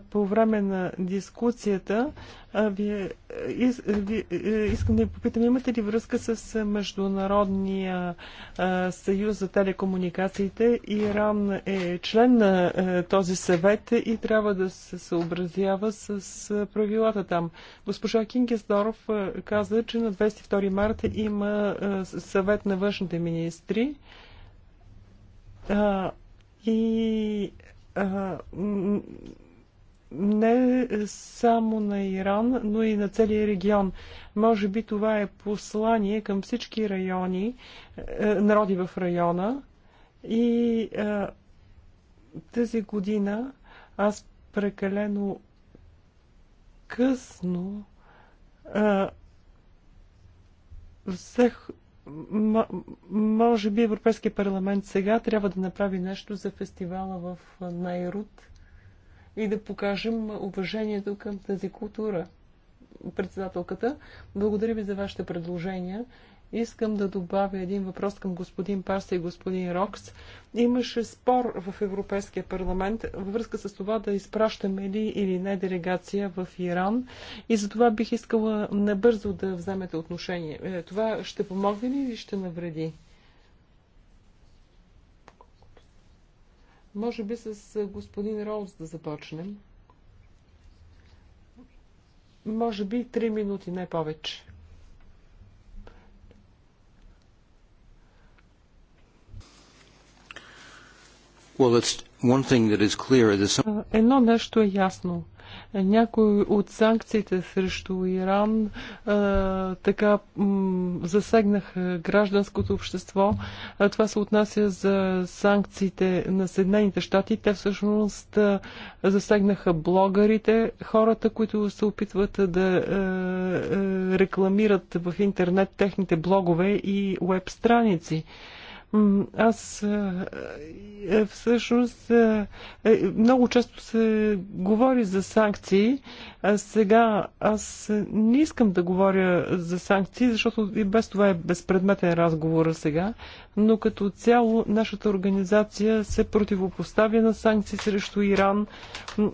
По време на дискусията вие е, е, е, искам да ви попитам, имате ли връзка с Международния съюз за телекомуникациите? Иран е член на този съвет и трябва да се съобразява с правилата там. Госпожа Кингесдоров каза, че на 22 марта има съвет на външните министри и не само на Иран, но и на целия регион. Може би това е послание към всички райони, е, народи в района. И е, тази година аз прекалено късно е, всех може би Европейския парламент сега трябва да направи нещо за фестивала в Найрут и да покажем уважението към тази култура. Председателката, благодаря ви за вашите предложения. Искам да добавя един въпрос към господин Парса и господин Рокс. Имаше спор в Европейския парламент във връзка с това да изпращаме ли или не делегация в Иран и за това бих искала набързо да вземете отношение. Е, това ще помогне ли или ще навреди? Може би с господин Роуз да започнем. Може би три минути, не повече. Well, Едно нещо е ясно. Някои от санкциите срещу Иран а, така засегнаха гражданското общество. А, това се отнася за санкциите на Съединените щати. Те всъщност а, засегнаха блогърите, хората, които се опитват да а, рекламират в интернет техните блогове и веб страници. Аз е, всъщност е, много често се говори за санкции. А сега аз не искам да говоря за санкции, защото и без това е безпредметен разговор сега, но като цяло нашата организация се противопоставя на санкции срещу Иран, е,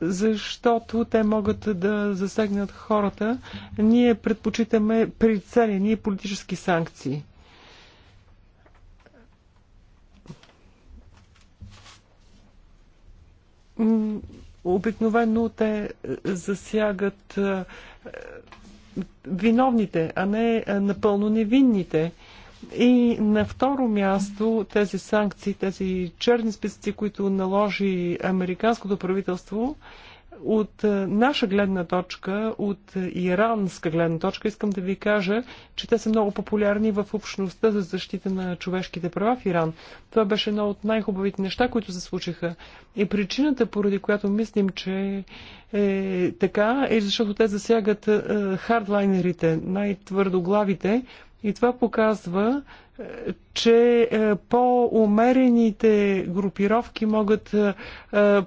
защото те могат да засегнат хората. Ние предпочитаме прицелени политически санкции. Обикновено те е, засягат е, виновните, а не е, напълно невинните. И на второ място тези санкции, тези черни списъци, които наложи американското правителство, от е, наша гледна точка, от е, иранска гледна точка, искам да ви кажа, че те са много популярни в общността за защита на човешките права в Иран. Това беше едно от най-хубавите неща, които се случиха. И причината, поради която мислим, че е така, е защото те засягат е, хардлайнерите, най-твърдоглавите. И това показва, че е, по-умерените групировки могат е, е,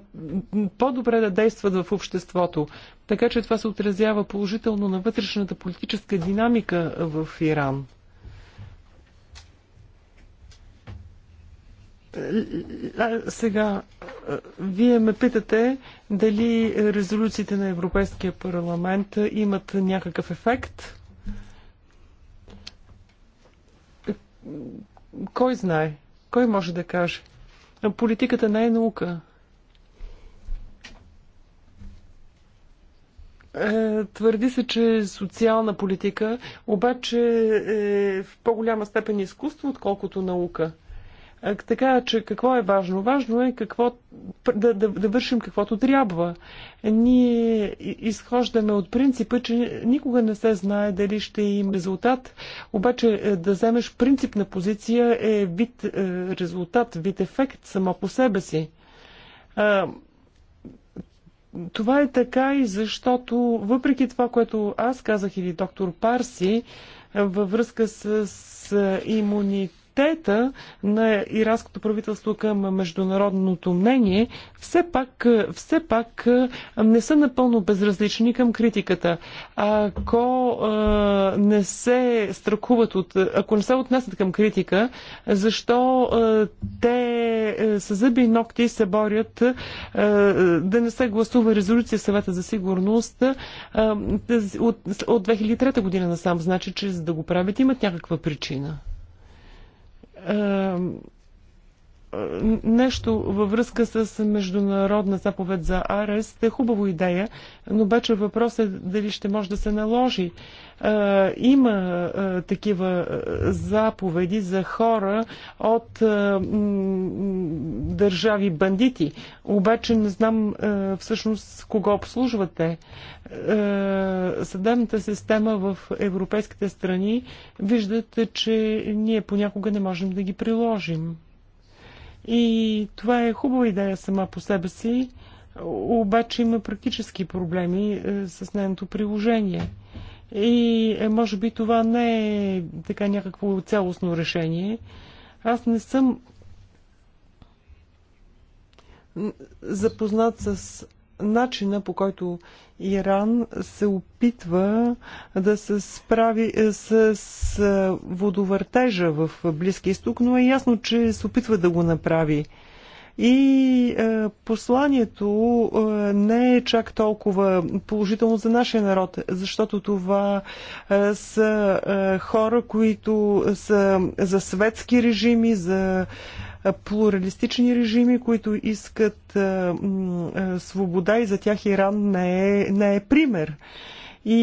по-добре да действат в обществото. Така че това се отразява положително на вътрешната политическа динамика в Иран. Сега, вие ме питате дали резолюциите на Европейския парламент имат някакъв ефект. Кой знае? Кой може да каже? Политиката не е наука. Е, твърди се, че е социална политика, обаче е в по-голяма степен изкуство, отколкото наука. Така че какво е важно? Важно е какво, да, да, да вършим каквото трябва. Ние изхождаме от принципа, че никога не се знае дали ще има резултат, обаче е, да вземеш принципна позиция е вид е, резултат, вид ефект само по себе си. Това е така и защото, въпреки това, което аз казах или доктор Парси, във връзка с имунитет, авторитета на иранското правителство към международното мнение, все пак, все пак не са напълно безразлични към критиката. Ако не се страхуват от, ако не се отнесат към критика, защо те с зъби и ногти се борят да не се гласува резолюция в съвета за сигурност от 2003 година насам, значи, че за да го правят имат някаква причина нещо във връзка с международна заповед за арест е хубава идея, но обаче въпросът е дали ще може да се наложи. Има такива заповеди за хора от държави бандити, обаче не знам всъщност кого обслужвате съдебната система в европейските страни виждат, че ние понякога не можем да ги приложим. И това е хубава идея сама по себе си, обаче има практически проблеми е, с нейното приложение. И е, може би това не е така някакво цялостно решение. Аз не съм запознат с начина по който Иран се опитва да се справи е, с водовъртежа в Близки изток, но е ясно, че се опитва да го направи. И е, посланието е, не е чак толкова положително за нашия народ, защото това е, са е, хора, които са за светски режими, за е, плуралистични режими, които искат свобода и за тях Иран не е, не е пример. И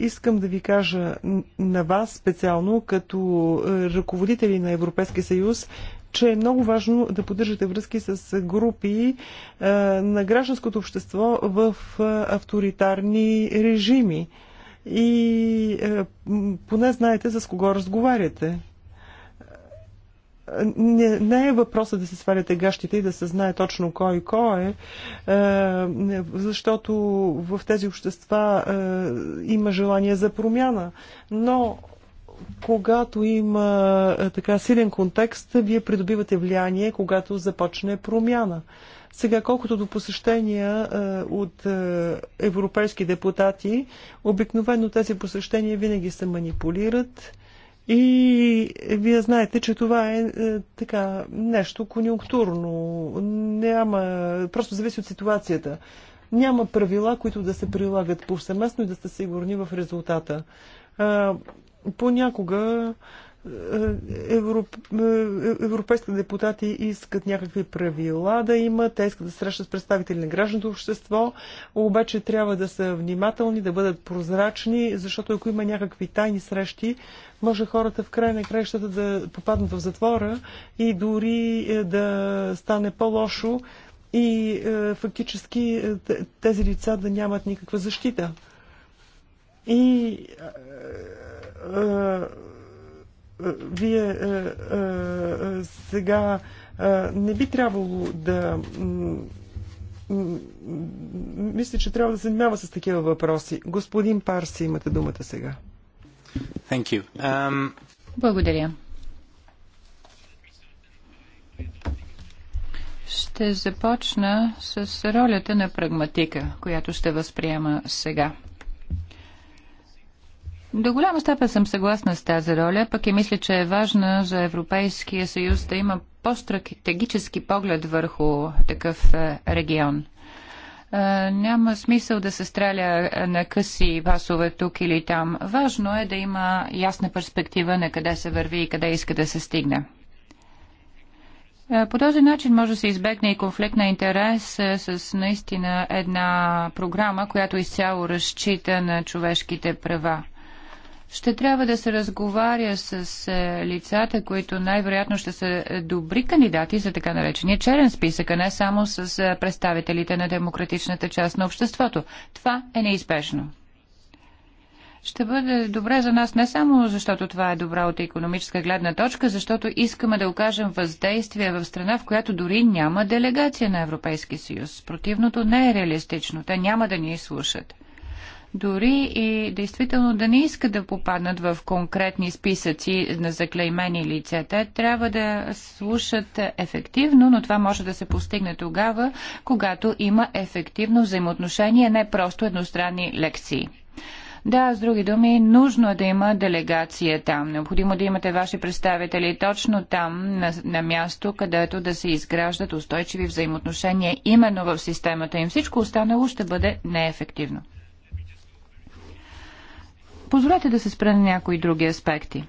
искам да ви кажа на вас специално, като ръководители на Европейския съюз, че е много важно да поддържате връзки с групи на гражданското общество в авторитарни режими. И поне знаете с кого разговаряте не, не е въпроса да се сваляте гащите и да се знае точно кой кой е, е защото в тези общества е, има желание за промяна. Но когато има е, така силен контекст, вие придобивате влияние, когато започне промяна. Сега, колкото до посещения е, от е, европейски депутати, обикновено тези посещения винаги се манипулират и вие знаете, че това е, е така нещо конюнктурно. Няма, просто зависи от ситуацията. Няма правила, които да се прилагат повсеместно и да сте сигурни в резултата. Е, понякога е, Европ... европейски депутати искат някакви правила да има, те искат да срещат представители на гражданското общество, обаче трябва да са внимателни, да бъдат прозрачни, защото ако има някакви тайни срещи, може хората в край на краищата да попаднат в затвора и дори е, да стане по-лошо и е, фактически е, тези лица да нямат никаква защита. И вие е, е, сега е, не би трябвало да мисля, че трябва да се занимава с такива въпроси. Господин Парси, имате думата сега. Thank you. Um... Благодаря. Ще започна с ролята на прагматика, която ще възприема сега. До голяма степен съм съгласна с тази роля, пък и мисля, че е важна за Европейския съюз да има по-стратегически поглед върху такъв е, регион. Е, няма смисъл да се стреля е, на къси басове тук или там. Важно е да има ясна перспектива на къде се върви и къде иска да се стигне. По този начин може да се избегне и конфликт на интерес с наистина една програма, която изцяло разчита на човешките права ще трябва да се разговаря с е, лицата, които най-вероятно ще са е, добри кандидати за така наречения черен списък, а не само с е, представителите на демократичната част на обществото. Това е неизбежно ще бъде добре за нас не само защото това е добра от економическа гледна точка, защото искаме да окажем въздействие в страна, в която дори няма делегация на Европейски съюз. Противното не е реалистично. Те няма да ни слушат дори и действително да не искат да попаднат в конкретни списъци на заклеймени лица. Те трябва да слушат ефективно, но това може да се постигне тогава, когато има ефективно взаимоотношение, не просто едностранни лекции. Да, с други думи, нужно е да има делегация там. Необходимо да имате ваши представители точно там, на, на място, където да се изграждат устойчиви взаимоотношения именно в системата им. Всичко останало ще бъде неефективно. Позволете да се спра на някои други аспекти.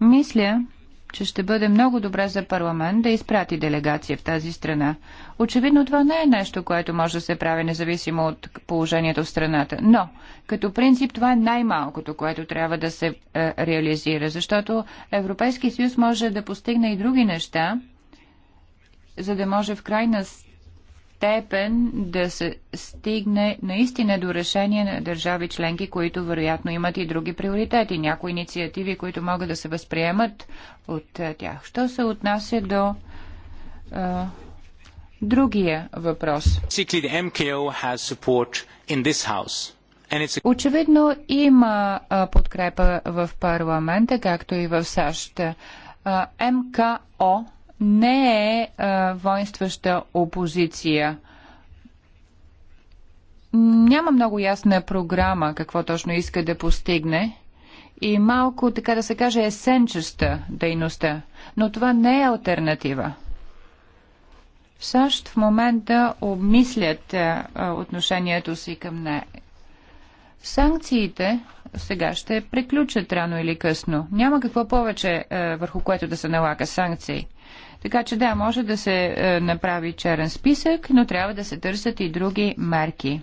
Мисля, че ще бъде много добре за парламент да изпрати делегация в тази страна. Очевидно това не е нещо, което може да се прави независимо от положението в страната, но като принцип това е най-малкото, което трябва да се е, реализира, защото Европейски съюз може да постигне и други неща, за да може в крайна степен да се стигне наистина до решение на държави членки, които вероятно имат и други приоритети, някои инициативи, които могат да се възприемат от е, тях. Що се отнася до а, е, другия въпрос? Очевидно има е, подкрепа в парламента, както и в САЩ. МКО не е а, воинстваща опозиция. Няма много ясна програма какво точно иска да постигне и малко, така да се каже, есенчеста дейността, но това не е альтернатива. САЩ в момента обмислят а, отношението си към нея. Санкциите сега ще приключат рано или късно. Няма какво повече а, върху което да се налага санкции. Така че да, може да се е, направи черен списък, но трябва да се търсят и други мерки.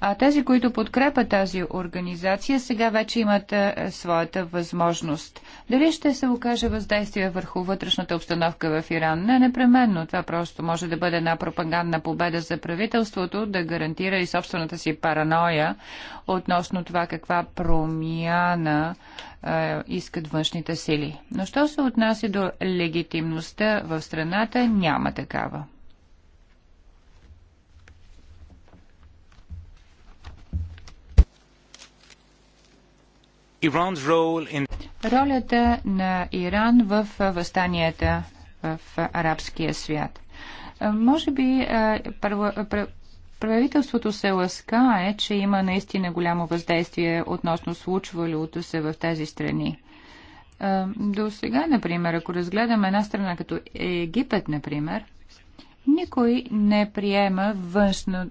А тези, които подкрепят тази организация, сега вече имат е, своята възможност. Дали ще се окаже въздействие върху вътрешната обстановка в Иран? Не непременно. Това просто може да бъде една пропагандна победа за правителството, да гарантира и собствената си параноя относно това каква промяна а, е, искат външните сили. Но що се отнася до легитимността в страната, няма такава. Ролята на Иран в възстанията в арабския свят. Е, може би е, е, правителството се ласкае, че има наистина голямо въздействие относно случвалото се в тези страни. До сега, например, ако разгледаме една страна като Египет, например, никой не приема външно,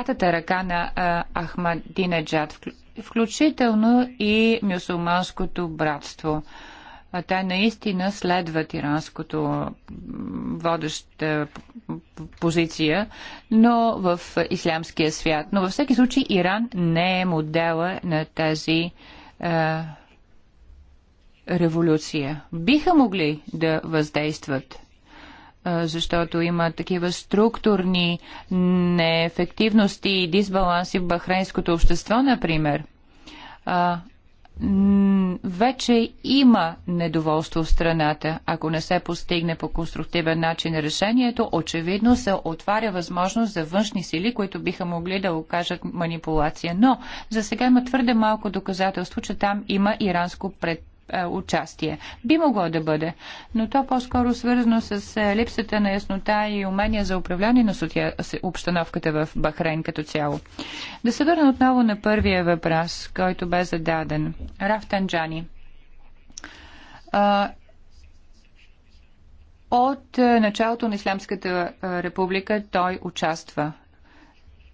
датата ръка на Ахмадинеджад, включително и мюсулманското братство. А те наистина следват иранското водеща позиция, но в ислямския свят. Но във всеки случай Иран не е модела на тази е, революция. Биха могли да въздействат защото има такива структурни неефективности и дисбаланси в бахрейнското общество, например вече има недоволство в страната. Ако не се постигне по конструктивен начин решението, очевидно се отваря възможност за външни сили, които биха могли да окажат манипулация. Но за сега има твърде малко доказателство, че там има иранско пред е, участие. Би могло да бъде, но то по-скоро свързано с е, липсата на яснота и умения за управление на обстановката в Бахрейн като цяло. Да се върна отново на първия въпрос, който бе зададен. Раф Танджани от е, началото на Исламската република той участва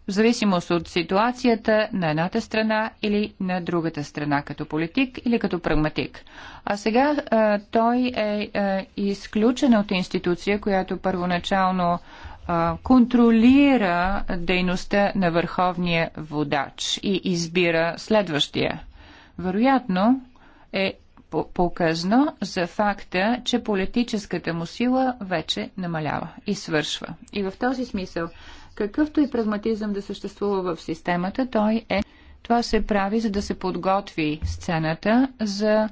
в зависимост от ситуацията на едната страна или на другата страна, като политик или като прагматик. А сега а, той е а, изключен от институция, която първоначално а, контролира дейността на върховния водач и избира следващия. Вероятно е показно за факта, че политическата му сила вече намалява и свършва. И в този смисъл Какъвто и прагматизъм да съществува в системата, той е. Това се прави, за да се подготви сцената за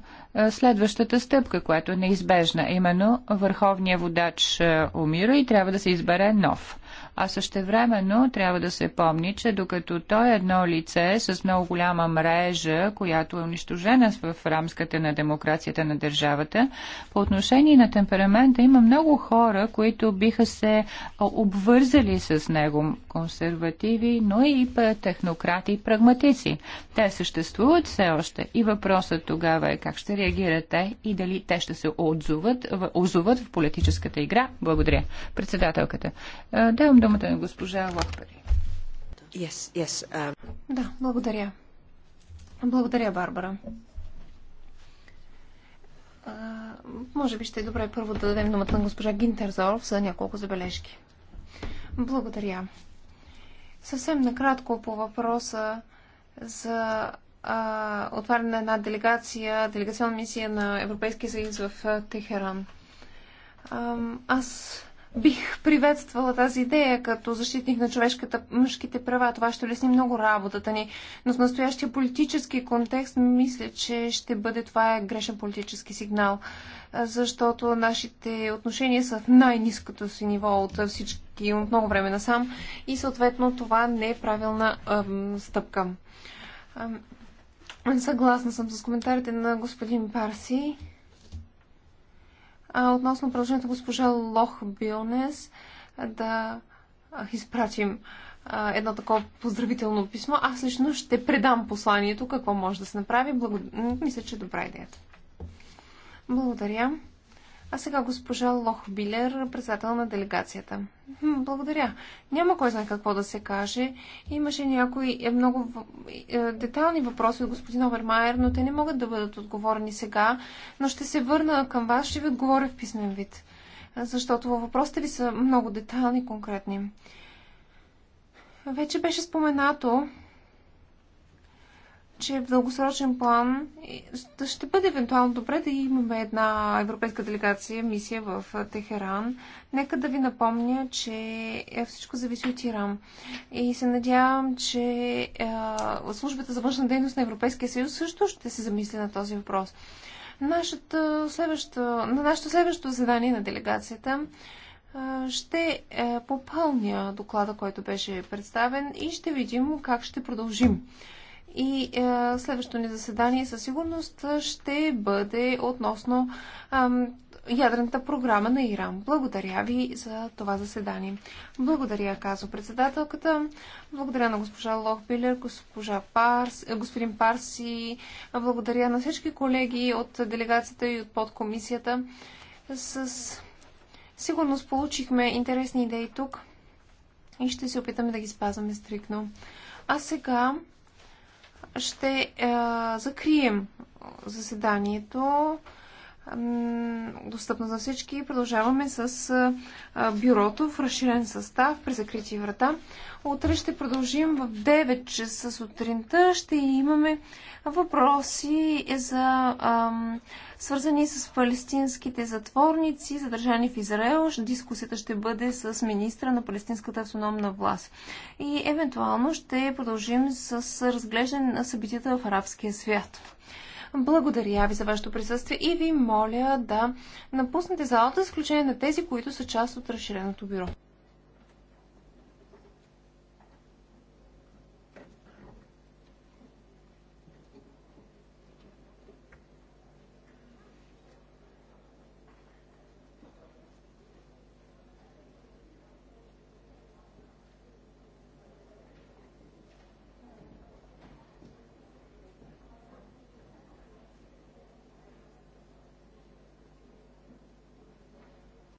следващата стъпка, която е неизбежна. Именно върховният водач умира и трябва да се избере нов а същевременно трябва да се помни, че докато той е едно лице с много голяма мрежа, която е унищожена в рамската на демокрацията на държавата, по отношение на темперамента има много хора, които биха се обвързали с него, консервативи, но и технократи и прагматици. Те съществуват все още и въпросът тогава е как ще реагират те и дали те ще се отзуват озоват в политическата игра. Благодаря. Председателката. Давам думата на госпожа Лохпери. Yes, yes, uh, Да, благодаря. Благодаря, Барбара. може би ще е добре първо да дадем думата на госпожа Гинтерзоров за няколко забележки. Благодаря. Съвсем накратко по въпроса за а, отваряне на една делегация, делегационна мисия на Европейския съюз в Техеран. А, аз Бих приветствала тази идея като защитник на човешката мъжките права. Това ще лесни много работата ни. Но в настоящия политически контекст мисля, че ще бъде това е грешен политически сигнал, защото нашите отношения са в най-низкото си ниво от всички от много време насам и съответно това не е правилна ам, стъпка. Ам, съгласна съм с коментарите на господин Парси. А относно продължението госпожа Лох Билнес да изпратим едно такова поздравително писмо. Аз лично ще предам посланието, какво може да се направи. Благодаря. Мисля, че е добра идеята. Благодаря. А сега госпожа Лохбилер, председател на делегацията. Хм, благодаря. Няма кой знае какво да се каже. Имаше някои е, много е, детални въпроси от господин Овермайер, но те не могат да бъдат отговорени сега. Но ще се върна към вас, ще ви отговоря в писмен вид. Защото въпросите ви са много детални и конкретни. Вече беше споменато, че в дългосрочен план ще бъде евентуално добре да имаме една европейска делегация, мисия в Техеран. Нека да ви напомня, че е, всичко зависи от Иран. И се надявам, че службата за външна дейност на Европейския съюз също ще се замисли на този въпрос. следващо, на нашето следващо задание на делегацията ще е, попълня доклада, който беше представен и ще видим как ще продължим и е, следващото ни заседание със сигурност ще бъде относно ядрената програма на Иран. Благодаря ви за това заседание. Благодаря, казва председателката. Благодаря на госпожа Лохбилер, госпожа Парс, е, господин Парси. Благодаря на всички колеги от делегацията и от подкомисията. С сигурност получихме интересни идеи тук и ще се опитаме да ги спазваме стрикно. А сега ще а, е, закрием заседанието достъпно за всички. Продължаваме с е, е, бюрото в разширен състав при закрити врата. Утре ще продължим в 9 часа сутринта. Ще имаме въпроси за свързани с палестинските затворници, задържани в Израел. Дискусията ще бъде с министра на палестинската автономна власт. И евентуално ще продължим с разглеждане на събитията в арабския свят. Благодаря ви за вашето присъствие и ви моля да напуснете залата, с изключение на тези, които са част от разширеното бюро.